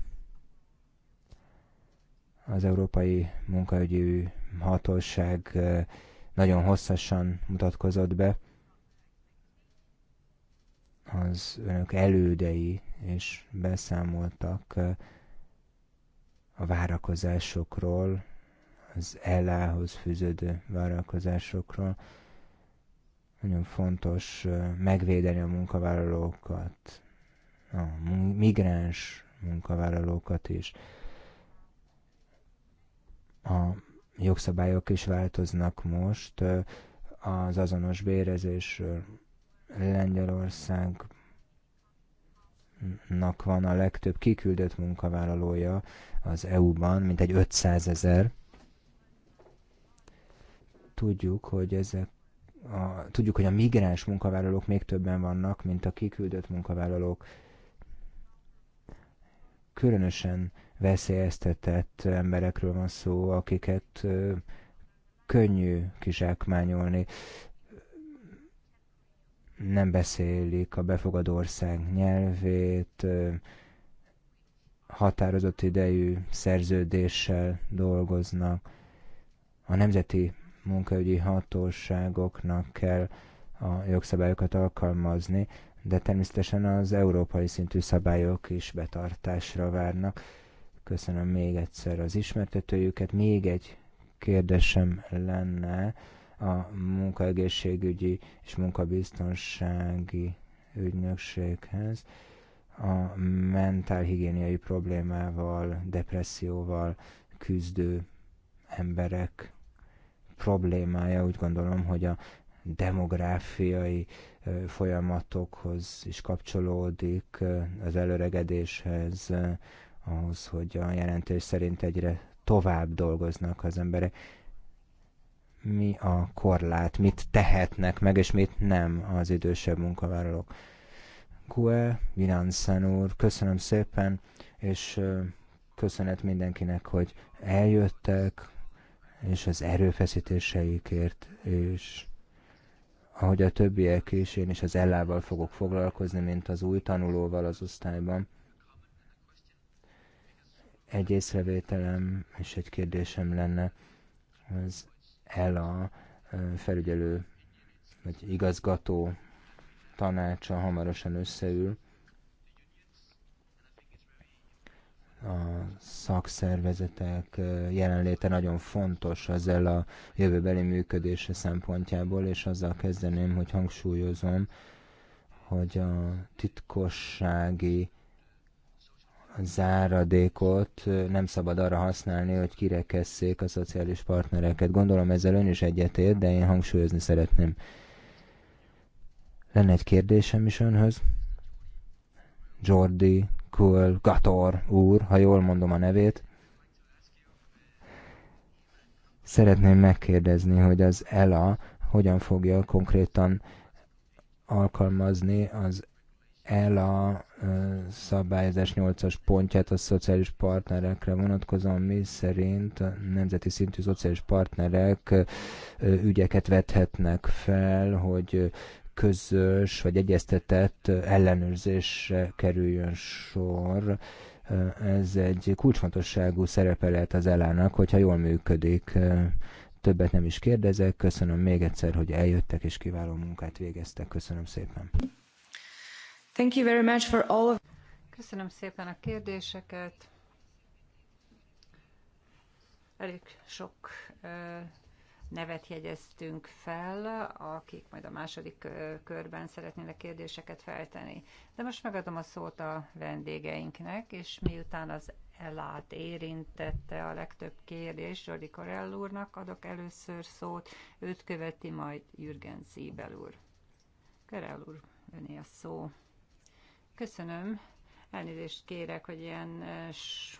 Az Európai Munkaügyi Hatóság nagyon hosszasan mutatkozott be, az önök elődei, és beszámoltak a várakozásokról, az Ellához fűződő várakozásokról. Nagyon fontos megvédeni a munkavállalókat, a migráns munkavállalókat is. A jogszabályok is változnak most az azonos bérezésről. Lengyelország nak van a legtöbb kiküldött munkavállalója az EU-ban, mint egy 500 ezer. Tudjuk, hogy ezek a, tudjuk, hogy a migráns munkavállalók még többen vannak, mint a kiküldött munkavállalók. Különösen veszélyeztetett emberekről van szó, akiket könnyű kizsákmányolni nem beszélik a befogadó ország nyelvét, határozott idejű szerződéssel dolgoznak. A nemzeti munkaügyi hatóságoknak kell a jogszabályokat alkalmazni, de természetesen az európai szintű szabályok is betartásra várnak. Köszönöm még egyszer az ismertetőjüket. Még egy kérdésem lenne a munkaegészségügyi és munkabiztonsági ügynökséghez a mentálhigiéniai problémával, depresszióval küzdő emberek problémája. Úgy gondolom, hogy a demográfiai folyamatokhoz is kapcsolódik, az előregedéshez, ahhoz, hogy a jelentés szerint egyre tovább dolgoznak az emberek mi a korlát, mit tehetnek meg, és mit nem az idősebb munkavállalók. Kue, Vinansen úr, köszönöm szépen, és köszönet mindenkinek, hogy eljöttek, és az erőfeszítéseikért, és ahogy a többiek is, én is az ellával fogok foglalkozni, mint az új tanulóval az osztályban. Egy észrevételem és egy kérdésem lenne, az el a felügyelő vagy igazgató tanácsa hamarosan összeül. a szakszervezetek jelenléte nagyon fontos ezzel a jövőbeli működése szempontjából, és azzal kezdeném, hogy hangsúlyozom, hogy a titkossági záradékot nem szabad arra használni, hogy kirekesszék a szociális partnereket. Gondolom ezzel ön is egyetért, de én hangsúlyozni szeretném. Lenne egy kérdésem is önhöz. Jordi Kul Gator úr, ha jól mondom a nevét. Szeretném megkérdezni, hogy az ELA hogyan fogja konkrétan alkalmazni az el a szabályozás 8-as pontját a szociális partnerekre vonatkozóan, mi szerint a nemzeti szintű szociális partnerek ügyeket vethetnek fel, hogy közös vagy egyeztetett ellenőrzésre kerüljön sor. Ez egy kulcsfontosságú szerepe lehet az elának, hogyha jól működik. Többet nem is kérdezek. Köszönöm még egyszer, hogy eljöttek és kiváló munkát végeztek. Köszönöm szépen. Thank you very much for all of... Köszönöm szépen a kérdéseket. Elég sok nevet jegyeztünk fel, akik majd a második körben szeretnének kérdéseket feltenni. De most megadom a szót a vendégeinknek, és miután az elát érintette a legtöbb kérdés, Jordi Corell úrnak adok először szót, őt követi majd Jürgen Zíbel úr. Corell úr, öné a szó. Köszönöm. Elnézést kérek, hogy ilyen eh,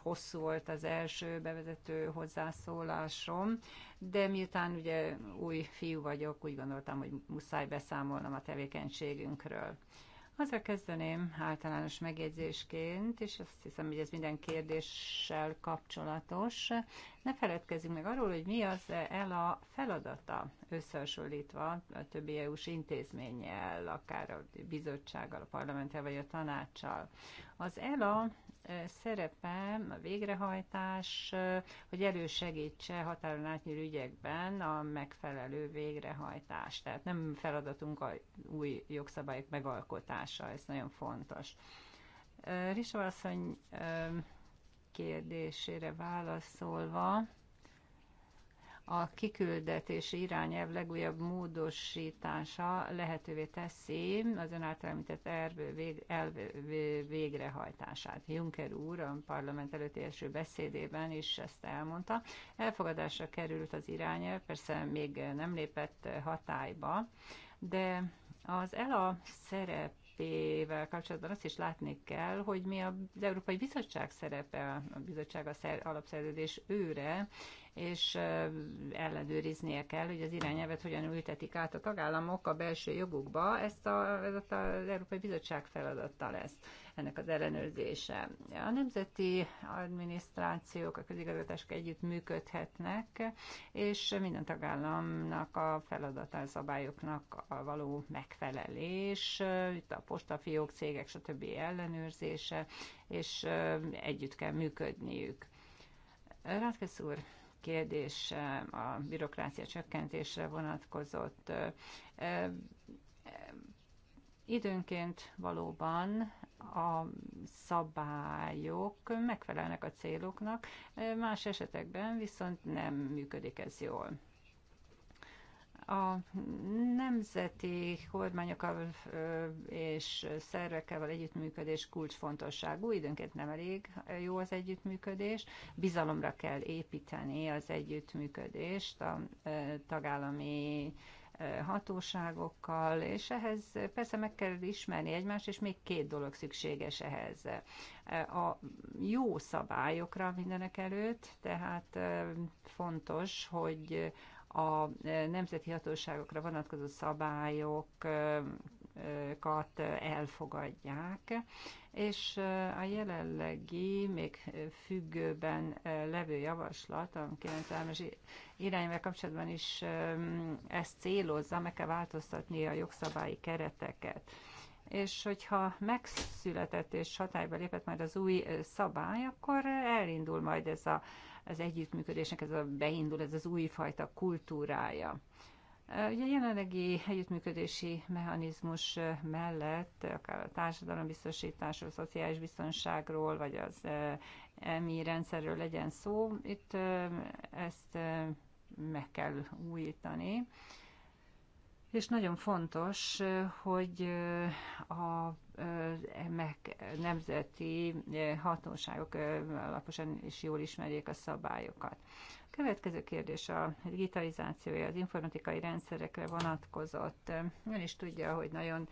hosszú volt az első bevezető hozzászólásom, de miután ugye új fiú vagyok, úgy gondoltam, hogy muszáj beszámolnom a tevékenységünkről. Azzal kezdeném általános megjegyzésként, és azt hiszem, hogy ez minden kérdéssel kapcsolatos. Ne feledkezzünk meg arról, hogy mi az ELA feladata összehasonlítva a többi EU-s intézménnyel, akár a bizottsággal, a parlamenttel vagy a tanácssal. Az ELA szerepe, a végrehajtás, hogy elősegítse határon átnyúló ügyekben a megfelelő végrehajtást. Tehát nem feladatunk a új jogszabályok megalkotása, ez nagyon fontos. Risa asszony kérdésére válaszolva, a kiküldetési irányelv legújabb módosítása lehetővé teszi az ön által említett elv végrehajtását. Juncker úr a parlament előtti első beszédében is ezt elmondta. Elfogadásra került az irányelv, persze még nem lépett hatályba, de az ELA szerep szerepével kapcsolatban azt is látni kell, hogy mi az Európai Bizottság szerepe, a bizottság a szer, alapszerződés őre, és ellenőriznie kell, hogy az irányelvet hogyan ültetik át a tagállamok a belső jogukba. Ezt a, ez az Európai Bizottság feladata lesz ennek az ellenőrzése. A nemzeti adminisztrációk, a közigazgatások együtt működhetnek, és minden tagállamnak a feladata a szabályoknak a való megfelelés, itt a postafiók, cégek, stb. ellenőrzése, és együtt kell működniük. Rátkesz úr, kérdés a bürokrácia csökkentésre vonatkozott. Időnként valóban a szabályok megfelelnek a céloknak, más esetekben viszont nem működik ez jól. A nemzeti kormányokkal és szervekkel való együttműködés kulcsfontosságú, időnként nem elég jó az együttműködés, bizalomra kell építeni az együttműködést a tagállami hatóságokkal, és ehhez persze meg kell ismerni egymást, és még két dolog szükséges ehhez. A jó szabályokra mindenek előtt, tehát fontos, hogy a e, nemzeti hatóságokra vonatkozó szabályokat e, e, elfogadják, és a jelenlegi, még függőben levő javaslat, a 93 es irányvel kapcsolatban is ezt célozza, meg kell változtatni a jogszabályi kereteket és hogyha megszületett és hatályba lépett majd az új szabály, akkor elindul majd ez a az együttműködésnek ez a beindul, ez az újfajta kultúrája. Ugye jelenlegi együttműködési mechanizmus mellett, akár a társadalombiztosításról, a szociális biztonságról, vagy az EMI rendszerről legyen szó, itt ezt meg kell újítani és nagyon fontos, hogy a meg nemzeti hatóságok alaposan is jól ismerjék a szabályokat. A következő kérdés a digitalizációja, az informatikai rendszerekre vonatkozott. Ön is tudja, hogy nagyon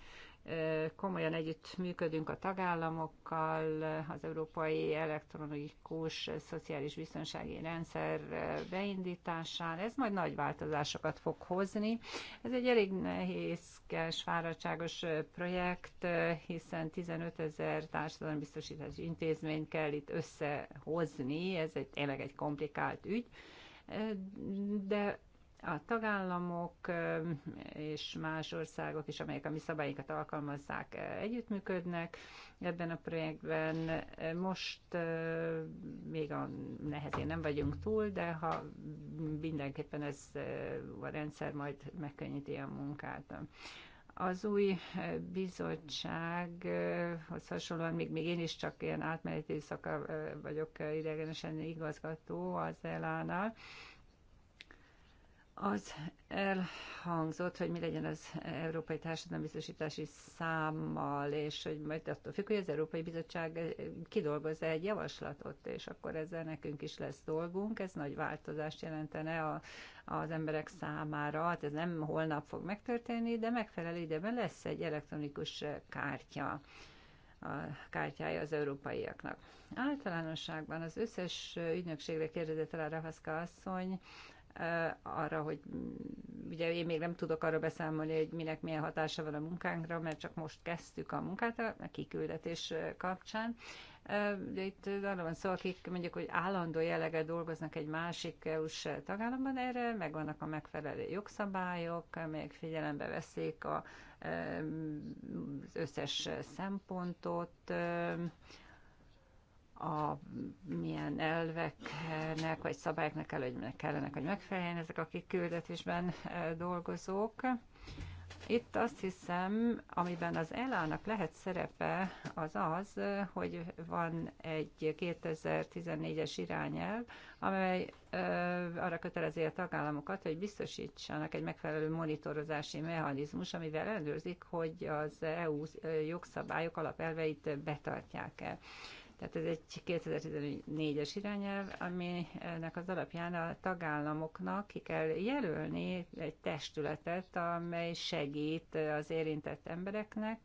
komolyan együtt működünk a tagállamokkal, az Európai Elektronikus Szociális Biztonsági Rendszer beindításán. Ez majd nagy változásokat fog hozni. Ez egy elég nehézkes, fáradtságos projekt, hiszen 15 ezer társadalombiztosítási intézményt kell itt összehozni. Ez egy, tényleg egy komplikált ügy de a tagállamok és más országok is, amelyek a mi szabályokat alkalmazzák, együttműködnek ebben a projektben. Most még a nehezén nem vagyunk túl, de ha mindenképpen ez a rendszer majd megkönnyíti a munkát. Az új bizottsághoz hasonlóan, még, még én is csak ilyen átmeneti szaka vagyok idegenesen igazgató az elánál, az elhangzott, hogy mi legyen az európai társadalombiztosítási számmal, és hogy majd attól függ, hogy az Európai Bizottság kidolgoz egy javaslatot, és akkor ezzel nekünk is lesz dolgunk. Ez nagy változást jelentene a, az emberek számára. Hát ez nem holnap fog megtörténni, de megfelelő időben lesz egy elektronikus kártya a kártyája az európaiaknak. Általánosságban az összes ügynökségre kérdezett rá Rahaszka asszony Eh, arra, hogy mm, ugye én még nem tudok arra beszámolni, hogy minek milyen hatása van a munkánkra, mert csak most kezdtük a munkát a kiküldetés eh, kapcsán. De eh, itt arra van szó, akik mondjuk, hogy állandó jellege dolgoznak egy másik EU-s tagállamban, erre megvannak a megfelelő jogszabályok, amelyek figyelembe veszik a, az összes szempontot, a milyen elveknek vagy szabályoknak kell, hogy kellene, hogy megfeleljen ezek a kiküldetésben e, dolgozók. Itt azt hiszem, amiben az ELA-nak lehet szerepe, az az, hogy van egy 2014-es irányelv, amely e, arra kötelezi a tagállamokat, hogy biztosítsanak egy megfelelő monitorozási mechanizmus, amivel ellenőrzik, hogy az EU jogszabályok alapelveit betartják-e. Tehát ez egy 2014-es irányelv, aminek az alapján a tagállamoknak ki kell jelölni egy testületet, amely segít az érintett embereknek,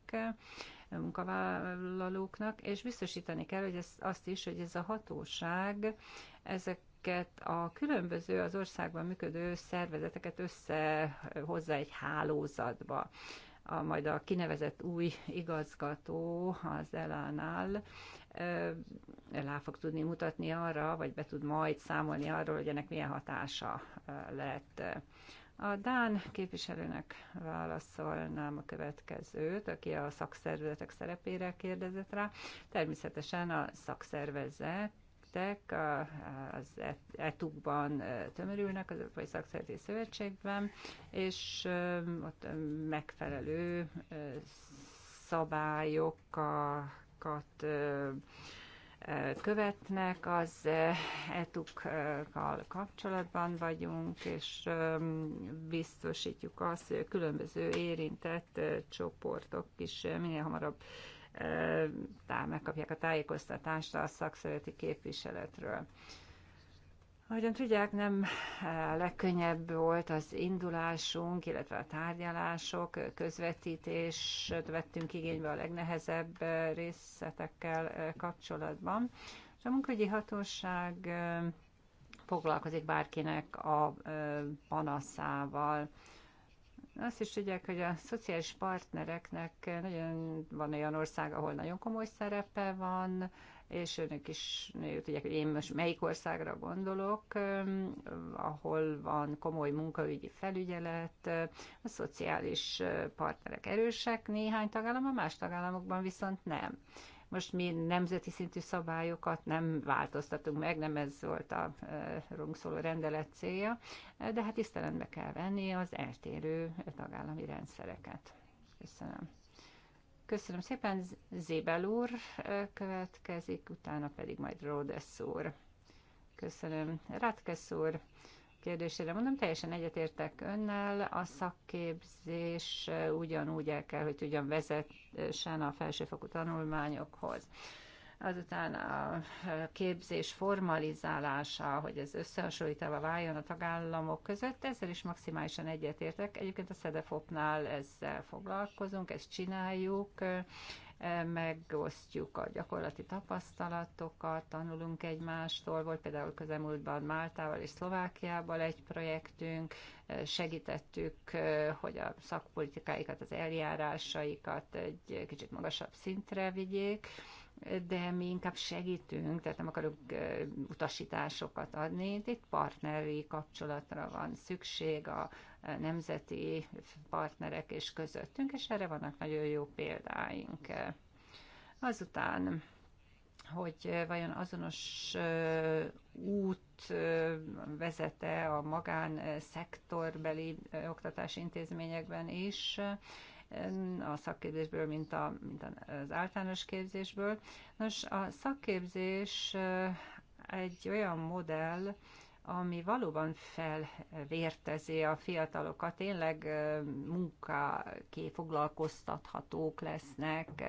munkavállalóknak, és biztosítani kell, hogy ez, azt is, hogy ez a hatóság ezek a különböző az országban működő szervezeteket összehozza egy hálózatba a, majd a kinevezett új igazgató az Elánál rá fog tudni mutatni arra, vagy be tud majd számolni arról, hogy ennek milyen hatása lett. A Dán képviselőnek válaszolnám a következőt, aki a szakszervezetek szerepére kérdezett rá. Természetesen a szakszervezet az etukban e tömörülnek az Európai Szakszervezeti Szövetségben, és ott megfelelő szabályok normákat követnek, az etukkal kapcsolatban vagyunk, és biztosítjuk azt, hogy a különböző érintett csoportok is minél hamarabb megkapják a tájékoztatást a szakszereti képviseletről. Ahogyan tudják, nem a eh, legkönnyebb volt az indulásunk, illetve a tárgyalások, közvetítés vettünk igénybe a legnehezebb eh, részletekkel eh, kapcsolatban. És a munkahogyi hatóság foglalkozik bárkinek a panaszával. Azt is tudják, hogy a szociális partnereknek nagyon van olyan ország, ahol nagyon komoly szerepe van, és önök is tudják, hogy én most melyik országra gondolok, ahol van komoly munkaügyi felügyelet, a szociális partnerek erősek néhány tagállam, a más tagállamokban viszont nem. Most mi nemzeti szintű szabályokat nem változtatunk meg, nem ez volt a rung szóló rendelet célja, de hát tiszteletbe kell venni az eltérő tagállami rendszereket. Köszönöm. Köszönöm szépen, Zébel úr következik, utána pedig majd Ródesz úr. Köszönöm. Rátkesz úr kérdésére mondom, teljesen egyetértek önnel, a szakképzés ugyanúgy el kell, hogy tudjon vezetsen a felsőfokú tanulmányokhoz azután a képzés formalizálása, hogy ez összehasonlítva váljon a tagállamok között, ezzel is maximálisan egyetértek. Egyébként a SZEDEFOP-nál ezzel foglalkozunk, ezt csináljuk, e, megosztjuk a gyakorlati tapasztalatokat, tanulunk egymástól. Volt például közelmúltban Máltával és Szlovákiával egy projektünk, e, segítettük, e, hogy a szakpolitikáikat, az eljárásaikat egy kicsit magasabb szintre vigyék de mi inkább segítünk, tehát nem akarok utasításokat adni. Itt partneri kapcsolatra van szükség a nemzeti partnerek és közöttünk, és erre vannak nagyon jó példáink. Azután, hogy vajon azonos út vezete a magánszektorbeli oktatási intézményekben is, a szakképzésből, mint, a, mint az általános képzésből. Nos, a szakképzés egy olyan modell, ami valóban felvértezi a fiatalokat, tényleg munkáké foglalkoztathatók lesznek,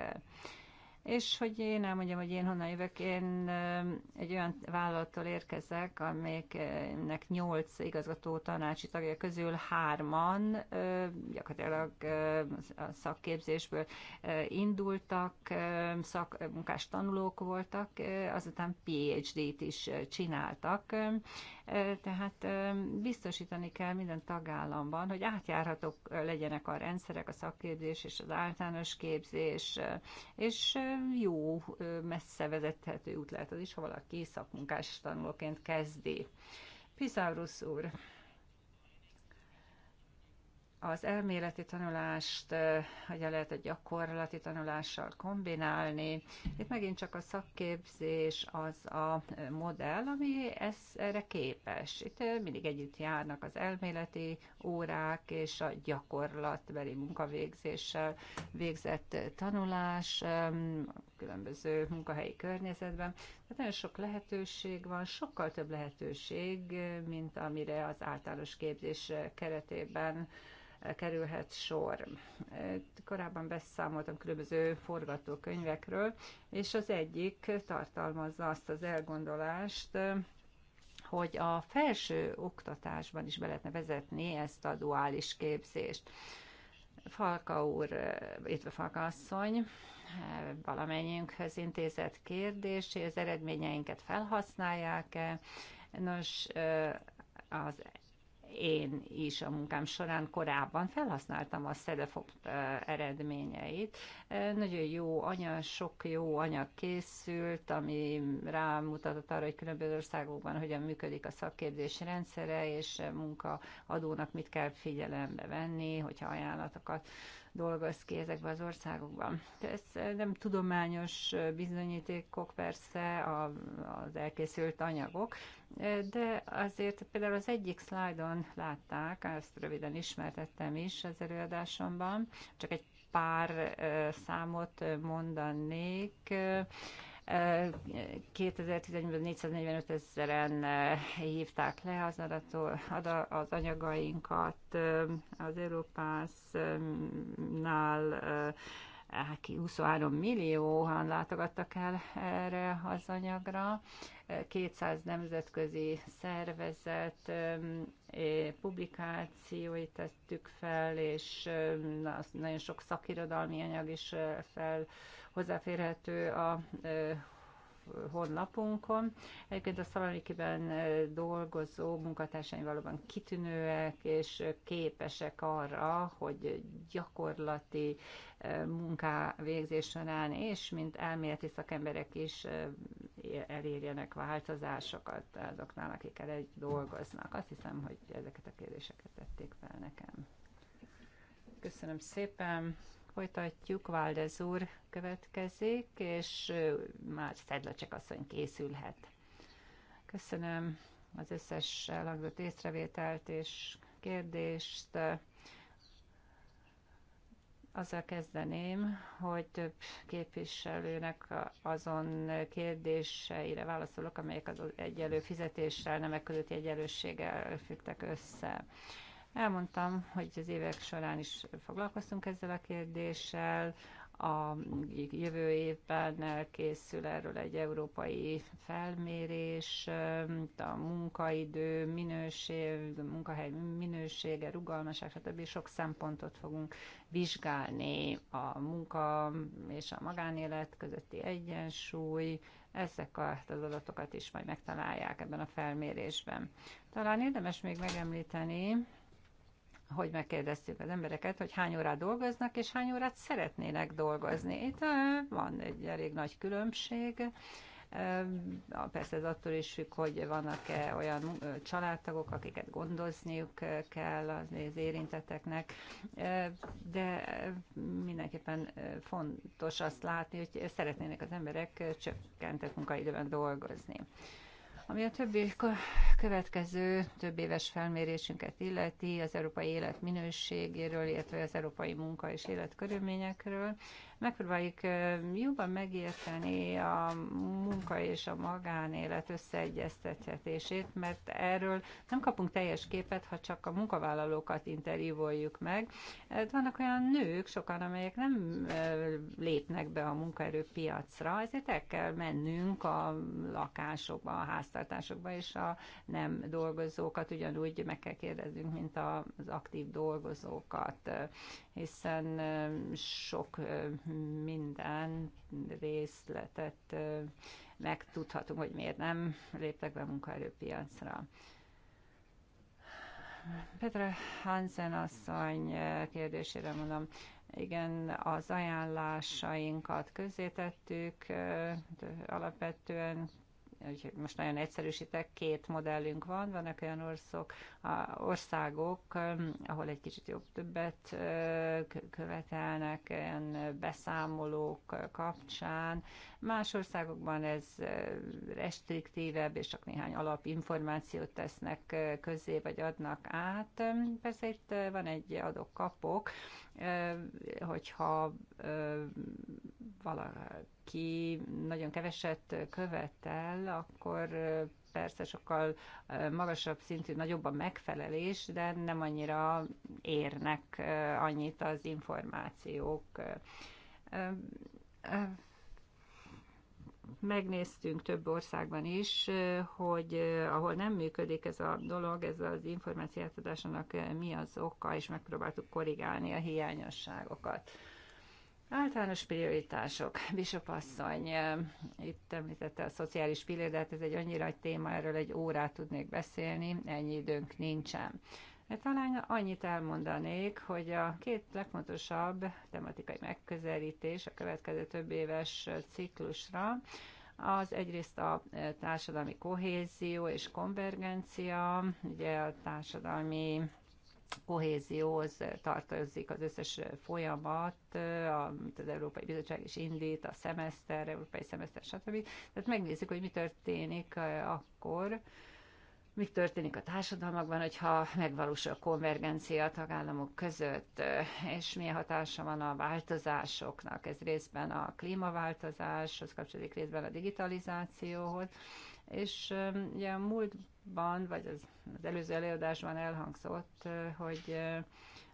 és hogy én elmondjam, hogy én honnan jövök, én egy olyan vállalattól érkezek, amelyeknek nyolc igazgató tanácsi tagja közül hárman gyakorlatilag a szakképzésből indultak, szakmunkás tanulók voltak, azután PhD-t is csináltak, tehát biztosítani kell minden tagállamban, hogy átjárhatók legyenek a rendszerek, a szakképzés és az általános képzés, és jó, messze vezethető út lehet az is, ha valaki szakmunkás tanulóként kezdi. Pisaurus úr, az elméleti tanulást, hogy lehet egy gyakorlati tanulással kombinálni. Itt megint csak a szakképzés az a modell, ami ez, erre képes. Itt mindig együtt járnak az elméleti órák és a gyakorlatbeli munkavégzéssel végzett tanulás különböző munkahelyi környezetben. Tehát nagyon sok lehetőség van, sokkal több lehetőség, mint amire az általános képzés keretében kerülhet sor. Korábban beszámoltam különböző forgatókönyvekről, és az egyik tartalmazza azt az elgondolást, hogy a felső oktatásban is be lehetne vezetni ezt a duális képzést. Falka úr, illetve Falka asszony, valamennyiünkhöz intézett kérdés, hogy az eredményeinket felhasználják-e. Nos, az én is a munkám során korábban felhasználtam a SEDEFOP eredményeit. Nagyon jó anyag, sok jó anyag készült, ami rámutatott arra, hogy különböző országokban hogyan működik a szakképzés rendszere, és munkaadónak mit kell figyelembe venni, hogyha ajánlatokat dolgoz ki ezekben az országokban. Ez nem tudományos bizonyítékok persze a, az elkészült anyagok, de azért például az egyik szlájdon látták, ezt röviden ismertettem is az előadásomban, csak egy pár számot mondanék. 2011-ben 445 ezeren hívták le az, adattól, az anyagainkat eh, az Európásznál 23 eh, hát millióan látogattak el erre az anyagra, 200 eh, nemzetközi szervezet publikációit tettük fel, és nagyon sok szakirodalmi anyag is fel hozzáférhető a honlapunkon. Egyébként a Szalonikiben dolgozó munkatársaim valóban kitűnőek és képesek arra, hogy gyakorlati munkavégzés során és mint elméleti szakemberek is elérjenek változásokat azoknál, akikkel egy dolgoznak. Azt hiszem, hogy ezeket a kérdéseket tették fel nekem. Köszönöm szépen! Folytatjuk, Váldez úr következik, és már Szedlacsek asszony készülhet. Köszönöm az összes elhangzott észrevételt és kérdést. Azzal kezdeném, hogy több képviselőnek azon kérdéseire válaszolok, amelyek az egyenlő fizetéssel, nemek közötti egyenlősséggel függtek össze. Elmondtam, hogy az évek során is foglalkoztunk ezzel a kérdéssel, a jövő évben elkészül erről egy európai felmérés, a munkaidő minőség, a munkahely minősége, rugalmaság, stb. sok szempontot fogunk vizsgálni, a munka és a magánélet közötti egyensúly, ezek az adatokat is majd megtalálják ebben a felmérésben. Talán érdemes még megemlíteni, hogy megkérdeztük az embereket, hogy hány órát dolgoznak, és hány órát szeretnének dolgozni. Itt van egy elég nagy különbség. Persze ez attól is függ, hogy vannak-e olyan családtagok, akiket gondozniuk kell az érintetteknek, de mindenképpen fontos azt látni, hogy szeretnének az emberek csökkentett munkaidőben dolgozni. Ami a többi következő több éves felmérésünket illeti, az európai életminőségéről, illetve az európai munka és életkörülményekről, megpróbáljuk jobban megérteni a munka és a magánélet összeegyeztethetését, mert erről nem kapunk teljes képet, ha csak a munkavállalókat interjúvoljuk meg. Hát vannak olyan nők, sokan, amelyek nem lépnek be a munkaerőpiacra, ezért el kell mennünk a lakásokba, a háztartásokba, és a nem dolgozókat ugyanúgy meg kell kérdeznünk, mint az aktív dolgozókat, hiszen sok minden részletet megtudhatunk, hogy miért nem léptek be munkaerőpiacra. Petra Hansen asszony kérdésére mondom, igen, az ajánlásainkat közzétettük, alapvetően most nagyon egyszerűsítek, két modellünk van, vannak olyan országok, országok um, ahol egy kicsit jobb többet követelnek ilyen beszámolók kapcsán. Más országokban ez restriktívebb, és csak néhány alapinformációt tesznek közé, vagy adnak át. Persze itt van egy adok-kapok, hogyha valaki nagyon keveset követel, akkor persze sokkal magasabb szintű, nagyobb a megfelelés, de nem annyira érnek annyit az információk megnéztünk több országban is, hogy ahol nem működik ez a dolog, ez az információátadásának mi az oka, és megpróbáltuk korrigálni a hiányosságokat. Általános prioritások. Bishop asszony itt említette a szociális pillér, de hát ez egy annyira nagy téma, erről egy órát tudnék beszélni, ennyi időnk nincsen. Hát talán annyit elmondanék, hogy a két legfontosabb tematikai megközelítés a következő több éves ciklusra az egyrészt a eh, társadalmi kohézió és konvergencia, ugye a társadalmi kohézióhoz tartozik az összes folyamat, eh, amit az Európai Bizottság is indít, a szemeszter, európai szemeszter, stb. Tehát megnézzük, hogy mi történik eh, akkor, mi történik a társadalmakban, hogyha megvalósul a konvergencia a tagállamok között, és milyen hatása van a változásoknak. Ez részben a klímaváltozás, az kapcsolódik, részben a digitalizációhoz. És um, ugye a múltban, vagy az, az előző előadásban elhangzott, uh, hogy uh,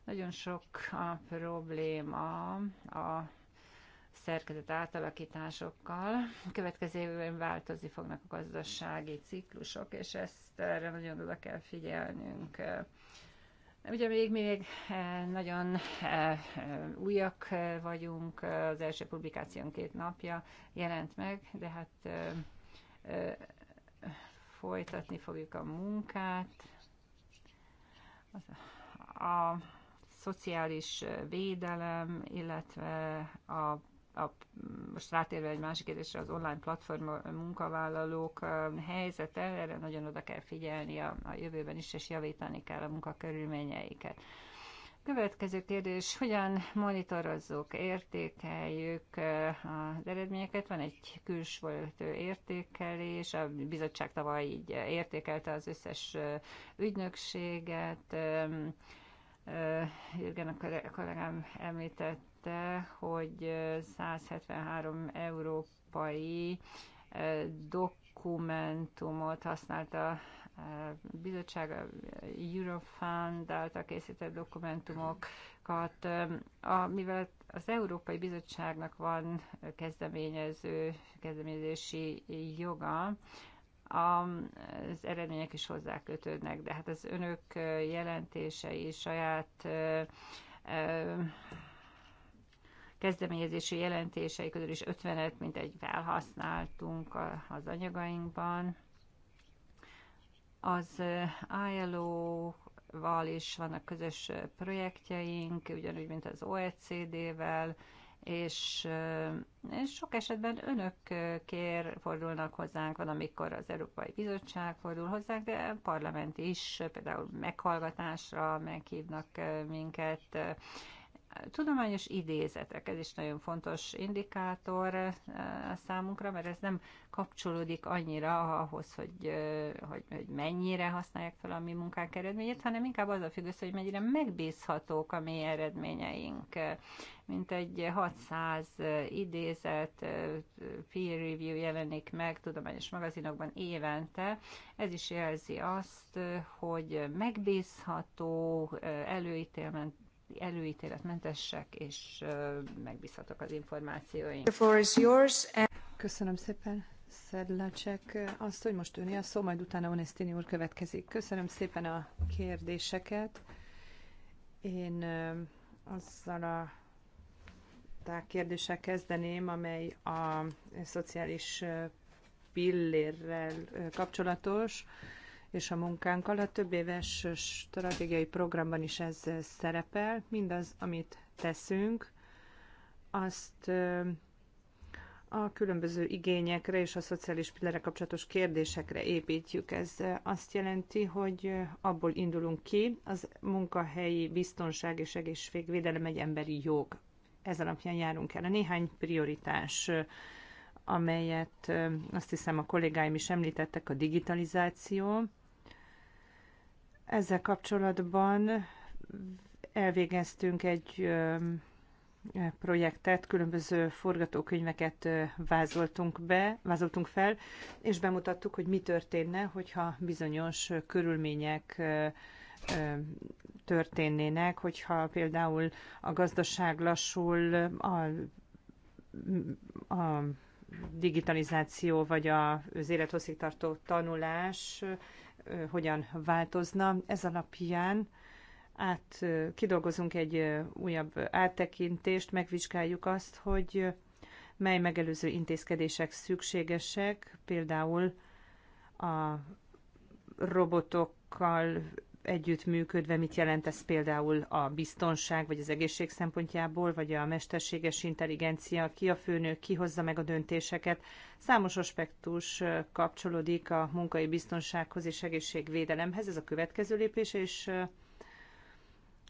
nagyon sok a probléma a szerkezet átalakításokkal. Következő évben változni fognak a gazdasági ciklusok, és ezt erre nagyon oda kell figyelnünk. Ugye még, még eh, nagyon eh, újak vagyunk, az első publikáción két napja jelent meg, de hát eh, folytatni fogjuk a munkát. A szociális védelem, illetve a a, most rátérve egy másik kérdésre, az online platform munkavállalók helyzete, erre nagyon oda kell figyelni a, a jövőben is, és javítani kell a munkakörülményeiket. Következő kérdés, hogyan monitorozzuk, értékeljük az eredményeket? Van egy külsvoltő értékelés, a bizottság tavaly így értékelte az összes ügynökséget, Jürgen a kollégám említett említette, hogy 173 európai dokumentumot használt a bizottság, a Eurofund által készített dokumentumokat. A, mivel az Európai Bizottságnak van kezdeményező, kezdeményezési joga, az eredmények is hozzá kötődnek, de hát az önök jelentései saját kezdeményezési jelentései közül is 55, mint egy felhasználtunk az anyagainkban. Az eh, ILO val is vannak közös eh, projektjeink, ugyanúgy, mint az OECD-vel, és, eh, és sok esetben önök kér, fordulnak hozzánk, van, amikor az Európai Bizottság fordul hozzánk, de a parlament is például meghallgatásra meghívnak minket, tudományos idézetek, ez is nagyon fontos indikátor eh, számunkra, mert ez nem kapcsolódik annyira ahhoz, hogy, eh, hogy, hogy mennyire használják fel a mi munkánk eredményét, hanem inkább az a függ össze, hogy mennyire megbízhatók a mi eredményeink. Mint egy 600 eh, idézet, peer review jelenik meg tudományos magazinokban évente. Ez is jelzi azt, hogy megbízható, előítélment előítéletmentesek, és megbízhatok az információink. is yours Köszönöm szépen. Szedlacsek azt, hogy most ön a szó, majd utána Onestini úr következik. Köszönöm szépen a kérdéseket. Én azzal a kérdéssel kezdeném, amely a szociális pillérrel kapcsolatos és a munkánkkal. A több éves stratégiai programban is ez szerepel. Mindaz, amit teszünk, azt a különböző igényekre és a szociális pillére kapcsolatos kérdésekre építjük. Ez azt jelenti, hogy abból indulunk ki, az munkahelyi biztonság és egészségvédelem egy emberi jog. Ez alapján járunk el. A néhány prioritás, amelyet azt hiszem a kollégáim is említettek, a digitalizáció, ezzel kapcsolatban elvégeztünk egy projektet, különböző forgatókönyveket vázoltunk be, vázoltunk fel, és bemutattuk, hogy mi történne, hogyha bizonyos körülmények történnének, hogyha például a gazdaság lassul, a, a digitalizáció vagy az élethosszígtartó tanulás hogyan változna. Ez alapján át, kidolgozunk egy újabb áttekintést, megvizsgáljuk azt, hogy mely megelőző intézkedések szükségesek, például a robotokkal együttműködve mit jelent ez például a biztonság, vagy az egészség szempontjából, vagy a mesterséges intelligencia, ki a főnök, ki hozza meg a döntéseket. Számos aspektus kapcsolódik a munkai biztonsághoz és egészségvédelemhez, ez a következő lépés, és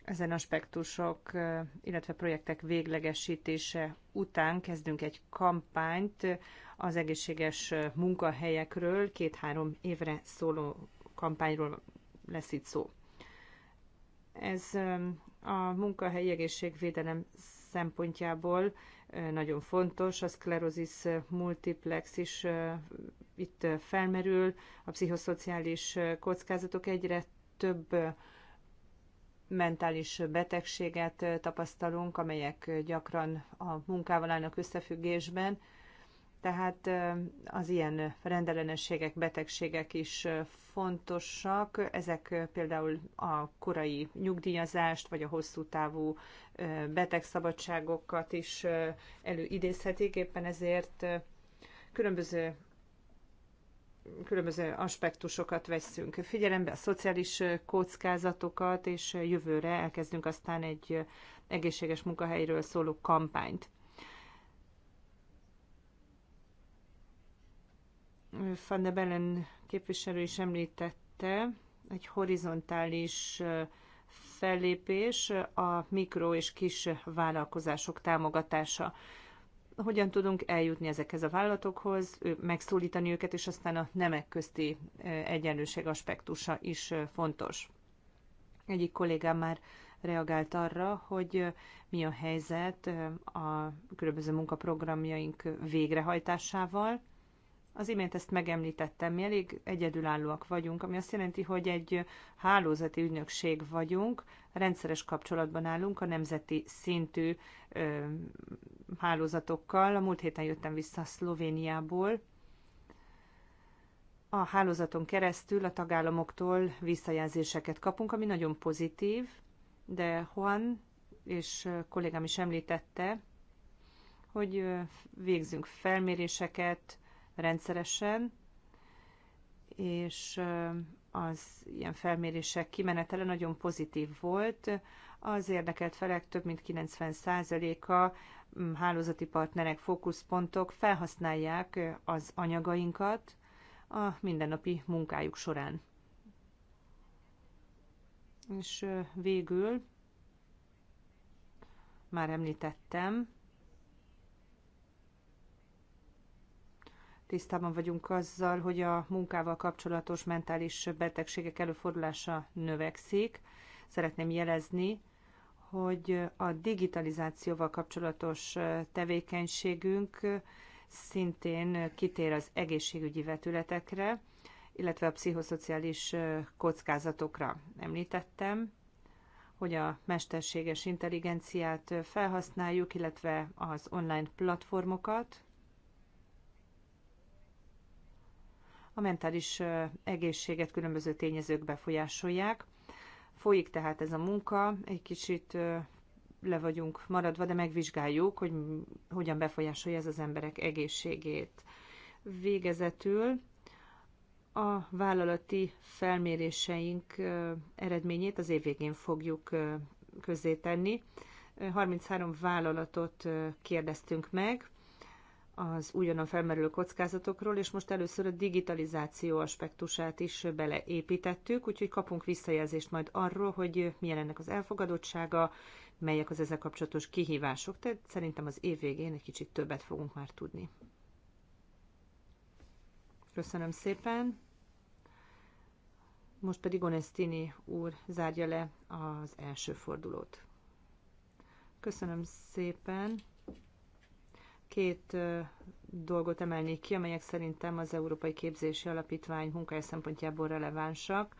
ezen aspektusok, illetve projektek véglegesítése után kezdünk egy kampányt az egészséges munkahelyekről, két-három évre szóló kampányról lesz itt szó. Ez a munkahelyi egészségvédelem szempontjából nagyon fontos, a szklerozis multiplex is itt felmerül, a pszichoszociális kockázatok egyre több mentális betegséget tapasztalunk, amelyek gyakran a munkával állnak összefüggésben, tehát az ilyen rendellenességek, betegségek is fontosak. Ezek például a korai nyugdíjazást, vagy a hosszú távú betegszabadságokat is előidézhetik. Éppen ezért különböző különböző aspektusokat veszünk figyelembe, a szociális kockázatokat, és jövőre elkezdünk aztán egy egészséges munkahelyről szóló kampányt. Van de Bellen képviselő is említette, egy horizontális fellépés a mikro és kis vállalkozások támogatása. Hogyan tudunk eljutni ezekhez a vállalatokhoz, megszólítani őket, és aztán a nemek közti egyenlőség aspektusa is fontos. Egyik kollégám már reagált arra, hogy mi a helyzet a különböző munkaprogramjaink végrehajtásával, az imént ezt megemlítettem, mi elég egyedülállóak vagyunk, ami azt jelenti, hogy egy hálózati ügynökség vagyunk, rendszeres kapcsolatban állunk a nemzeti szintű ö, hálózatokkal. A múlt héten jöttem vissza Szlovéniából. A hálózaton keresztül a tagállamoktól visszajelzéseket kapunk, ami nagyon pozitív, de Juan és kollégám is említette, hogy végzünk felméréseket, rendszeresen, és az ilyen felmérések kimenetele nagyon pozitív volt. Az érdekelt felek több mint 90%-a hálózati partnerek, fókuszpontok felhasználják az anyagainkat a mindennapi munkájuk során. És végül már említettem, tisztában vagyunk azzal, hogy a munkával kapcsolatos mentális betegségek előfordulása növekszik. Szeretném jelezni, hogy a digitalizációval kapcsolatos tevékenységünk szintén kitér az egészségügyi vetületekre, illetve a pszichoszociális kockázatokra. Említettem, hogy a mesterséges intelligenciát felhasználjuk, illetve az online platformokat, A mentális egészséget különböző tényezők befolyásolják. Folyik tehát ez a munka, egy kicsit le vagyunk maradva, de megvizsgáljuk, hogy hogyan befolyásolja ez az emberek egészségét. Végezetül a vállalati felméréseink eredményét az év végén fogjuk közzétenni. 33 vállalatot kérdeztünk meg, az újonnan felmerülő kockázatokról, és most először a digitalizáció aspektusát is beleépítettük, úgyhogy kapunk visszajelzést majd arról, hogy milyen ennek az elfogadottsága, melyek az ezzel kapcsolatos kihívások, tehát szerintem az év végén egy kicsit többet fogunk már tudni. Köszönöm szépen! Most pedig Onestini úr zárja le az első fordulót. Köszönöm szépen! Két dolgot emelnék ki, amelyek szerintem az Európai Képzési Alapítvány munkája szempontjából relevánsak.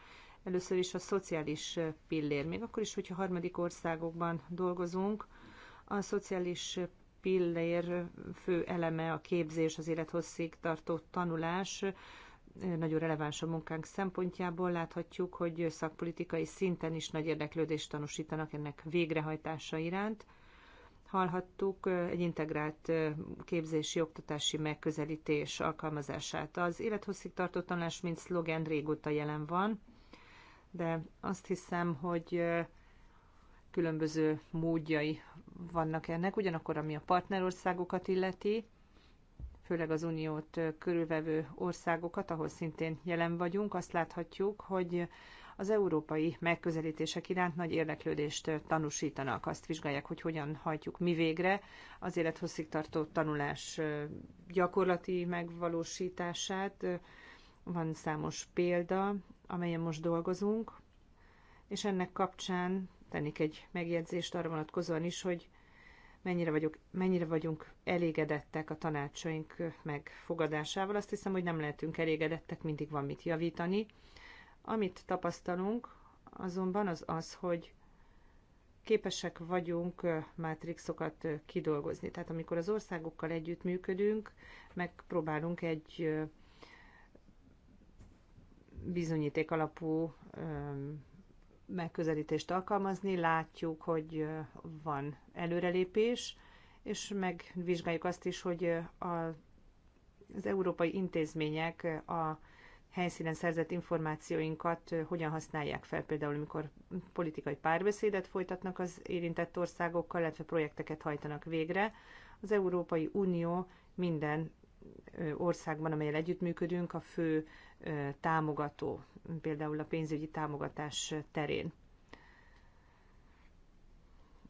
Először is a szociális pillér. Még akkor is, hogyha harmadik országokban dolgozunk, a szociális pillér fő eleme a képzés, az élethosszig tartó tanulás, nagyon releváns a munkánk szempontjából. Láthatjuk, hogy szakpolitikai szinten is nagy érdeklődést tanúsítanak ennek végrehajtása iránt hallhattuk, egy integrált képzési, oktatási megközelítés alkalmazását. Az élethosszig tartó tanulás, mint szlogen régóta jelen van, de azt hiszem, hogy különböző módjai vannak ennek, ugyanakkor ami a partnerországokat illeti, főleg az uniót körülvevő országokat, ahol szintén jelen vagyunk, azt láthatjuk, hogy az európai megközelítések iránt nagy érdeklődést tanúsítanak. Azt vizsgálják, hogy hogyan hajtjuk mi végre az élethosszig tartó tanulás gyakorlati megvalósítását. Van számos példa, amelyen most dolgozunk, és ennek kapcsán tennék egy megjegyzést arra vonatkozóan is, hogy mennyire, vagyok, mennyire vagyunk elégedettek a tanácsaink megfogadásával. Azt hiszem, hogy nem lehetünk elégedettek, mindig van mit javítani, amit tapasztalunk azonban az az, hogy képesek vagyunk mátrixokat kidolgozni. Tehát amikor az országokkal együttműködünk, megpróbálunk egy bizonyíték alapú megközelítést alkalmazni, látjuk, hogy van előrelépés, és megvizsgáljuk azt is, hogy az európai intézmények a helyszínen szerzett információinkat hogyan használják fel, például amikor politikai párbeszédet folytatnak az érintett országokkal, illetve projekteket hajtanak végre. Az Európai Unió minden országban, amelyel együttműködünk, a fő támogató, például a pénzügyi támogatás terén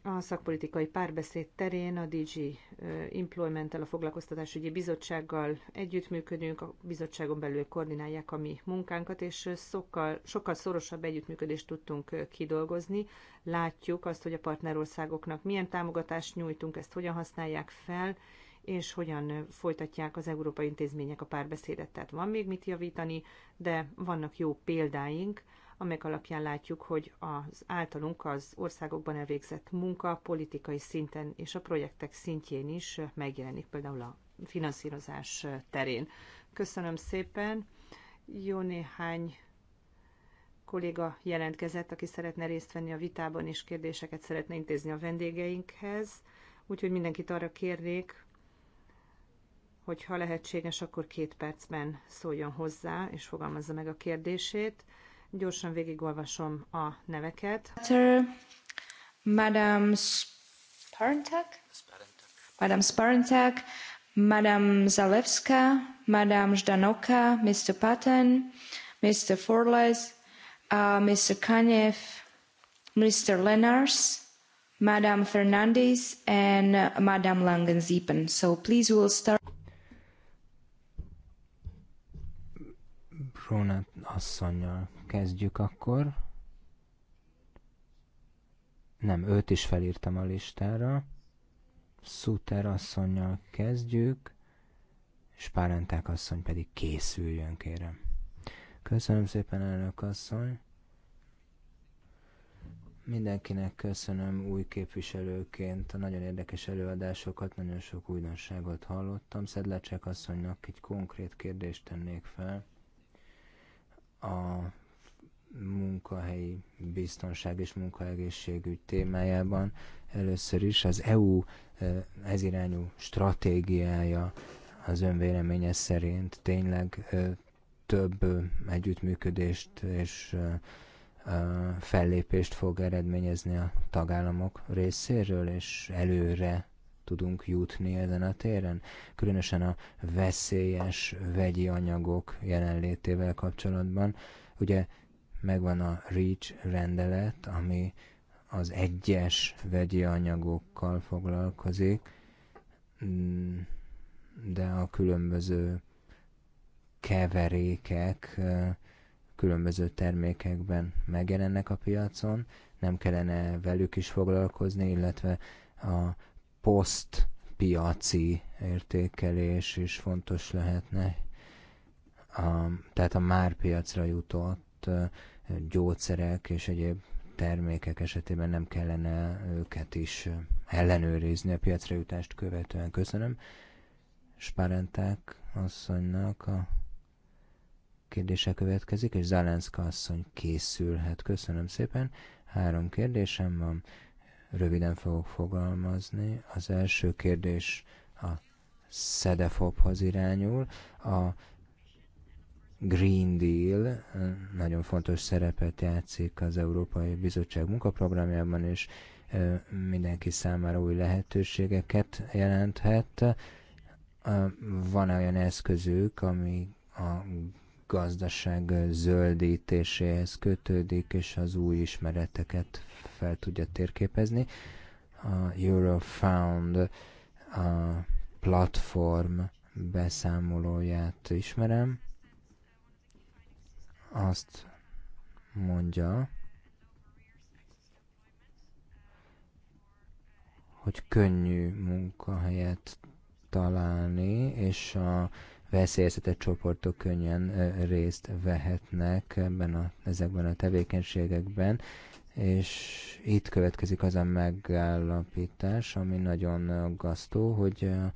a szakpolitikai párbeszéd terén a DG employment a Foglalkoztatásügyi Bizottsággal együttműködünk, a bizottságon belül koordinálják a mi munkánkat, és sokkal, sokkal szorosabb együttműködést tudtunk kidolgozni. Látjuk azt, hogy a partnerországoknak milyen támogatást nyújtunk, ezt hogyan használják fel, és hogyan folytatják az európai intézmények a párbeszédet. Tehát van még mit javítani, de vannak jó példáink, amelyek alapján látjuk, hogy az általunk az országokban elvégzett munka politikai szinten és a projektek szintjén is megjelenik, például a finanszírozás terén. Köszönöm szépen. Jó néhány kolléga jelentkezett, aki szeretne részt venni a vitában, és kérdéseket szeretne intézni a vendégeinkhez. Úgyhogy mindenkit arra kérnék, hogy ha lehetséges, akkor két percben szóljon hozzá, és fogalmazza meg a kérdését. Gyorsan végigolvasom a neveket. Madame Sparentak, Madame Sparentak, Madame Zalewska, Madame Zdanoka, Mr. Patton, Mr. Forles, uh, Mr. Kanyev, Mr. Lenars, Madame Fernandez, and uh, Madame Langenziepen. So please we'll start. Brunat asszonynal kezdjük akkor. Nem, őt is felírtam a listára. Suter asszonynal kezdjük, és Párenták asszony pedig készüljön, kérem. Köszönöm szépen, elnök asszony. Mindenkinek köszönöm új képviselőként a nagyon érdekes előadásokat, nagyon sok újdonságot hallottam. Szedlecsek asszonynak egy konkrét kérdést tennék fel a munkahelyi biztonság és munkaegészségügy témájában először is az EU eh, ez irányú stratégiája az önvéleménye szerint tényleg eh, több eh, együttműködést és fellépést fog eredményezni a tagállamok részéről, és előre tudunk jutni ezen a téren, különösen a veszélyes vegyi anyagok jelenlétével kapcsolatban. Ugye megvan a REACH rendelet, ami az egyes vegyi anyagokkal foglalkozik, de a különböző keverékek különböző termékekben megjelennek a piacon, nem kellene velük is foglalkozni, illetve a posztpiaci értékelés is fontos lehetne. A, tehát a már piacra jutott gyógyszerek és egyéb termékek esetében nem kellene őket is ellenőrizni a piacra jutást követően. Köszönöm. Sparenták asszonynak a kérdése következik, és Zalenszka asszony készülhet. Köszönöm szépen. Három kérdésem van röviden fogok fogalmazni. Az első kérdés a SZEDEFOP-hoz irányul. A Green Deal nagyon fontos szerepet játszik az Európai Bizottság munkaprogramjában, és mindenki számára új lehetőségeket jelenthet. Van olyan eszközük, ami a gazdaság zöldítéséhez kötődik, és az új ismereteket fel tudja térképezni. A Eurofound a platform beszámolóját ismerem. Azt mondja, hogy könnyű munkahelyet találni, és a veszélyeztetett csoportok könnyen részt vehetnek ebben a, ezekben a tevékenységekben, és itt következik az a megállapítás, ami nagyon aggasztó, hogy a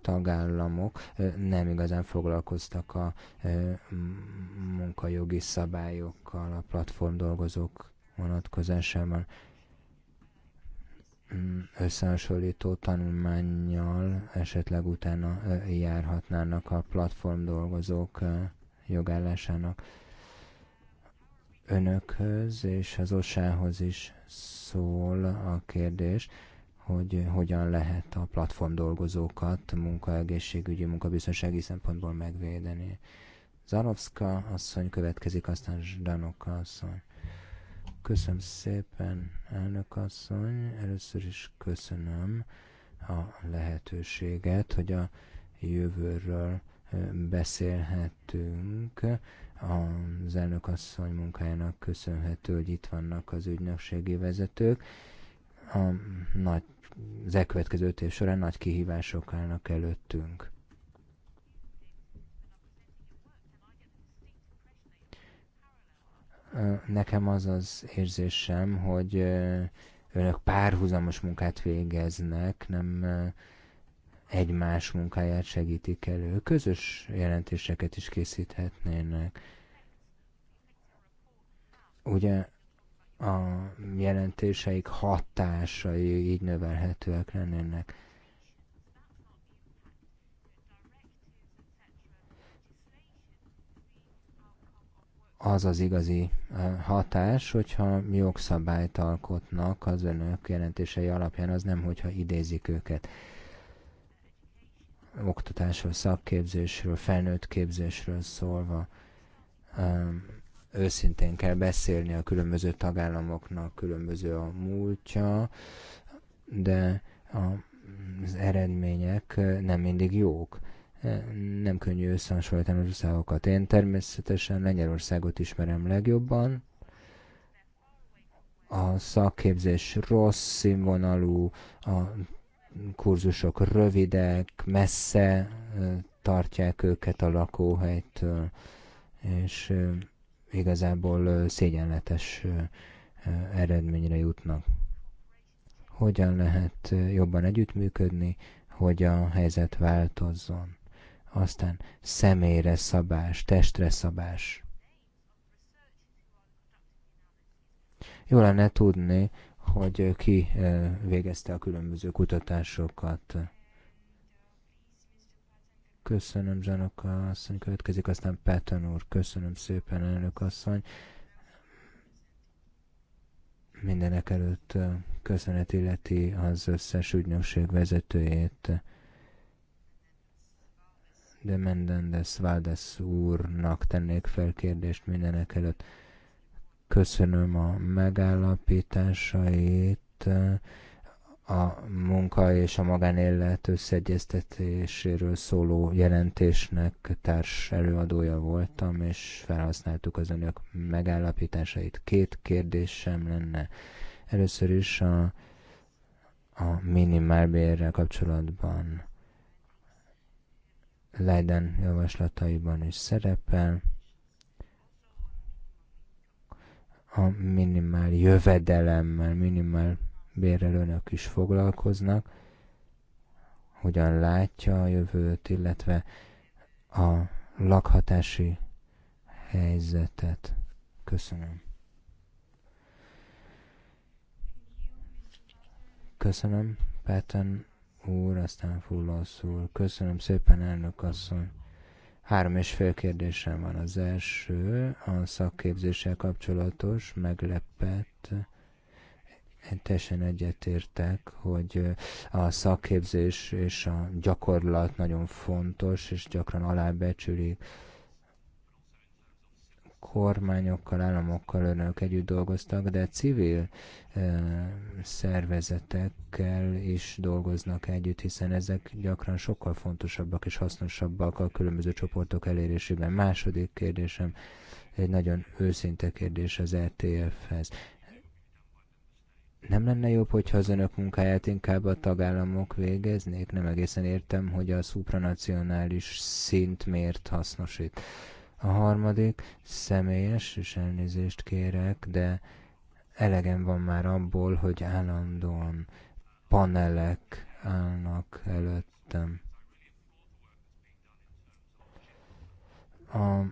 tagállamok nem igazán foglalkoztak a munkajogi szabályokkal a platform dolgozók vonatkozásában összehasonlító tanulmányjal esetleg utána járhatnának a platform dolgozók jogállásának önökhöz és az osához is szól a kérdés, hogy hogyan lehet a platform dolgozókat munkaegészségügyi, munkabiztonsági szempontból megvédeni. Zarovska asszony következik, aztán Zsdanoka asszony. Köszönöm szépen, elnök asszony. Először is köszönöm a lehetőséget, hogy a jövőről beszélhetünk. Az elnök asszony munkájának köszönhető, hogy itt vannak az ügynökségi vezetők. A nagy, az elkövetkező öt év során nagy kihívások állnak előttünk. nekem az az érzésem, hogy önök párhuzamos munkát végeznek, nem egymás munkáját segítik elő. Közös jelentéseket is készíthetnének. Ugye a jelentéseik hatásai így növelhetőek lennének. az az igazi hatás, hogyha jogszabályt alkotnak az önök jelentései alapján, az nem, hogyha idézik őket oktatásról, szakképzésről, felnőtt képzésről szólva őszintén kell beszélni a különböző tagállamoknak, különböző a múltja, de az eredmények nem mindig jók nem könnyű összehasonlítani az országokat. Én természetesen Lengyelországot ismerem legjobban. A szakképzés rossz színvonalú, a kurzusok rövidek, messze tartják őket a lakóhelytől, és igazából szégyenletes eredményre jutnak. Hogyan lehet jobban együttműködni, hogy a helyzet változzon? aztán személyre szabás, testre szabás. Jó lenne tudni, hogy ki eh, végezte a különböző kutatásokat. Köszönöm, Zsanoka asszony, következik aztán Patton úr. Köszönöm szépen, elnök asszony. Mindenek előtt eh, köszönet illeti az összes ügynökség vezetőjét de Mendendes Valdes úrnak tennék fel kérdést mindenek előtt. Köszönöm a megállapításait, a munka és a magánélet összeegyeztetéséről szóló jelentésnek társ előadója voltam, és felhasználtuk az önök megállapításait. Két kérdésem lenne. Először is a, a minimálbérrel kapcsolatban Leiden javaslataiban is szerepel. A minimál jövedelemmel, minimál bérrel önök is foglalkoznak, hogyan látja a jövőt, illetve a lakhatási helyzetet. Köszönöm. Köszönöm, Patton úr, aztán Fullasz úr. Köszönöm szépen, elnök asszony. Három és fél kérdésem van. Az első a szakképzéssel kapcsolatos, meglepett. Én teljesen egyetértek, hogy a szakképzés és a gyakorlat nagyon fontos, és gyakran alábecsülik kormányokkal, államokkal önök együtt dolgoztak, de civil szervezetekkel is dolgoznak együtt, hiszen ezek gyakran sokkal fontosabbak és hasznosabbak a különböző csoportok elérésében. Második kérdésem, egy nagyon őszinte kérdés az RTF-hez. E Nem lenne jobb, hogyha az önök munkáját inkább a tagállamok végeznék? Nem egészen értem, hogy a szupranacionális szint miért hasznosít. A harmadik, személyes, és elnézést kérek, de elegem van már abból, hogy állandóan panelek állnak előttem. A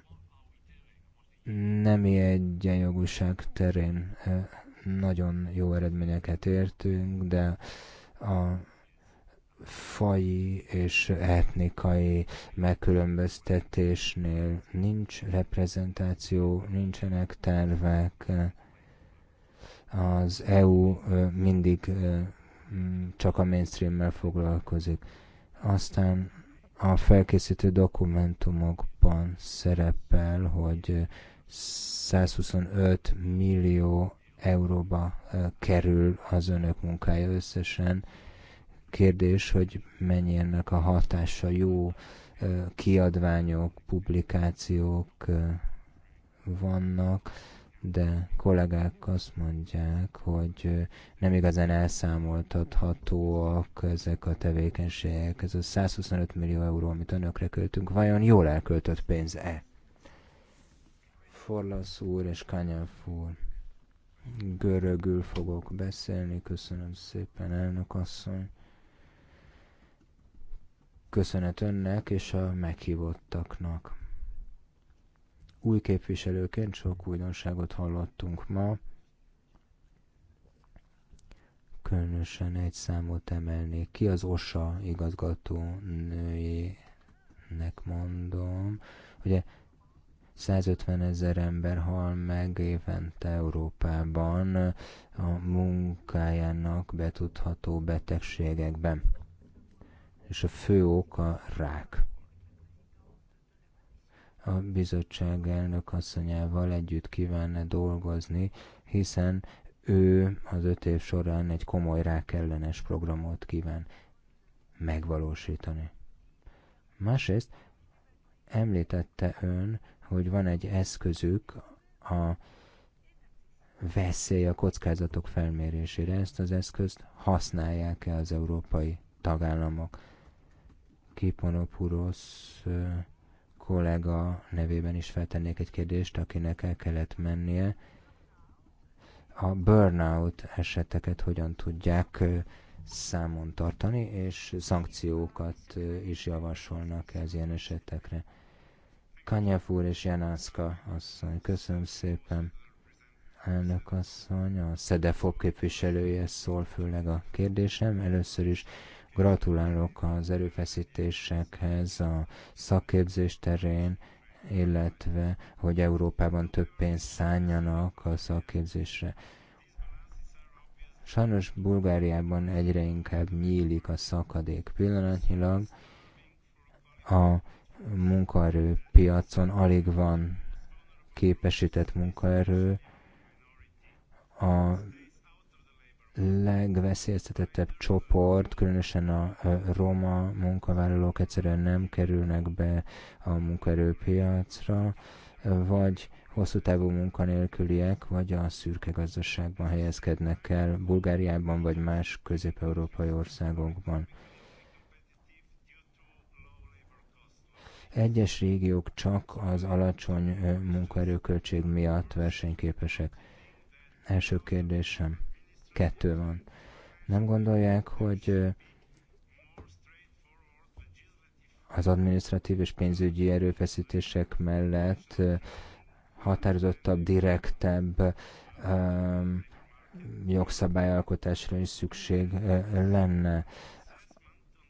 nemi egyenjogúság terén eh, nagyon jó eredményeket értünk, de a faji és etnikai megkülönböztetésnél nincs reprezentáció, nincsenek tervek. Az EU mindig csak a mainstream-mel foglalkozik. Aztán a felkészítő dokumentumokban szerepel, hogy 125 millió euróba kerül az önök munkája összesen, Kérdés, hogy mennyi ennek a hatása jó kiadványok, publikációk vannak, de kollégák azt mondják, hogy nem igazán elszámoltathatóak ezek a tevékenységek. Ez a 125 millió euró, amit önökre költünk, vajon jól elköltött pénz-e? Forlasz úr és Kanyaf úr. Görögül fogok beszélni, köszönöm szépen, elnök asszony. Köszönet önnek és a meghívottaknak. Új képviselőként sok újdonságot hallottunk ma. Különösen egy számot emelnék ki, az OSA igazgató nőjének mondom. Ugye 150 ezer ember hal meg évente Európában a munkájának betudható betegségekben és a fő oka rák. A bizottság elnök asszonyával együtt kívánne dolgozni, hiszen ő az öt év során egy komoly rákellenes programot kíván megvalósítani. Másrészt említette ön, hogy van egy eszközük a veszély a kockázatok felmérésére. Ezt az eszközt használják-e az európai tagállamok? Kiponopurosz kollega nevében is feltennék egy kérdést, akinek el kellett mennie. A burnout eseteket hogyan tudják számon tartani, és szankciókat is javasolnak ez ilyen esetekre. Kanyev úr és Janászka asszony, köszönöm szépen. Elnök asszony, a SZEDEFOP képviselője szól főleg a kérdésem. Először is Gratulálok az erőfeszítésekhez a szakképzés terén, illetve hogy Európában több pénzt szálljanak a szakképzésre. Sajnos Bulgáriában egyre inkább nyílik a szakadék. Pillanatnyilag a munkaerő piacon alig van képesített munkaerő, a legveszélyeztetettebb csoport, különösen a roma munkavállalók egyszerűen nem kerülnek be a munkaerőpiacra, vagy hosszú távú munkanélküliek, vagy a szürke gazdaságban helyezkednek el, Bulgáriában vagy más közép-európai országokban. Egyes régiók csak az alacsony munkaerőköltség miatt versenyképesek. Első kérdésem kettő van. Nem gondolják, hogy az adminisztratív és pénzügyi erőfeszítések mellett határozottabb, direktebb jogszabályalkotásra is szükség lenne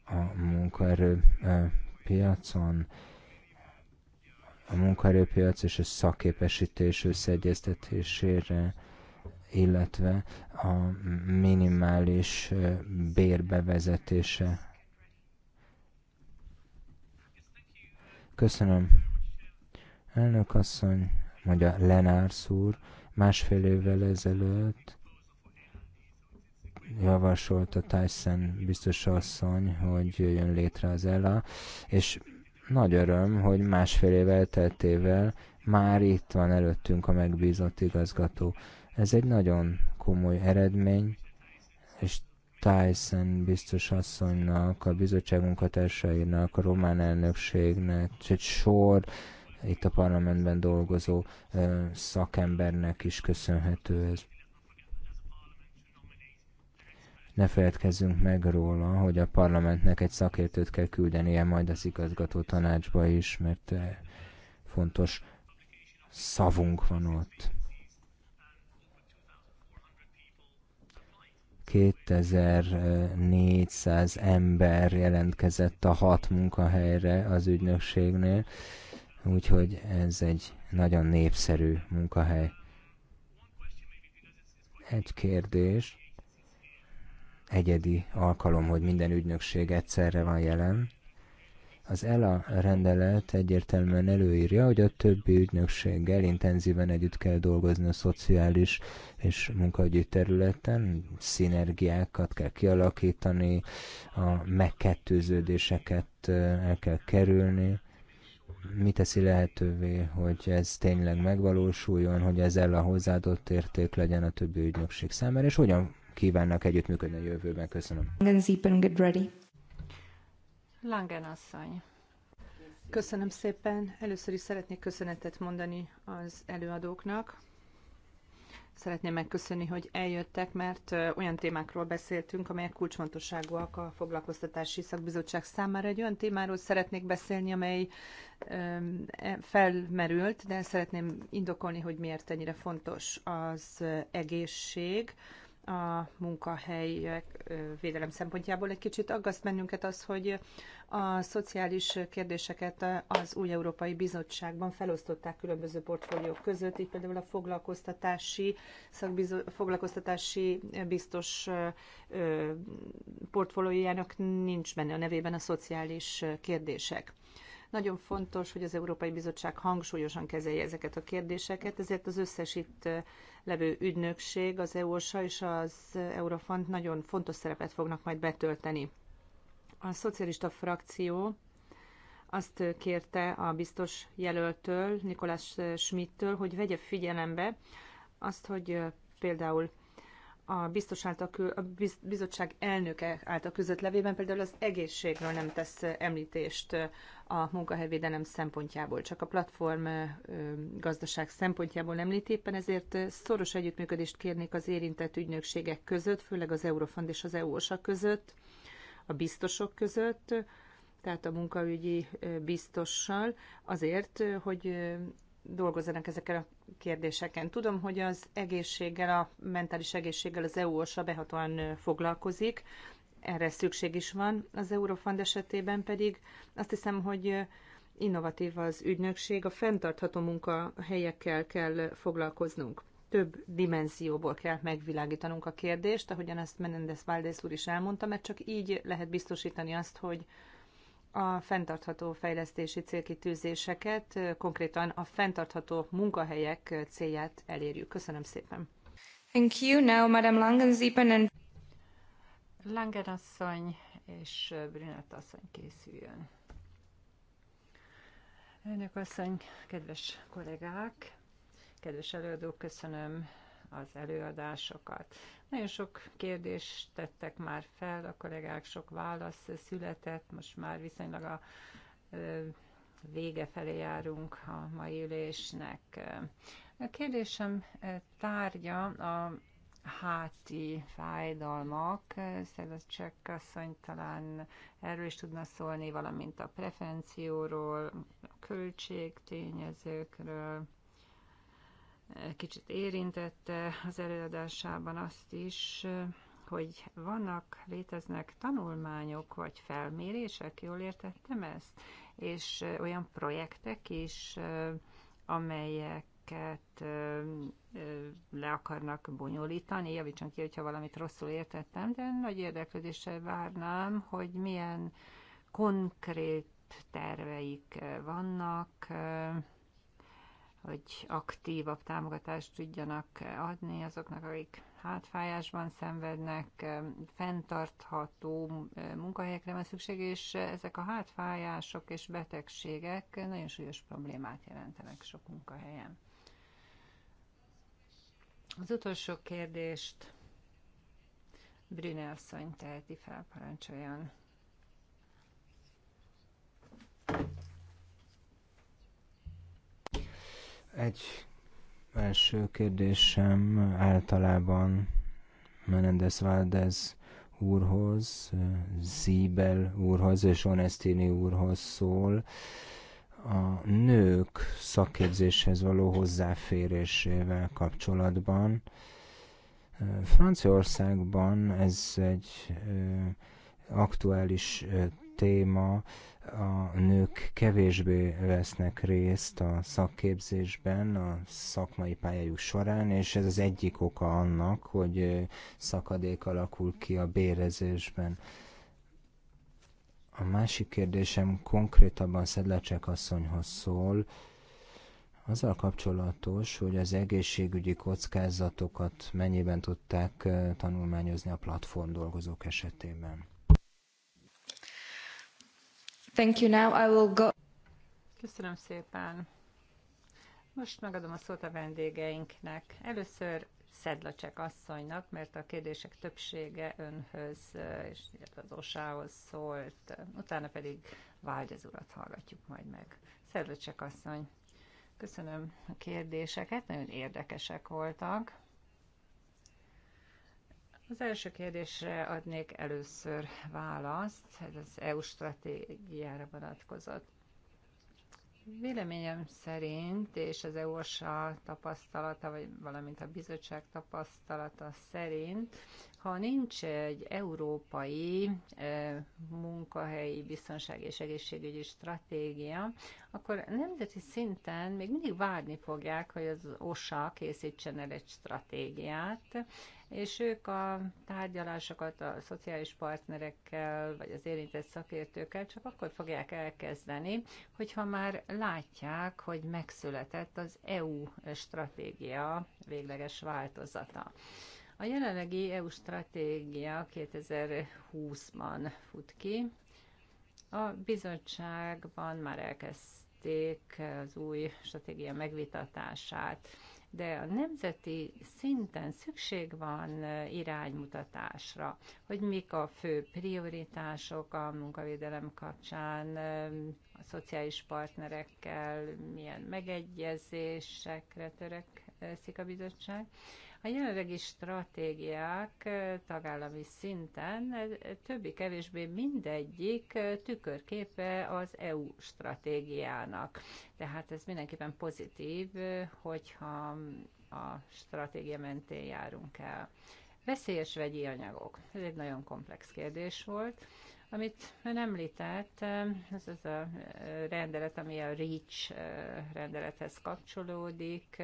a munkaerő piacon. A munkaerőpiac és a szakképesítés összeegyeztetésére illetve a minimális bérbevezetése. Köszönöm. Elnök asszony, mondja Lenársz úr, másfél évvel ezelőtt javasolta Tyson biztos asszony, hogy jön létre az ELA, és nagy öröm, hogy másfél év elteltével már itt van előttünk a megbízott igazgató. Ez egy nagyon komoly eredmény, és Tyson biztos asszonynak, a bizottság munkatársainak, a román elnökségnek, és egy sor itt a parlamentben dolgozó szakembernek is köszönhető ez. Ne feledkezzünk meg róla, hogy a parlamentnek egy szakértőt kell küldenie majd az igazgató tanácsba is, mert fontos szavunk van ott. 2400 ember jelentkezett a hat munkahelyre az ügynökségnél, úgyhogy ez egy nagyon népszerű munkahely. Egy kérdés. Egyedi alkalom, hogy minden ügynökség egyszerre van jelen. Az ELA rendelet egyértelműen előírja, hogy a többi ügynökséggel intenzíven együtt kell dolgozni a szociális és munkahogyi területen, szinergiákat kell kialakítani, a megkettőződéseket el kell kerülni, mi teszi lehetővé, hogy ez tényleg megvalósuljon, hogy el a hozzáadott érték legyen a többi ügynökség számára, és hogyan kívánnak együttműködni a jövőben. Köszönöm. Langen asszony. Köszönöm szépen. Először is szeretnék köszönetet mondani az előadóknak. Szeretném megköszönni, hogy eljöttek, mert olyan témákról beszéltünk, amelyek kulcsfontosságúak a foglalkoztatási szakbizottság számára. Egy olyan témáról szeretnék beszélni, amely e, felmerült, de szeretném indokolni, hogy miért ennyire fontos az egészség a munkahelyek védelem szempontjából egy kicsit aggaszt bennünket az, hogy a szociális kérdéseket az új Európai Bizottságban felosztották különböző portfóliók között, így például a foglalkoztatási, szakbizo- foglalkoztatási biztos portfóliójának nincs benne a nevében a szociális kérdések. Nagyon fontos, hogy az Európai Bizottság hangsúlyosan kezelje ezeket a kérdéseket, ezért az összes itt levő ügynökség, az EOSA és az Eurofond nagyon fontos szerepet fognak majd betölteni. A szocialista frakció azt kérte a biztos jelöltől, Nikolás Schmidtől, hogy vegye figyelembe azt, hogy például a, biztos által, a bizottság elnöke által között levében például az egészségről nem tesz említést a munkahelyvédelem szempontjából, csak a platform gazdaság szempontjából említ éppen, ezért szoros együttműködést kérnék az érintett ügynökségek között, főleg az Eurofond és az eu sak között, a biztosok között, tehát a munkaügyi biztossal, azért, hogy dolgozzanak ezeken a kérdéseken. Tudom, hogy az egészséggel, a mentális egészséggel az EU OSA behatóan foglalkozik, erre szükség is van. Az Eurofund esetében pedig azt hiszem, hogy innovatív az ügynökség, a fenntartható munkahelyekkel kell foglalkoznunk. Több dimenzióból kell megvilágítanunk a kérdést, ahogyan azt Menendez Valdez úr is elmondta, mert csak így lehet biztosítani azt, hogy a fenntartható fejlesztési célkitűzéseket, konkrétan a fenntartható munkahelyek célját elérjük. Köszönöm szépen. Thank you. Now, Madam Langenzipen and... Langen asszony és Brünett asszony készüljön. Önök asszony, kedves kollégák, kedves előadók, köszönöm az előadásokat. Nagyon sok kérdést tettek már fel, a kollégák sok válasz született, most már viszonylag a vége felé járunk a mai ülésnek. A kérdésem tárgya a háti fájdalmak. Szedacsek asszony talán erről is tudna szólni, valamint a prevencióról, a költségtényezőkről kicsit érintette az előadásában azt is, hogy vannak, léteznek tanulmányok vagy felmérések, jól értettem ezt, és olyan projektek is, amelyeket le akarnak bonyolítani, javítson ki, hogyha valamit rosszul értettem, de nagy érdeklődéssel várnám, hogy milyen konkrét terveik vannak, hogy aktívabb támogatást tudjanak adni azoknak, akik hátfájásban szenvednek, fenntartható munkahelyekre van szükség, és ezek a hátfájások és betegségek nagyon súlyos problémát jelentenek sok munkahelyen. Az utolsó kérdést Brüne asszony teheti fel, parancsoljon. Egy első kérdésem általában Menendez Valdez úrhoz, Zíbel úrhoz és Onestini úrhoz szól a nők szakképzéshez való hozzáférésével kapcsolatban. Franciaországban ez egy aktuális téma, a nők kevésbé vesznek részt a szakképzésben, a szakmai pályájuk során, és ez az egyik oka annak, hogy szakadék alakul ki a bérezésben. A másik kérdésem konkrétabban Szedlecsek asszonyhoz szól, azzal kapcsolatos, hogy az egészségügyi kockázatokat mennyiben tudták tanulmányozni a platform dolgozók esetében. Thank you now. I will go. Köszönöm szépen. Most megadom a szót a vendégeinknek. Először Szedlacsek asszonynak, mert a kérdések többsége önhöz és az osához szólt. Utána pedig Vágy az urat hallgatjuk majd meg. Szedlacsek asszony, köszönöm a kérdéseket, nagyon érdekesek voltak. Az első kérdésre adnék először választ, ez az EU stratégiára vonatkozott. Véleményem szerint, és az eu tapasztalata, vagy valamint a bizottság tapasztalata szerint, ha nincs egy európai e, munkahelyi biztonság és egészségügyi stratégia, akkor nemzeti szinten még mindig várni fogják, hogy az OSA készítsen el egy stratégiát, és ők a tárgyalásokat a szociális partnerekkel, vagy az érintett szakértőkkel csak akkor fogják elkezdeni, hogyha már látják, hogy megszületett az EU stratégia végleges változata. A jelenlegi EU stratégia 2020-ban fut ki. A bizottságban már elkezdték az új stratégia megvitatását de a nemzeti szinten szükség van iránymutatásra, hogy mik a fő prioritások a munkavédelem kapcsán, a szociális partnerekkel milyen megegyezésekre törekszik a bizottság. A jelenlegi stratégiák tagállami szinten többi-kevésbé mindegyik tükörképe az EU stratégiának. Tehát ez mindenképpen pozitív, hogyha a stratégia mentén járunk el. Veszélyes vegyi anyagok. Ez egy nagyon komplex kérdés volt. Amit ön említett, ez az a rendelet, ami a REACH rendelethez kapcsolódik,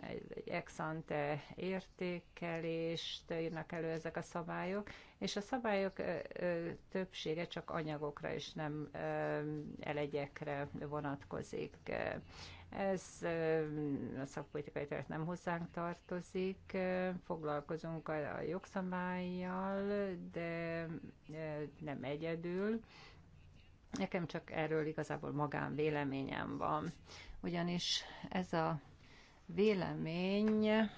egy ex-ante értékelést írnak elő ezek a szabályok, és a szabályok többsége csak anyagokra és nem elegyekre vonatkozik. Ez a szakpolitikai terület nem hozzánk tartozik, foglalkozunk a jogszabályjal, de nem egyedül. Nekem csak erről igazából magán véleményem van, ugyanis ez a vélemény a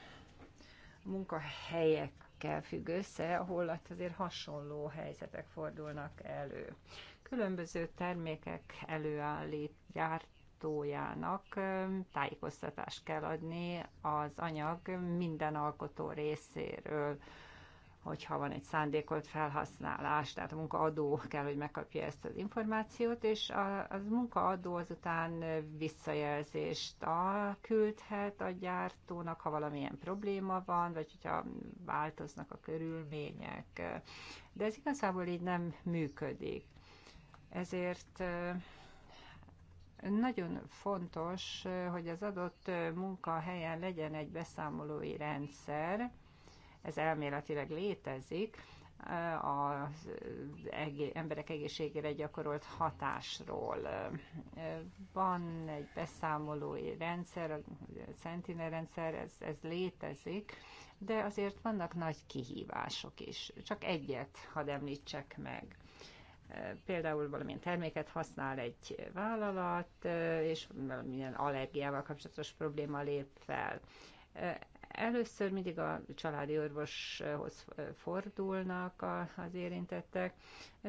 munkahelyekkel függ össze, ahol azért hasonló helyzetek fordulnak elő. Különböző termékek előállít, gyártójának tájékoztatást kell adni az anyag minden alkotó részéről, hogyha van egy szándékolt felhasználás, tehát a munkaadó kell, hogy megkapja ezt az információt, és a, az munkaadó azután visszajelzést a, küldhet a gyártónak, ha valamilyen probléma van, vagy hogyha változnak a körülmények. De ez igazából így nem működik. Ezért nagyon fontos, hogy az adott munkahelyen legyen egy beszámolói rendszer, ez elméletileg létezik, eh, az eh, emberek egészségére gyakorolt hatásról. Eh, van egy beszámolói rendszer, a Sentinel rendszer, ez, ez létezik, de azért vannak nagy kihívások is. Csak egyet hadd említsek meg. Például valamilyen terméket használ egy vállalat, és valamilyen allergiával kapcsolatos probléma lép fel Először mindig a családi orvoshoz fordulnak az érintettek.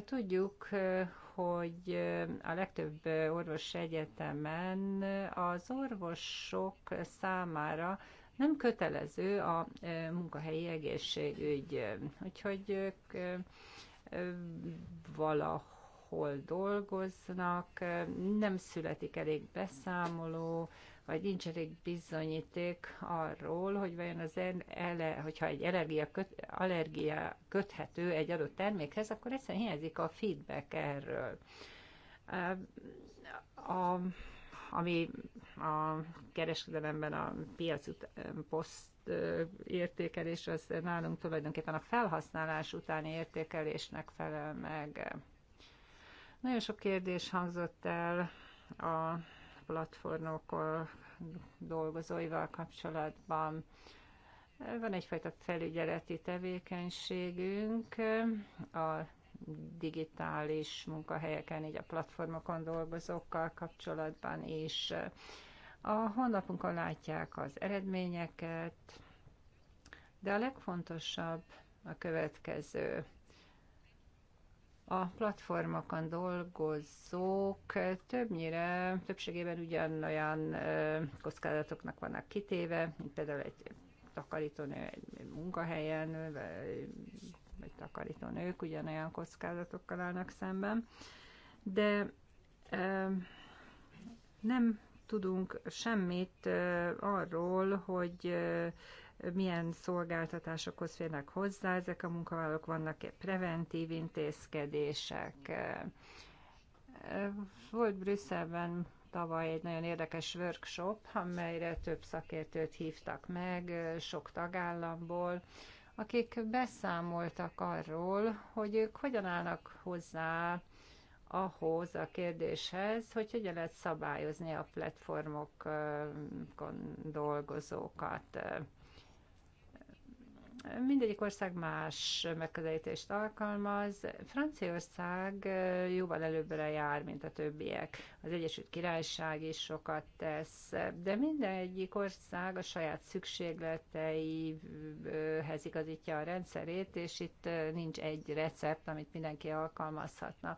Tudjuk, hogy a legtöbb orvos egyetemen az orvosok számára nem kötelező a e, munkahelyi egészségügy. Úgyhogy ők e, e, valahol dolgoznak, nem születik elég beszámoló, vagy nincs elég bizonyíték arról, hogy vajon az ele, hogyha egy allergia, köt, allergia köthető egy adott termékhez, akkor egyszerűen hiányzik a feedback erről. A, ami a kereskedelemben a piac poszt értékelés az nálunk tulajdonképpen a felhasználás utáni értékelésnek felel meg. Nagyon sok kérdés hangzott el a platformok dolgozóival kapcsolatban. Van egyfajta felügyeleti tevékenységünk a digitális munkahelyeken, így a platformokon dolgozókkal kapcsolatban is. A honlapunkon látják az eredményeket, de a legfontosabb a következő a platformokon dolgozók többnyire, többségében ugyanolyan kockázatoknak vannak kitéve, mint például egy takarítónő egy munkahelyen, vagy takarítónők ugyanolyan kockázatokkal állnak szemben, de nem tudunk semmit arról, hogy milyen szolgáltatásokhoz férnek hozzá ezek a munkavállalók, vannak-e preventív intézkedések. Volt Brüsszelben tavaly egy nagyon érdekes workshop, amelyre több szakértőt hívtak meg, sok tagállamból, akik beszámoltak arról, hogy ők hogyan állnak hozzá ahhoz a kérdéshez, hogy hogyan lehet szabályozni a platformokon dolgozókat. Mindegyik ország más megközelítést alkalmaz. Franciaország eh, jóval előbbre jár, mint a többiek. Az Egyesült Királyság is sokat tesz, de mindegyik ország a saját szükségleteihez igazítja a rendszerét, és itt eh, nincs egy recept, amit mindenki alkalmazhatna.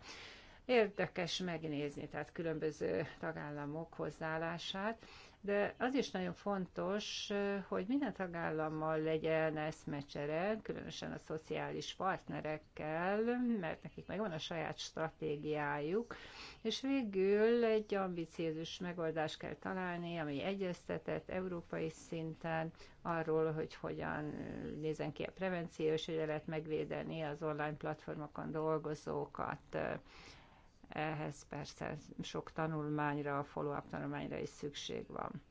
Érdekes megnézni, tehát különböző tagállamok hozzáállását de az is nagyon fontos, hogy minden tagállammal legyen eszmecsere, különösen a szociális partnerekkel, mert nekik megvan a saját stratégiájuk, és végül egy ambiciózus megoldást kell találni, ami egyeztetett európai szinten arról, hogy hogyan nézen ki a prevenció, és hogy lehet megvédeni az online platformokon dolgozókat ehhez persze sok tanulmányra, follow-up tanulmányra is szükség van.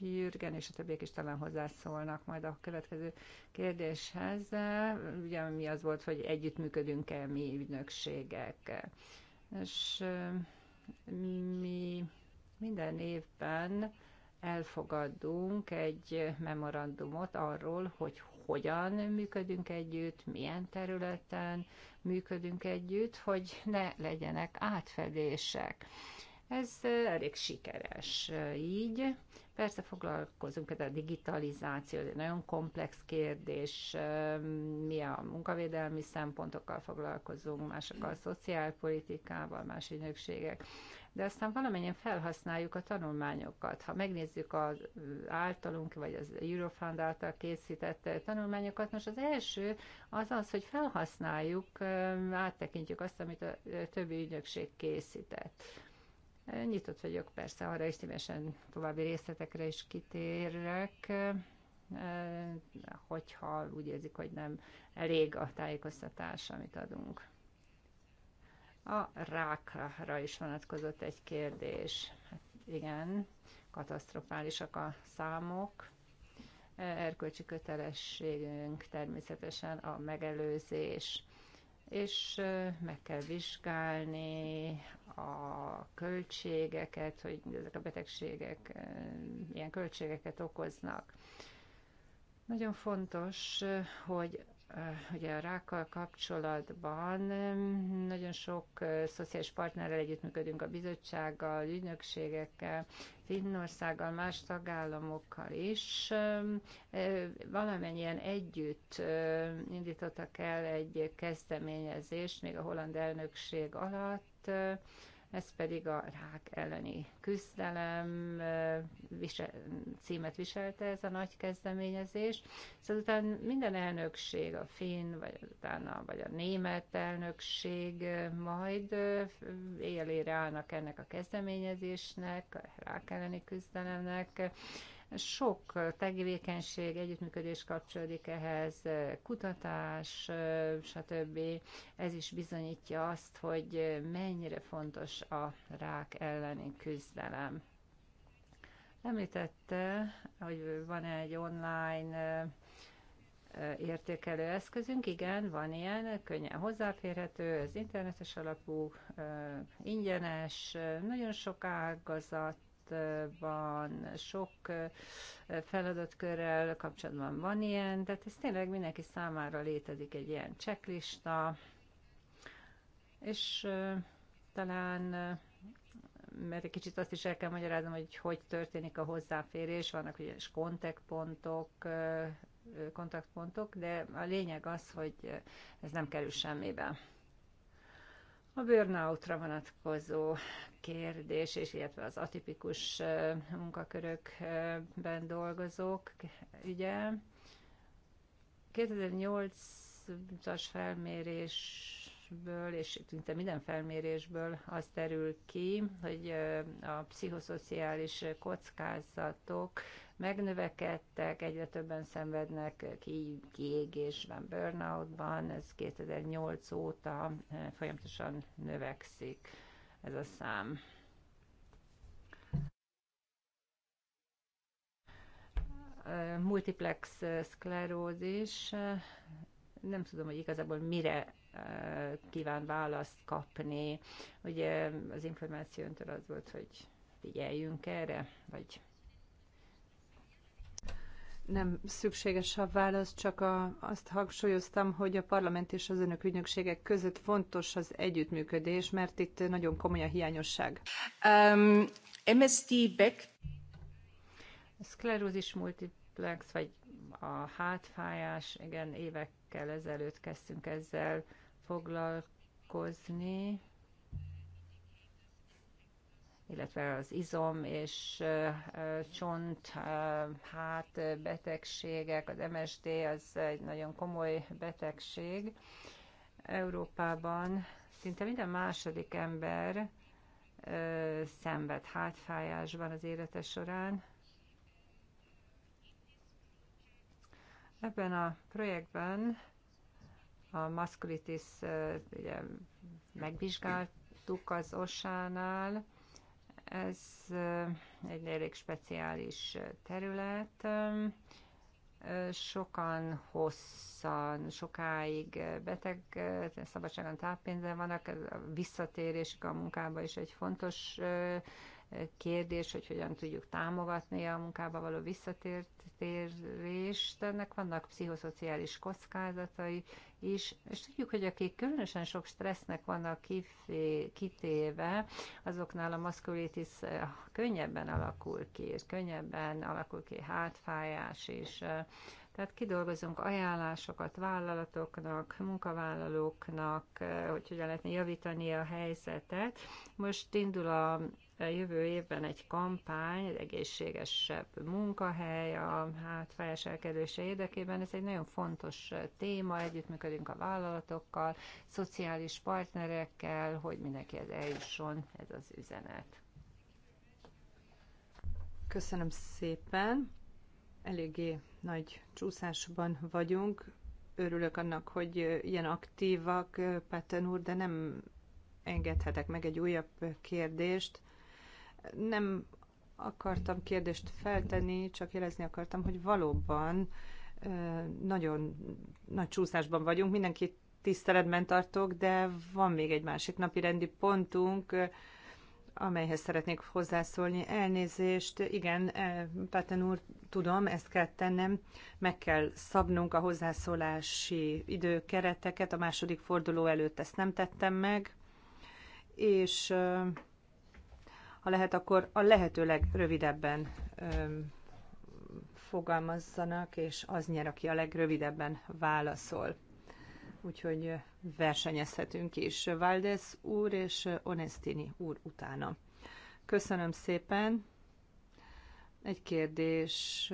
Jürgen és a többiek is talán hozzászólnak majd a következő kérdéshez. Ugye mi az volt, hogy együttműködünk-e mi ügynökségek? És mi minden évben elfogadunk egy memorandumot arról, hogy hogyan működünk együtt, milyen területen működünk együtt, hogy ne legyenek átfedések. Ez elég sikeres így. Persze foglalkozunk ez a digitalizáció, ez egy nagyon komplex kérdés, mi a munkavédelmi szempontokkal foglalkozunk, mások a szociálpolitikával, más ügynökségek de aztán valamennyien felhasználjuk a tanulmányokat. Ha megnézzük az általunk, vagy az Eurofund által készített tanulmányokat, most az első az az, hogy felhasználjuk, áttekintjük azt, amit a többi ügynökség készített. Nyitott vagyok persze arra, is szívesen további részletekre is kitérek, hogyha úgy érzik, hogy nem elég a tájékoztatás, amit adunk. A rákra is vonatkozott egy kérdés. Hát igen, katasztrofálisak a számok. Erkölcsi kötelességünk természetesen a megelőzés, és meg kell vizsgálni a költségeket, hogy ezek a betegségek milyen költségeket okoznak. Nagyon fontos, hogy Eh, ugye a rákkal kapcsolatban nagyon sok eh, szociális partnerrel együttműködünk a bizottsággal, ügynökségekkel, Finnországgal, más tagállamokkal is. Eh, valamennyien együtt indítottak el egy kezdeményezést, még a holland elnökség alatt, ez pedig a rák elleni küzdelem visel, címet viselte ez a nagy kezdeményezés. Szóval utána minden elnökség, a finn, vagy utána, vagy a német elnökség majd élére állnak ennek a kezdeményezésnek, a rák elleni küzdelemnek, sok tevékenység, együttműködés kapcsolódik ehhez, kutatás, stb. Ez is bizonyítja azt, hogy mennyire fontos a rák elleni küzdelem. Említette, hogy van egy online értékelő eszközünk, igen, van ilyen, könnyen hozzáférhető, ez internetes alapú, ingyenes, nagyon sok ágazat kapcsolatban, sok feladatkörrel kapcsolatban van ilyen, tehát ez tényleg mindenki számára létezik egy ilyen cseklista, és talán mert egy kicsit azt is el kell magyaráznom, hogy hogy történik a hozzáférés, vannak ugye kontaktpontok, kontaktpontok, de a lényeg az, hogy ez nem kerül semmibe. A burnoutra vonatkozó kérdés, és illetve az atipikus munkakörökben dolgozók, ugye 2008-as felmérésből, és szinte minden felmérésből az derül ki, hogy a pszichoszociális kockázatok megnövekedtek, egyre többen szenvednek ki, kiégésben, burnoutban, ez 2008 óta eh, folyamatosan növekszik ez a szám. Eh, multiplex eh, szklerózis, nem tudom, hogy igazából mire kíván választ kapni. Ugye az információntól az volt, hogy figyeljünk erre, vagy nem szükséges a válasz, csak a, azt hangsúlyoztam, hogy a parlament és az önök ügynökségek között fontos az együttműködés, mert itt nagyon komoly a hiányosság. Um, MSD Beck. A szklerózis multiplex, vagy a hátfájás, igen, évekkel ezelőtt kezdtünk ezzel foglalkozni illetve az izom és csont hát betegségek, az MSD az egy nagyon komoly betegség. Európában szinte minden második ember szenved hátfájásban az élete során. Ebben a projektben a maszkulitis ugye, megvizsgáltuk az osánál, ez egy elég speciális terület. Sokan hosszan, sokáig beteg, szabadságon táppénzen vannak, a visszatérésük a munkába is egy fontos kérdés, hogy hogyan tudjuk támogatni a munkába való visszatérést. Ennek vannak pszichoszociális kockázatai is, és tudjuk, hogy akik különösen sok stressznek vannak kifé, kitéve, azoknál a maszkulitis eh, könnyebben alakul ki, és könnyebben alakul ki hátfájás, és tehát kidolgozunk ajánlásokat vállalatoknak, munkavállalóknak, eh, hogy hogyan lehetne javítani a helyzetet. Most indul a jövő évben egy kampány, egy egészségesebb munkahely a hát elkerülése érdekében. Ez egy nagyon fontos téma, együttműködünk a vállalatokkal, szociális partnerekkel, hogy ez eljusson ez az üzenet. Köszönöm szépen. Eléggé nagy csúszásban vagyunk. Örülök annak, hogy ilyen aktívak, Petten úr, de nem engedhetek meg egy újabb kérdést nem akartam kérdést feltenni, csak jelezni akartam, hogy valóban nagyon nagy csúszásban vagyunk, mindenkit tiszteletben tartok, de van még egy másik napi rendi pontunk, amelyhez szeretnék hozzászólni. Elnézést, igen, Páten úr, tudom, ezt kell tennem, meg kell szabnunk a hozzászólási időkereteket, a második forduló előtt ezt nem tettem meg, és ha lehet, akkor a lehető legrövidebben fogalmazzanak, és az nyer, aki a legrövidebben válaszol. Úgyhogy versenyezhetünk is. Valdez úr és Onestini úr utána. Köszönöm szépen. Egy kérdés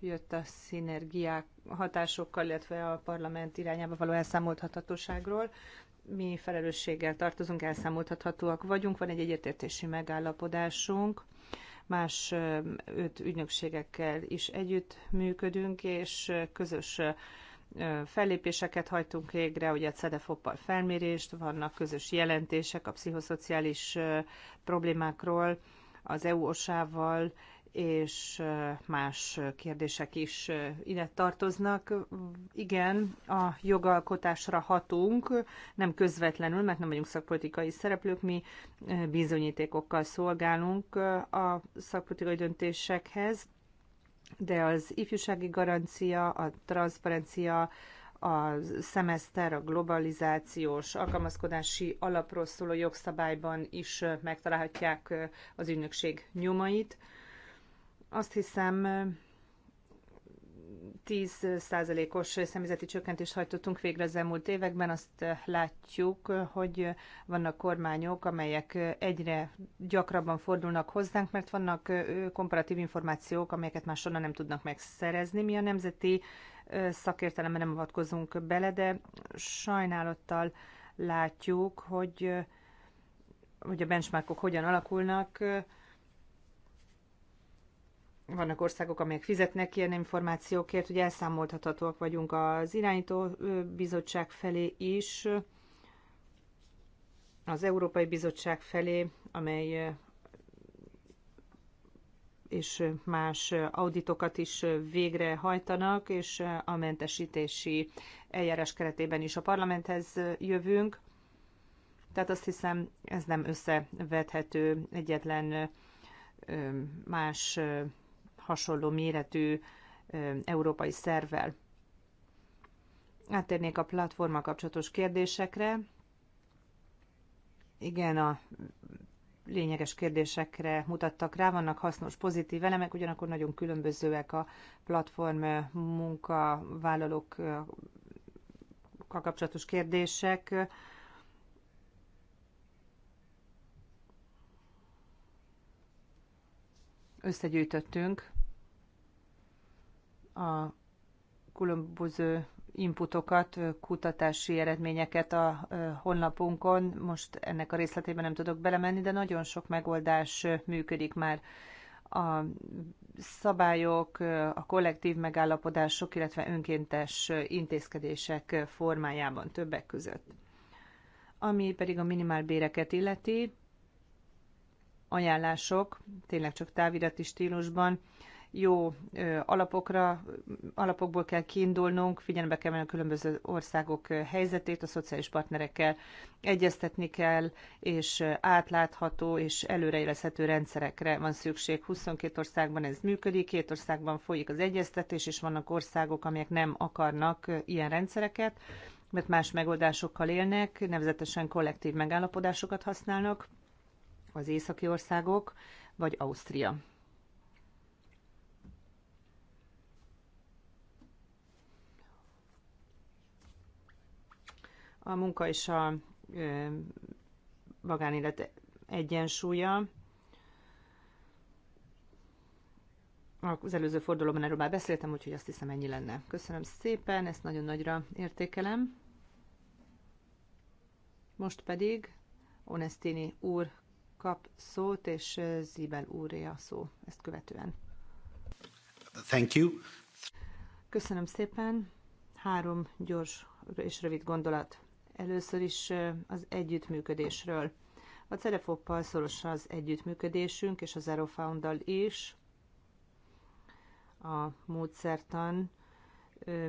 jött a szinergiák hatásokkal, illetve a parlament irányába való elszámolthatatóságról mi felelősséggel tartozunk, elszámoltathatóak vagyunk, van egy egyetértési megállapodásunk, más öt ügynökségekkel is együtt működünk, és közös fellépéseket hajtunk végre, ugye cedefop al felmérést, vannak közös jelentések a pszichoszociális problémákról, az EU-osával és más kérdések is ide tartoznak. Igen, a jogalkotásra hatunk, nem közvetlenül, mert nem vagyunk szakpolitikai szereplők, mi bizonyítékokkal szolgálunk a szakpolitikai döntésekhez, de az ifjúsági garancia, a transzparencia, a szemeszter, a globalizációs alkalmazkodási alapról szóló jogszabályban is megtalálhatják az ügynökség nyomait. Azt hiszem, 10%-os személyzeti csökkentést hajtottunk végre az elmúlt években. Azt látjuk, hogy vannak kormányok, amelyek egyre gyakrabban fordulnak hozzánk, mert vannak komparatív információk, amelyeket máshonnan nem tudnak megszerezni. Mi a nemzeti szakértelemben nem avatkozunk bele, de sajnálattal látjuk, hogy, hogy a benchmarkok hogyan alakulnak, vannak országok, amelyek fizetnek ilyen információkért, hogy elszámoltathatóak vagyunk az irányító bizottság felé is, az Európai Bizottság felé, amely és más auditokat is végrehajtanak, és a mentesítési eljárás keretében is a parlamenthez jövünk. Tehát azt hiszem, ez nem összevethető egyetlen más hasonló méretű európai szervvel. Áttérnék a platforma kapcsolatos kérdésekre. Igen, a lényeges kérdésekre mutattak rá, vannak hasznos, pozitív elemek, ugyanakkor nagyon különbözőek a platform munkavállalók kapcsolatos kérdések. Összegyűjtöttünk a különböző inputokat, kutatási eredményeket a honlapunkon. Most ennek a részletében nem tudok belemenni, de nagyon sok megoldás működik már. A szabályok, a kollektív megállapodások, illetve önkéntes intézkedések formájában többek között. Ami pedig a minimálbéreket illeti, ajánlások, tényleg csak távirati stílusban, jó alapokra, alapokból kell kiindulnunk, figyelembe kell venni a különböző országok helyzetét, a szociális partnerekkel egyeztetni kell, és átlátható és előrejelezhető rendszerekre van szükség. 22 országban ez működik, két országban folyik az egyeztetés, és vannak országok, amelyek nem akarnak ilyen rendszereket, mert más megoldásokkal élnek, nevezetesen kollektív megállapodásokat használnak az északi országok, vagy Ausztria. a munka és a magánélet egyensúlya. Az előző fordulóban erről már beszéltem, úgyhogy azt hiszem ennyi lenne. Köszönöm szépen, ezt nagyon nagyra értékelem. Most pedig Onestini úr kap szót, és Zibel úré a szó ezt követően. Thank you. Köszönöm szépen. Három gyors és rövid gondolat. Először is az együttműködésről. A Cerefoppal szoros az együttműködésünk, és az Aerofounddal is a módszertan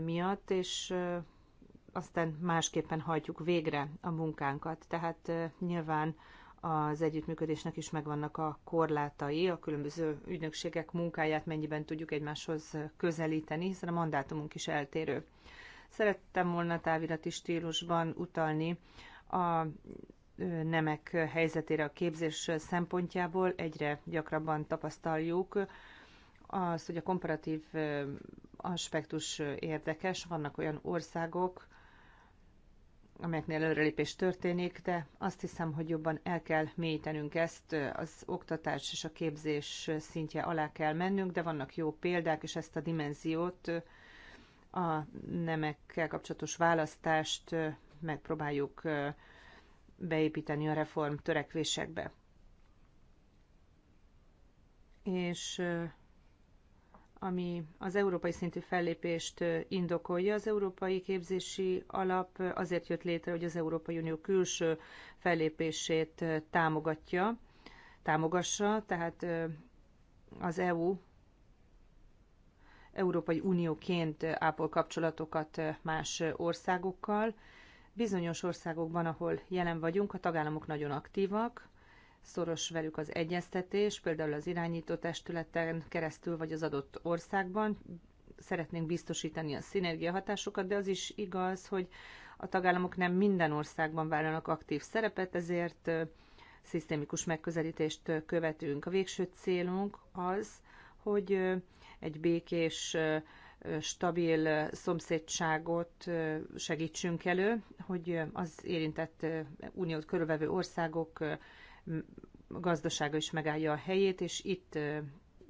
miatt, és aztán másképpen hajtjuk végre a munkánkat. Tehát nyilván az együttműködésnek is megvannak a korlátai, a különböző ügynökségek munkáját mennyiben tudjuk egymáshoz közelíteni, hiszen a mandátumunk is eltérő. Szerettem volna távirati stílusban utalni a nemek helyzetére a képzés szempontjából. Egyre gyakrabban tapasztaljuk az, hogy a komparatív aspektus érdekes. Vannak olyan országok, amelyeknél előrelépés történik, de azt hiszem, hogy jobban el kell mélyítenünk ezt, az oktatás és a képzés szintje alá kell mennünk, de vannak jó példák, és ezt a dimenziót a nemekkel kapcsolatos választást megpróbáljuk beépíteni a reform törekvésekbe. És ami az európai szintű fellépést indokolja. Az európai képzési alap azért jött létre, hogy az Európai Unió külső fellépését támogatja, támogassa, tehát az EU Európai Unióként ápol kapcsolatokat más országokkal. Bizonyos országokban, ahol jelen vagyunk, a tagállamok nagyon aktívak, szoros velük az egyeztetés, például az irányító testületen keresztül vagy az adott országban. Szeretnénk biztosítani a szinergiahatásokat, de az is igaz, hogy a tagállamok nem minden országban vállalnak aktív szerepet, ezért szisztémikus megközelítést követünk. A végső célunk az, hogy egy békés, stabil szomszédságot segítsünk elő, hogy az érintett uniót körülvevő országok gazdasága is megállja a helyét, és itt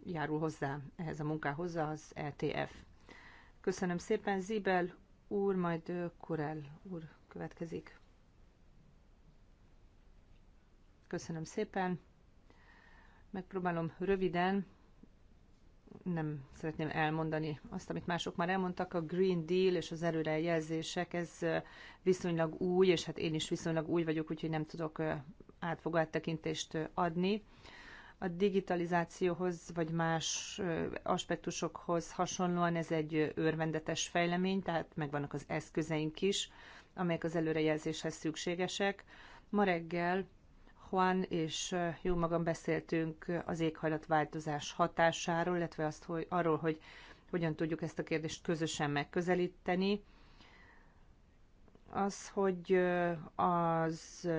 járul hozzá ehhez a munkához az ETF. Köszönöm szépen, Zibel úr, majd Kurel úr következik. Köszönöm szépen. Megpróbálom röviden nem szeretném elmondani azt, amit mások már elmondtak. A Green Deal és az előrejelzések, ez viszonylag új, és hát én is viszonylag új vagyok, úgyhogy nem tudok átfogó áttekintést adni. A digitalizációhoz vagy más aspektusokhoz hasonlóan ez egy örvendetes fejlemény, tehát megvannak az eszközeink is, amelyek az előrejelzéshez szükségesek. Ma reggel Juan és jó magam beszéltünk az éghajlatváltozás hatásáról, illetve azt, hogy, arról, hogy hogyan tudjuk ezt a kérdést közösen megközelíteni. Az, hogy az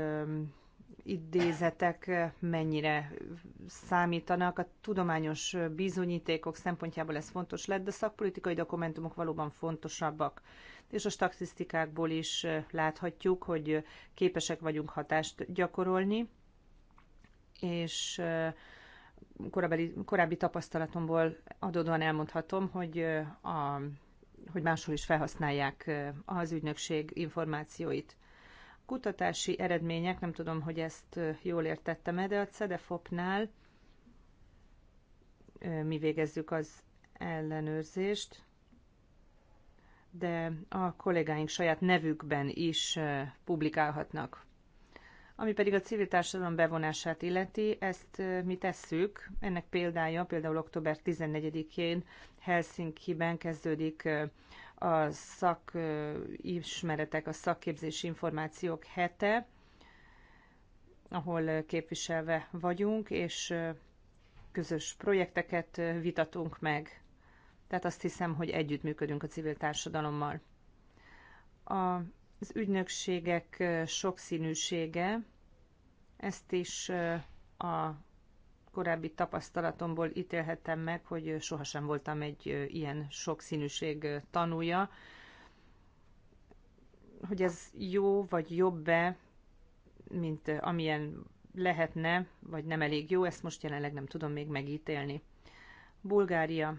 idézetek mennyire számítanak. A tudományos bizonyítékok szempontjából ez fontos lett, de szakpolitikai dokumentumok valóban fontosabbak és a statisztikákból is láthatjuk, hogy képesek vagyunk hatást gyakorolni, és korábbi, korábbi tapasztalatomból adódóan elmondhatom, hogy, a, hogy máshol is felhasználják az ügynökség információit. Kutatási eredmények, nem tudom, hogy ezt jól értettem-e, de a CEDEFOP-nál mi végezzük az ellenőrzést de a kollégáink saját nevükben is publikálhatnak. Ami pedig a civil társadalom bevonását illeti, ezt mi tesszük. Ennek példája például október 14-én Helsinki-ben kezdődik a szakismeretek, a szakképzés információk hete, ahol képviselve vagyunk, és közös projekteket vitatunk meg tehát azt hiszem, hogy együttműködünk a civil társadalommal. Az ügynökségek sokszínűsége, ezt is a korábbi tapasztalatomból ítélhettem meg, hogy sohasem voltam egy ilyen sokszínűség tanúja. Hogy ez jó vagy jobb-e, mint amilyen lehetne, vagy nem elég jó, ezt most jelenleg nem tudom még megítélni. Bulgária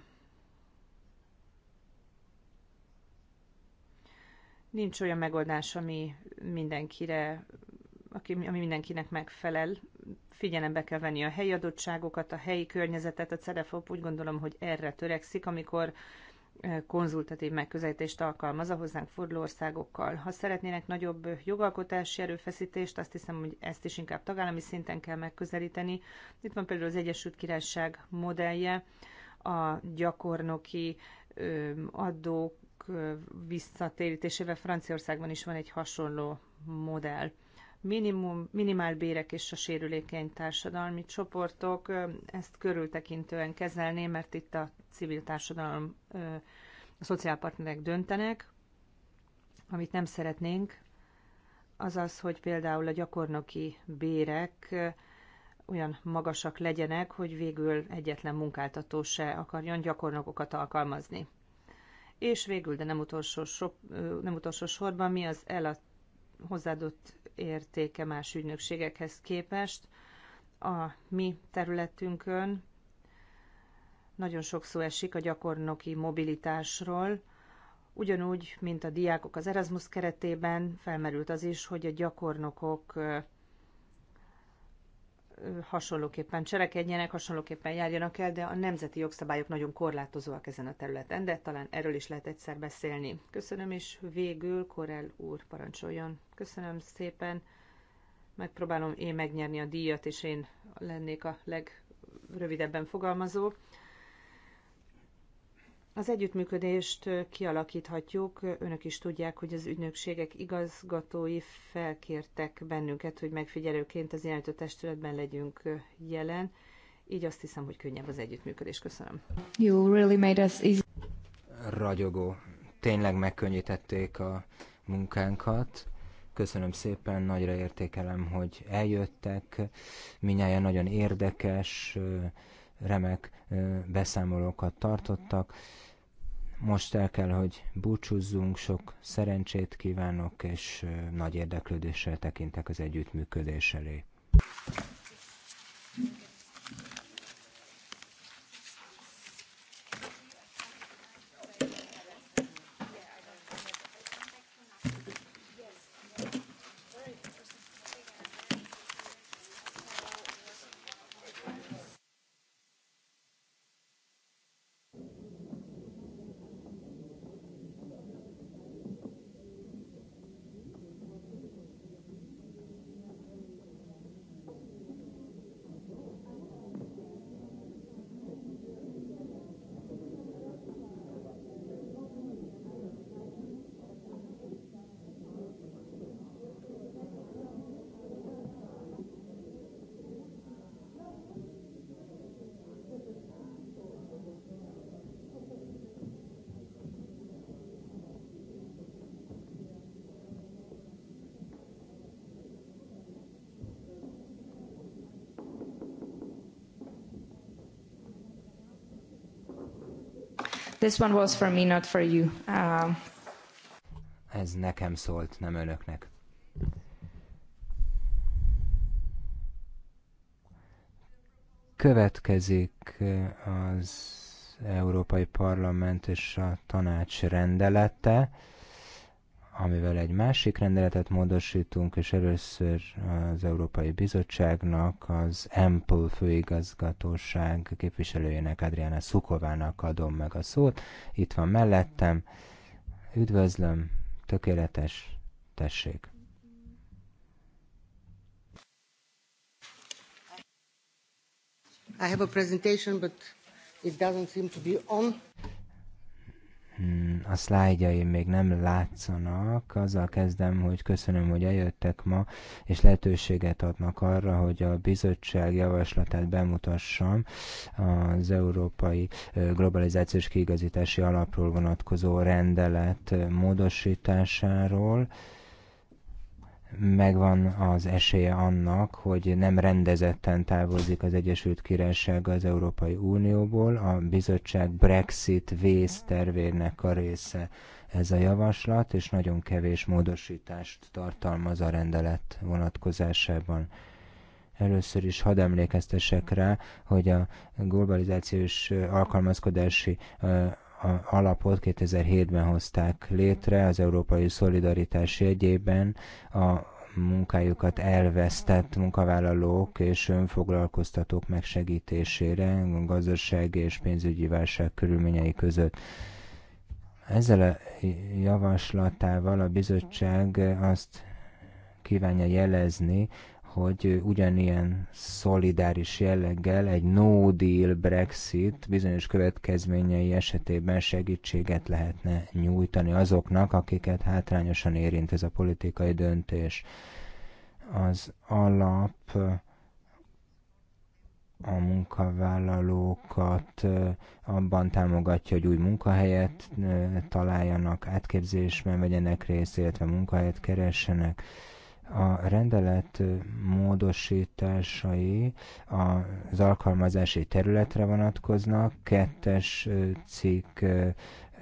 Nincs olyan megoldás, ami mindenkire aki, ami mindenkinek megfelel. Figyelembe kell venni a helyi adottságokat, a helyi környezetet. A Cerefop úgy gondolom, hogy erre törekszik, amikor eh, konzultatív megközelítést alkalmaz a hozzánk forduló országokkal. Ha szeretnének nagyobb jogalkotási erőfeszítést, azt hiszem, hogy ezt is inkább tagállami szinten kell megközelíteni. Itt van például az Egyesült Királyság modellje, a gyakornoki adó visszatérítésével Franciaországban is van egy hasonló modell. Minimum, bérek és a sérülékeny társadalmi csoportok ezt körültekintően kezelné, mert itt a civil társadalom, a szociálpartnerek döntenek, amit nem szeretnénk, az az, hogy például a gyakornoki bérek olyan magasak legyenek, hogy végül egyetlen munkáltató se akarjon gyakornokokat alkalmazni. És végül, de nem utolsó, sop, nem utolsó sorban, mi az el a hozzáadott értéke más ügynökségekhez képest a mi területünkön. Nagyon sok szó esik a gyakornoki mobilitásról, ugyanúgy, mint a diákok az Erasmus keretében, felmerült az is, hogy a gyakornokok hasonlóképpen cselekedjenek, hasonlóképpen járjanak el, de a nemzeti jogszabályok nagyon korlátozóak ezen a területen, de talán erről is lehet egyszer beszélni. Köszönöm, és végül Korel úr parancsoljon. Köszönöm szépen, megpróbálom én megnyerni a díjat, és én lennék a legrövidebben fogalmazó. Az együttműködést kialakíthatjuk. Önök is tudják, hogy az ügynökségek igazgatói felkértek bennünket, hogy megfigyelőként az irányító testületben legyünk jelen. Így azt hiszem, hogy könnyebb az együttműködés. Köszönöm. You really made us easy. Ragyogó. Tényleg megkönnyítették a munkánkat. Köszönöm szépen, nagyra értékelem, hogy eljöttek. Minnyáján nagyon érdekes, remek beszámolókat tartottak. Most el kell, hogy búcsúzzunk, sok szerencsét kívánok, és nagy érdeklődéssel tekintek az együttműködés elé. Thank you. This one was for me, not for you. Uh... Ez nekem szólt, nem önöknek. Következik eh, az Európai Parlament és a Tanács rendelete amivel egy másik rendeletet módosítunk, és először az Európai Bizottságnak, az EMPL főigazgatóság képviselőjének, Adriana Szukovának adom meg a szót. Itt van mellettem. Üdvözlöm, tökéletes, tessék. I have a presentation, but it doesn't seem to be on. Hmm, a szlájdjaim még nem látszanak, azzal kezdem, hogy köszönöm, hogy eljöttek ma, és lehetőséget adnak arra, hogy a bizottság javaslatát bemutassam az Európai Globalizációs Kiigazítási Alapról vonatkozó rendelet módosításáról, megvan az esélye annak, hogy nem rendezetten távozik az Egyesült Királyság az Európai Unióból, a bizottság Brexit tervének a része ez a javaslat, és nagyon kevés módosítást tartalmaz a rendelet vonatkozásában. Először is hadd emlékeztessek rá, hogy a globalizációs alkalmazkodási alapot 2007-ben hozták létre az Európai Szolidaritás jegyében a munkájukat elvesztett munkavállalók és önfoglalkoztatók megsegítésére gazdasági és pénzügyi válság körülményei között. Ezzel a javaslatával a bizottság azt kívánja jelezni, hogy ugyanilyen szolidáris jelleggel egy no deal Brexit bizonyos következményei esetében segítséget lehetne nyújtani azoknak, akiket hátrányosan érint ez a politikai döntés. Az alap a munkavállalókat eh, abban támogatja, hogy új munkahelyet eh, találjanak, átképzésben vegyenek részt, illetve munkahelyet keressenek a rendelet módosításai az alkalmazási területre vonatkoznak, kettes cikk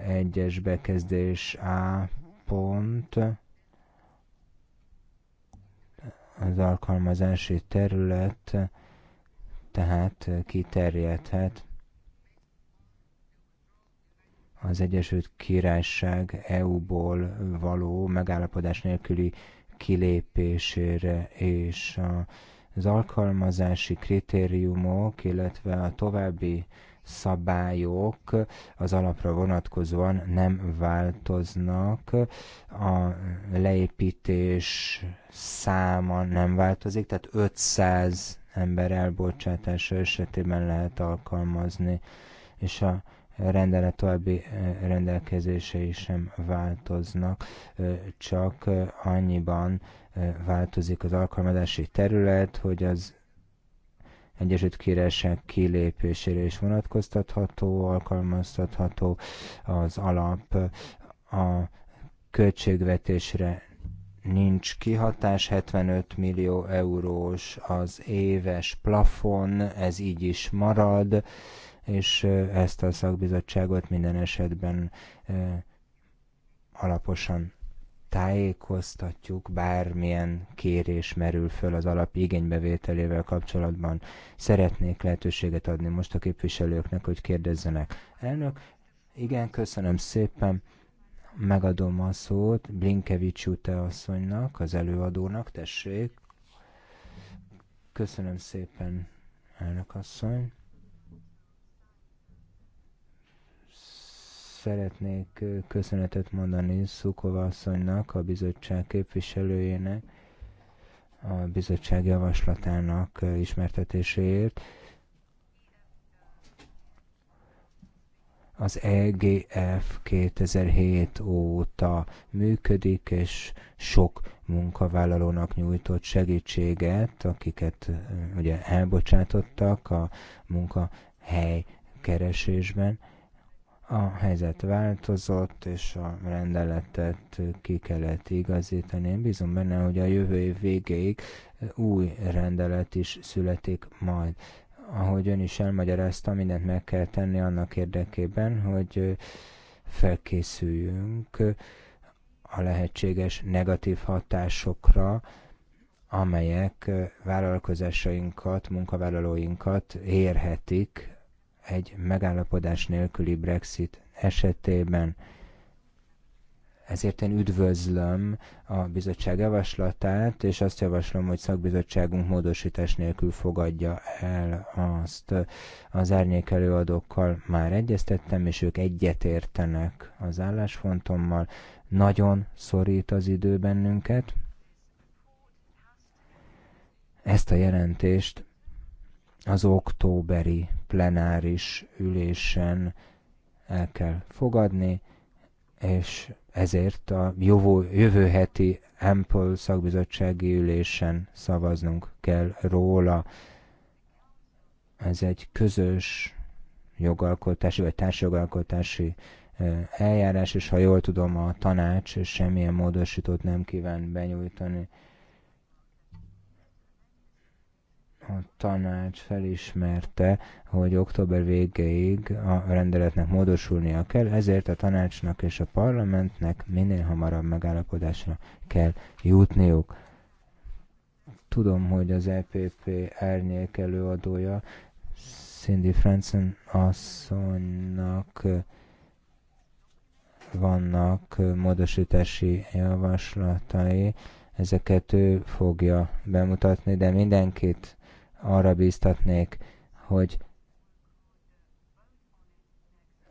egyes bekezdés A pont az alkalmazási terület tehát kiterjedhet az Egyesült Királyság EU-ból való megállapodás nélküli kilépésére és az alkalmazási kritériumok, illetve a további szabályok az alapra vonatkozóan nem változnak, a leépítés száma nem változik, tehát 500 ember elbocsátása esetében lehet alkalmazni, és a rendelet további rendelkezései sem változnak, csak annyiban változik az alkalmazási terület, hogy az Egyesült Királyság kilépésére is vonatkoztatható, alkalmaztatható az alap a költségvetésre nincs kihatás, 75 millió eurós az éves plafon, ez így is marad, és ezt a szakbizottságot minden esetben alaposan tájékoztatjuk, bármilyen kérés merül föl az alap igénybevételével kapcsolatban. Szeretnék lehetőséget adni most a képviselőknek, hogy kérdezzenek. Elnök, igen, köszönöm szépen. Megadom a szót Blinkevics Jute asszonynak, az előadónak, tessék. Köszönöm szépen, elnök asszony. Szeretnék köszönetet mondani Szukova asszonynak, a bizottság képviselőjének, a bizottság javaslatának ismertetéséért. az EGF 2007 óta működik, és sok munkavállalónak nyújtott segítséget, akiket ugye elbocsátottak a munkahely keresésben a helyzet változott, és a rendeletet ki kellett igazítani. Én bízom benne, hogy a jövő év végéig új rendelet is születik majd. Ahogy ön is elmagyarázta, mindent meg kell tenni annak érdekében, hogy felkészüljünk a lehetséges negatív hatásokra, amelyek vállalkozásainkat, munkavállalóinkat érhetik egy megállapodás nélküli Brexit esetében. Ezért én üdvözlöm a bizottság javaslatát, és azt javaslom, hogy szakbizottságunk módosítás nélkül fogadja el azt. Az árnyékelőadókkal már egyeztettem, és ők egyetértenek az állásfontommal. Nagyon szorít az idő bennünket. Ezt a jelentést az októberi plenáris ülésen el kell fogadni, és ezért a jövő, jövő heti Ample szakbizottsági ülésen szavaznunk kell róla. Ez egy közös jogalkotási vagy társjogalkotási eljárás, és ha jól tudom, a tanács semmilyen módosítót nem kíván benyújtani. a tanács felismerte, hogy október végéig a rendeletnek módosulnia kell, ezért a tanácsnak és a parlamentnek minél hamarabb megállapodásra kell jutniuk. Tudom, hogy az EPP árnyék előadója Cindy Franson asszonynak vannak módosítási javaslatai, ezeket ő fogja bemutatni, de mindenkit arra bíztatnék, hogy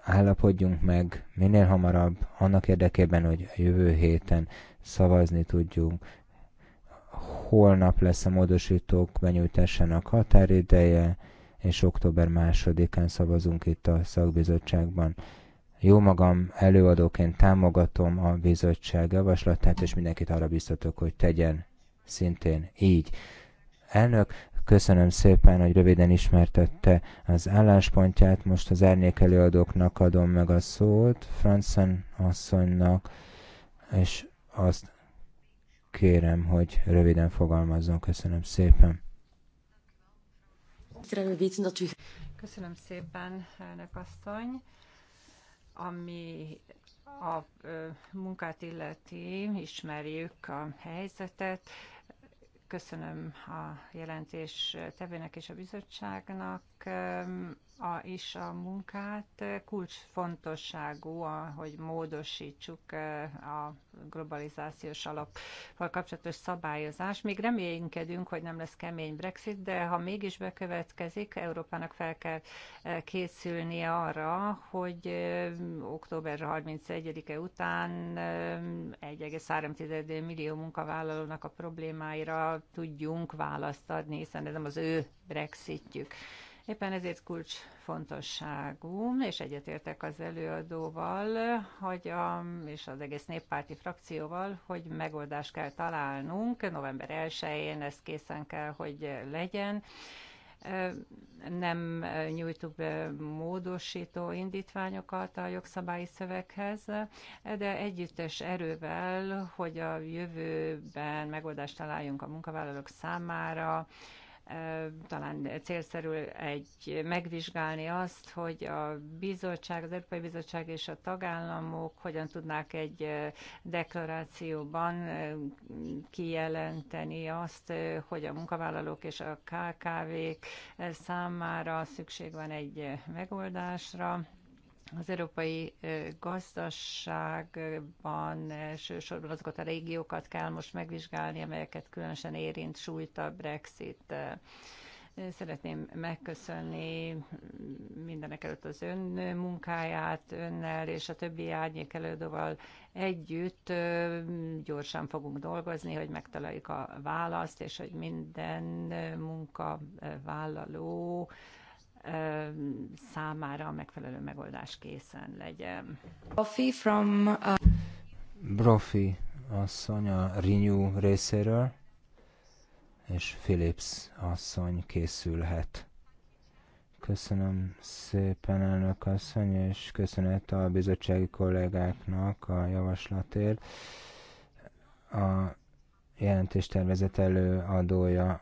állapodjunk meg minél hamarabb, annak érdekében, hogy a jövő héten szavazni tudjunk. Holnap lesz a módosítók benyújtásának határideje, és október másodikán szavazunk itt a szakbizottságban. Jó magam előadóként támogatom a bizottság javaslatát, és mindenkit arra biztatok, hogy tegyen szintén így. Elnök, Köszönöm szépen, hogy röviden ismertette az álláspontját. Most az árnyék előadóknak adom meg a szót, Franzen asszonynak, és azt kérem, hogy röviden fogalmazzon. Köszönöm szépen. Köszönöm szépen, elnök asszony. Ami a munkát illeti, ismerjük a helyzetet. Köszönöm a jelentés tevőnek és a bizottságnak a, is a munkát. Kulcsfontosságú, hogy módosítsuk eh, a globalizációs alapval kapcsolatos szabályozás. Még reménykedünk, hogy nem lesz kemény Brexit, de ha mégis bekövetkezik, Európának fel kell eh, készülnie arra, hogy eh, október 31-e után 1,3 millió munkavállalónak a problémáira tudjunk választ adni, hiszen ez nem az ő Brexitjük. Éppen ezért kulcsfontosságú, és egyetértek az előadóval, hogy a, és az egész néppárti frakcióval, hogy megoldást kell találnunk. November 1-én ez készen kell, hogy legyen. Nem nyújtuk be módosító indítványokat a jogszabályi szöveghez, de együttes erővel, hogy a jövőben megoldást találjunk a munkavállalók számára, talán célszerű egy megvizsgálni azt, hogy a bizottság, az Európai Bizottság és a tagállamok hogyan tudnák egy deklarációban kijelenteni azt, hogy a munkavállalók és a KKV-k számára szükség van egy megoldásra, az európai gazdaságban elsősorban azokat a régiókat kell most megvizsgálni, amelyeket különösen érint súlyt a Brexit. Szeretném megköszönni mindenek előtt az ön munkáját, önnel és a többi árnyék elődóval együtt. Gyorsan fogunk dolgozni, hogy megtaláljuk a választ, és hogy minden munkavállaló számára a megfelelő megoldás készen legyen. Profi from... Uh... Brofi asszony a Renew részéről, és Philips asszony készülhet. Köszönöm szépen, elnök asszony, és köszönet a bizottsági kollégáknak a javaslatért. A jelentéstervezet előadója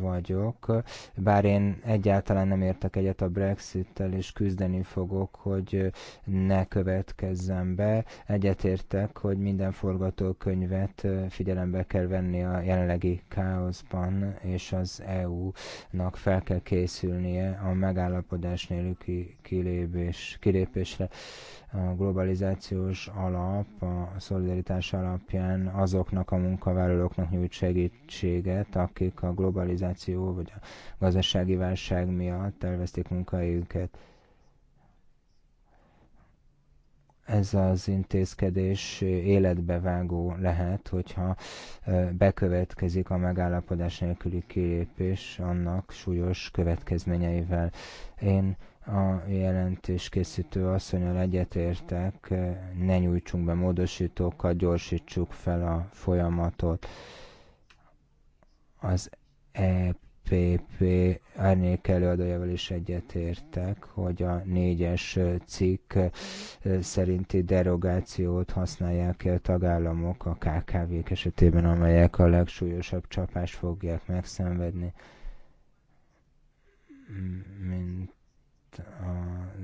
vagyok. Bár én egyáltalán nem értek egyet a Brexit-tel, és küzdeni fogok, hogy ne következzem be. Egyetértek, hogy minden forgatókönyvet figyelembe kell venni a jelenlegi káoszban, és az EU-nak fel kell készülnie a megállapodás nélküli kilépésre a globalizációs alap a szolidaritás alapján azoknak a munkavállalóknak nyújt segítséget, akik a globalizáció vagy a gazdasági válság miatt elvesztik munkahelyüket. ez az intézkedés életbevágó lehet, hogyha bekövetkezik a megállapodás nélküli kilépés annak súlyos következményeivel. Én a jelentés készítő asszonyal egyetértek, eh, ne nyújtsunk be módosítókat, gyorsítsuk fel a folyamatot. Az EPP árnyék előadójával is egyetértek, hogy a négyes cikk eh, szerinti derogációt használják ki a tagállamok a KKV-k esetében, amelyek a legsúlyosabb csapást fogják megszenvedni mint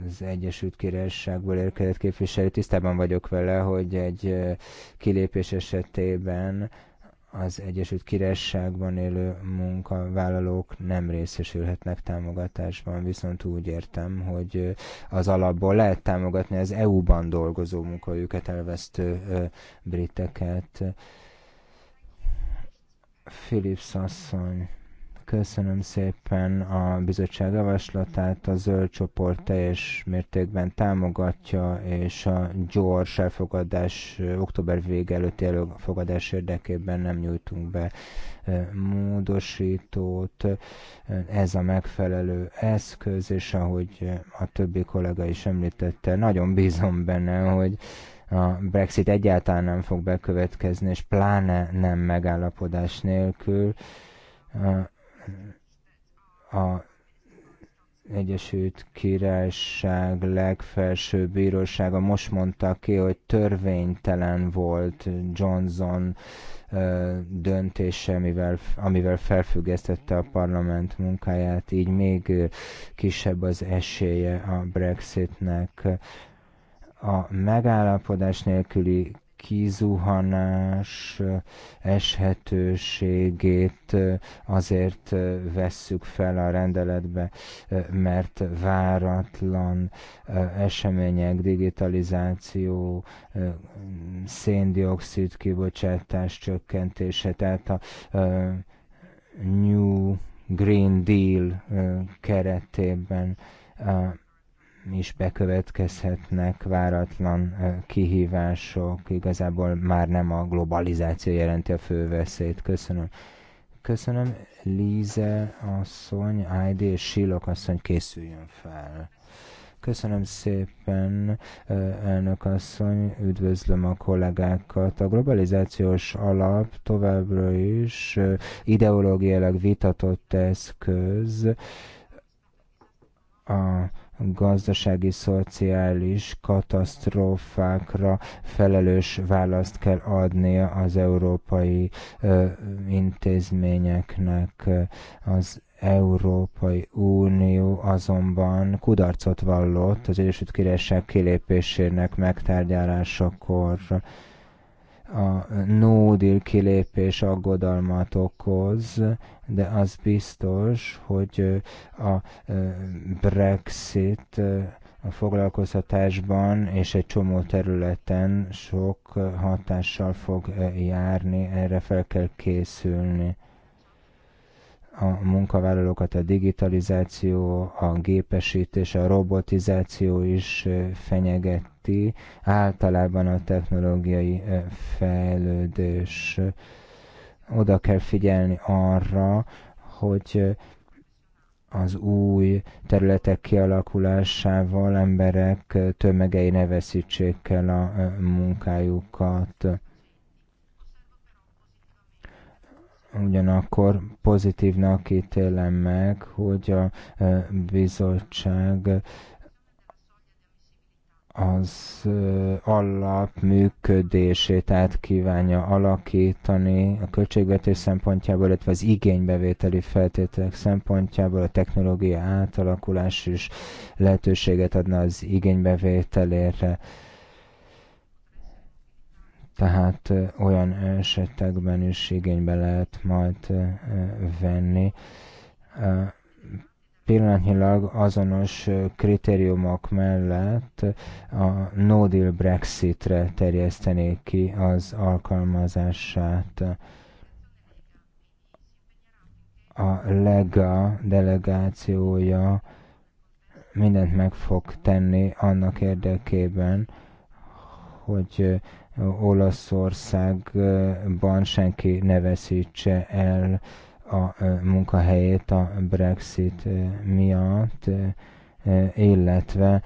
az Egyesült Királyságból érkezett képviselő, tisztában vagyok vele, hogy egy kilépés esetében az Egyesült Királyságban élő munkavállalók nem részesülhetnek támogatásban, viszont úgy értem, hogy az alapból lehet támogatni az EU-ban dolgozó munkahelyüket elvesztő briteket. Philips asszony Köszönöm szépen a bizottság javaslatát, a zöld csoport teljes mértékben támogatja, és a gyors elfogadás, október vége előtti elfogadás érdekében nem nyújtunk be módosítót. Ez a megfelelő eszköz, és ahogy a többi kollega is említette, nagyon bízom benne, hogy a Brexit egyáltalán nem fog bekövetkezni, és pláne nem megállapodás nélkül a Egyesült Királyság legfelsőbb bírósága most mondta ki, hogy törvénytelen volt Johnson döntése, amivel, amivel felfüggesztette a parlament munkáját, így még kisebb az esélye a Brexitnek. A megállapodás nélküli kizuhanás eshetőségét azért vesszük fel a rendeletbe, mert váratlan események, digitalizáció, széndiokszid kibocsátás csökkentése, tehát a New Green Deal keretében is bekövetkezhetnek váratlan eh, kihívások. Igazából már nem a globalizáció jelenti a fő veszélyt. Köszönöm. Köszönöm. Líze asszony, ID és Silok asszony készüljön fel. Köszönöm szépen, eh, elnök asszony, üdvözlöm a kollégákat. A globalizációs alap továbbra is eh, ideológiailag vitatott eszköz. A gazdasági, szociális katasztrófákra felelős választ kell adnia az európai ö, intézményeknek. Az Európai Unió azonban kudarcot vallott az Egyesült Királyság kilépésének megtárgyalásakor a nódil kilépés aggodalmat okoz, de az biztos, hogy a Brexit a foglalkoztatásban és egy csomó területen sok hatással fog járni, erre fel kell készülni a munkavállalókat a digitalizáció, a gépesítés, a robotizáció is fenyegeti, általában a technológiai fejlődés. Oda kell figyelni arra, hogy az új területek kialakulásával emberek tömegei ne veszítsék el a munkájukat ugyanakkor pozitívnak ítélem meg, hogy a e, bizottság az e, alap működését át kívánja alakítani a költségvetés szempontjából, illetve az igénybevételi feltételek szempontjából a technológia átalakulás is lehetőséget adna az igénybevételére tehát olyan esetekben is igénybe lehet majd venni. Pillanatnyilag azonos kritériumok mellett a no deal Brexitre terjesztenék ki az alkalmazását. A LEGA delegációja mindent meg fog tenni annak érdekében, hogy Olaszországban senki ne veszítse el a munkahelyét a Brexit miatt, illetve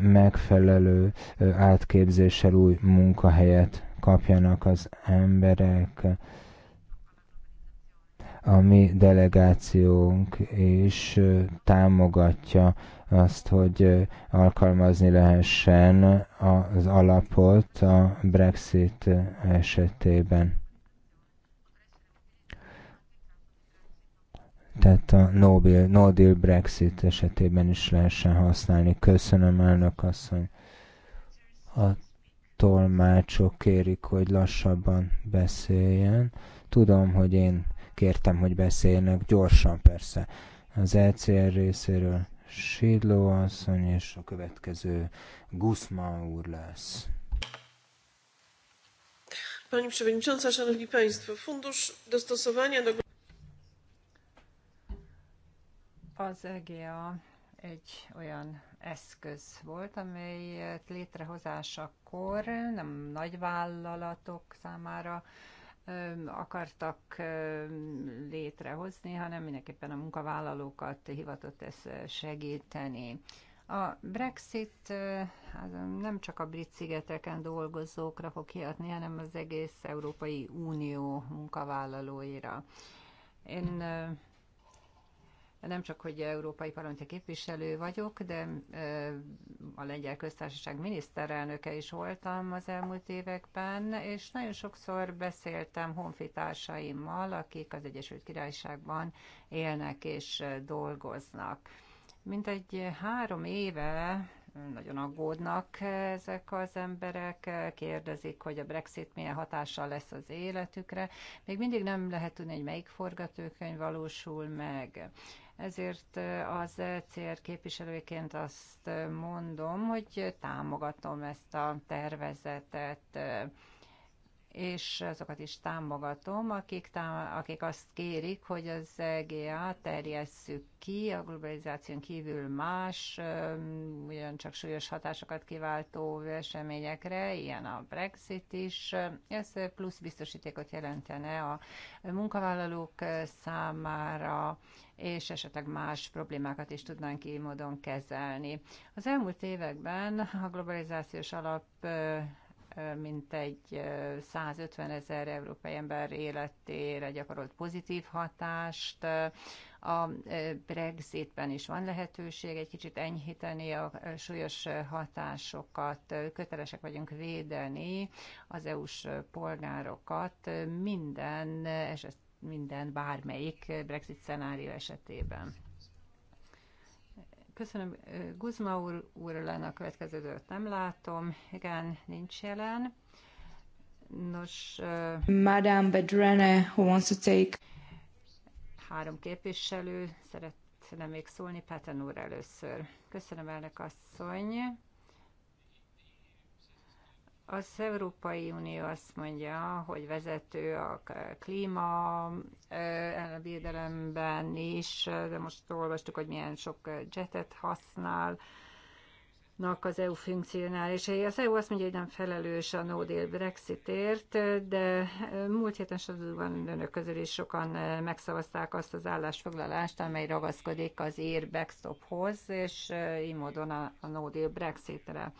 megfelelő átképzéssel új munkahelyet kapjanak az emberek. A mi delegációnk is támogatja azt, hogy alkalmazni lehessen az alapot a Brexit esetében. Tehát a no deal, no deal Brexit esetében is lehessen használni. Köszönöm, elnök asszony. A tolmácsok kérik, hogy lassabban beszéljen. Tudom, hogy én kértem, hogy beszéljenek gyorsan persze. Az ECR részéről Sidló asszony, és a következő Guzmán úr lesz. Pani Przewodnicząca, Szanowni Państwo, Fundusz Dostosowania do... Az EGA egy olyan eszköz volt, amely létrehozásakor nem nagy vállalatok számára akartak létrehozni, hanem mindenképpen a munkavállalókat hivatott ez segíteni. A Brexit nem csak a brit szigeteken dolgozókra fog kiadni, hanem az egész Európai Unió munkavállalóira. Én nem csak, hogy európai parlamenti képviselő vagyok, de a lengyel köztársaság miniszterelnöke is voltam az elmúlt években, és nagyon sokszor beszéltem honfitársaimmal, akik az Egyesült Királyságban élnek és dolgoznak. Mint egy három éve nagyon aggódnak ezek az emberek, kérdezik, hogy a Brexit milyen hatással lesz az életükre. Még mindig nem lehet tudni, hogy melyik forgatókönyv valósul meg. Ezért eh, az CR képviselőként azt eh, mondom, hogy támogatom ezt a tervezetet, eh, és azokat is támogatom, akik, tám- akik azt kérik, hogy az EGA terjesszük ki a globalizáción kívül más, ugyancsak súlyos hatásokat kiváltó eseményekre, ilyen a Brexit is. Ez plusz biztosítékot jelentene a munkavállalók számára, és esetleg más problémákat is tudnánk így módon kezelni. Az elmúlt években a globalizációs alap mint egy 150 ezer európai ember életére gyakorolt pozitív hatást. A Brexitben is van lehetőség egy kicsit enyhíteni a súlyos hatásokat. Kötelesek vagyunk védeni az EU-s polgárokat minden, minden bármelyik Brexit szenárió esetében. Köszönöm. Guzma úr, úr lenne a következő időt. Nem látom. Igen, nincs jelen. Nos, uh, Madame Bedrene, who wants to take... Három képviselő szeretne még szólni, peten úr először. Köszönöm, elnök asszony. Az Európai Unió azt mondja, hogy vezető a klíma védelemben is, de most olvastuk, hogy milyen sok jetet használ, az EU funkcionálisai. Az EU azt mondja, hogy nem felelős a no deal Brexitért, de múlt héten sorozatban önök közül is sokan megszavazták azt az állásfoglalást, amely ragaszkodik az ír backstophoz, és így módon a, a no deal Brexitre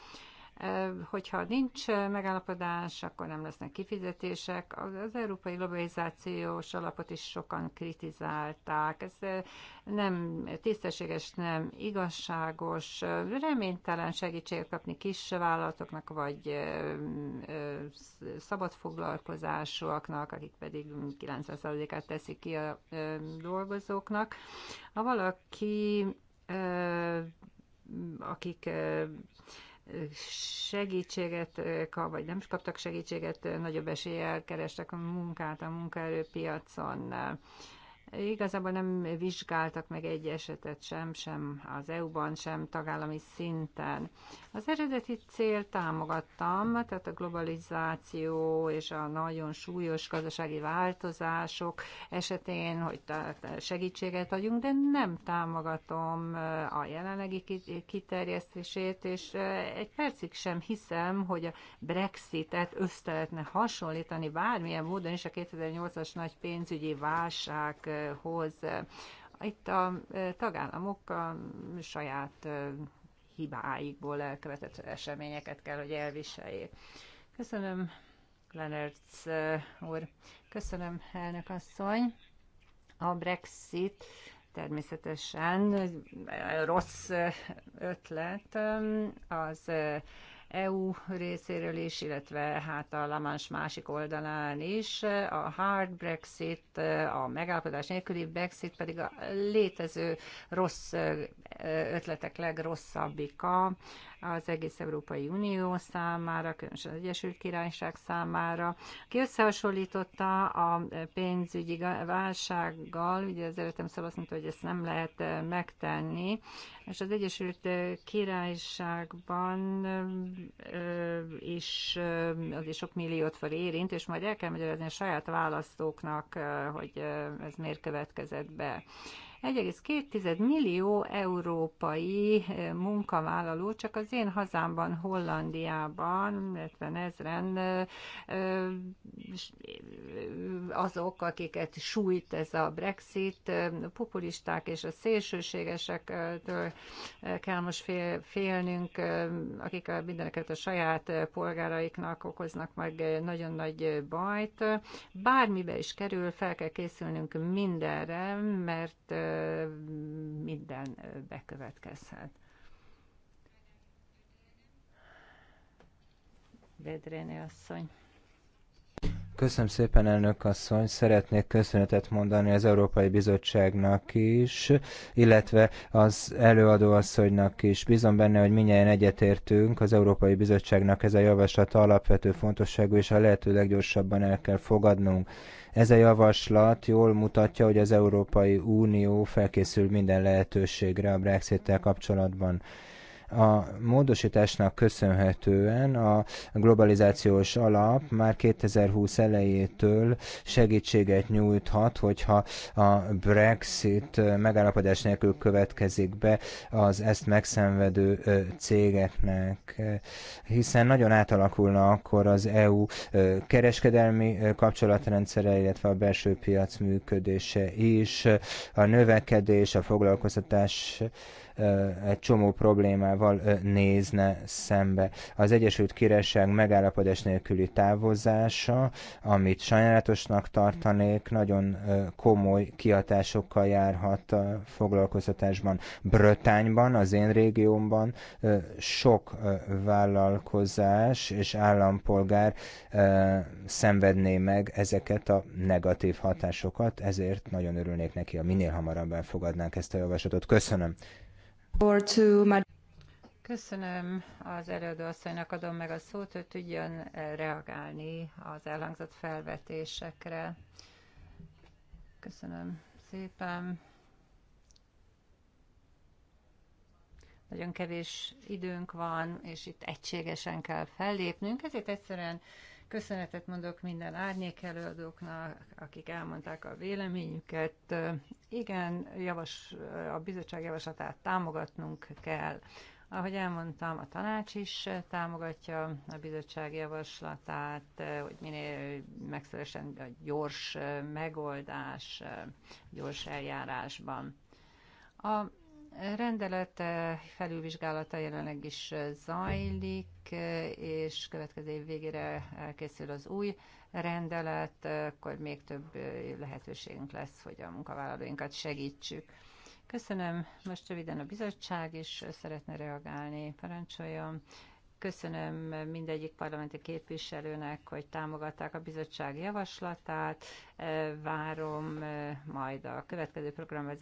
hogyha nincs megállapodás, akkor nem lesznek kifizetések. Az európai globalizációs alapot is sokan kritizálták. Ez nem tisztességes, nem igazságos, reménytelen segítséget kapni vállalatoknak vagy szabadfoglalkozásúaknak, akik pedig 90%-át teszik ki a dolgozóknak. Ha valaki akik segítséget kap, vagy nem is kaptak segítséget, nagyobb eséllyel kerestek a munkát a munkaerőpiacon Igazából nem vizsgáltak meg egy esetet sem, sem az EU-ban, sem tagállami szinten. Az eredeti cél támogattam, tehát a globalizáció és a nagyon súlyos gazdasági változások esetén, hogy segítséget adjunk, de nem támogatom eh, a jelenlegi kiterjesztését, és eh, egy percig sem hiszem, hogy a Brexitet össze lehetne hasonlítani bármilyen módon is a 2008-as nagy pénzügyi válság eh, hoz. Itt a tagállamok a saját hibáikból elkövetett eseményeket kell, hogy elviseljék. Köszönöm, Lenertz úr. Köszönöm, elnök asszony. A Brexit természetesen rossz ötlet az EU részéről is, illetve hát a Lamans másik oldalán is. A hard Brexit, a megállapodás nélküli Brexit pedig a létező rossz ötletek legrosszabbika, az egész Európai Unió számára, különösen az Egyesült Királyság számára, aki összehasonlította a pénzügyi válsággal, ugye az előttem szóval azt mondta, hogy ezt nem lehet megtenni, és az Egyesült Királyságban is az sok milliót fog érint, és majd el kell magyarázni a saját választóknak, hogy ez miért következett be. 1,2 millió európai eh, munkavállaló csak az én hazámban, Hollandiában, 50 ezren eh, eh, azok, akiket sújt ez a Brexit, populisták és a szélsőségesektől kell most félnünk, akik mindeneket a saját polgáraiknak okoznak meg nagyon nagy bajt. Bármibe is kerül, fel kell készülnünk mindenre, mert minden bekövetkezhet. Vedréni asszony. Köszönöm szépen, elnök asszony. Szeretnék köszönetet mondani az Európai Bizottságnak is, illetve az előadó asszonynak is. Bízom benne, hogy minnyáján egyetértünk. Az Európai Bizottságnak ez a javaslat alapvető fontosságú, és a lehető leggyorsabban el kell fogadnunk. Ez a javaslat jól mutatja, hogy az Európai Unió felkészül minden lehetőségre a Brexit-tel kapcsolatban. A módosításnak köszönhetően a globalizációs alap már 2020 elejétől segítséget nyújthat, hogyha a Brexit megállapodás nélkül következik be az ezt megszenvedő cégeknek, hiszen nagyon átalakulna akkor az EU kereskedelmi kapcsolatrendszere, illetve a belső piac működése is, a növekedés, a foglalkoztatás egy csomó problémával nézne szembe. Az Egyesült Királyság megállapodás nélküli távozása, amit sajnálatosnak tartanék, nagyon komoly kihatásokkal járhat a foglalkoztatásban. Brötányban, az én régiómban sok vállalkozás és állampolgár szenvedné meg ezeket a negatív hatásokat, ezért nagyon örülnék neki, ha minél hamarabb elfogadnánk ezt a javaslatot. Köszönöm. Köszönöm az előadóasszonynak, adom meg a szót, hogy tudjon eh, reagálni az elhangzott felvetésekre. Köszönöm szépen. Nagyon kevés időnk van, és itt egységesen kell fellépnünk, ezért egyszerűen Köszönetet mondok minden árnyék előadóknak, akik elmondták a véleményüket. Igen, javas, a bizottság javaslatát támogatnunk kell. Ahogy elmondtam, a tanács is támogatja a bizottság javaslatát, hogy minél megszeresen a gyors megoldás, gyors eljárásban. A rendelet eh, felülvizsgálata jelenleg is eh, zajlik, eh, és következő év végére elkészül az új rendelet, akkor még több lehetőségünk lesz, hogy a munkavállalóinkat segítsük. Köszönöm. Most röviden a bizottság is szeretne reagálni. Parancsoljon. Köszönöm mindegyik parlamenti képviselőnek, hogy támogatták a bizottság javaslatát. Várom majd a következő programozási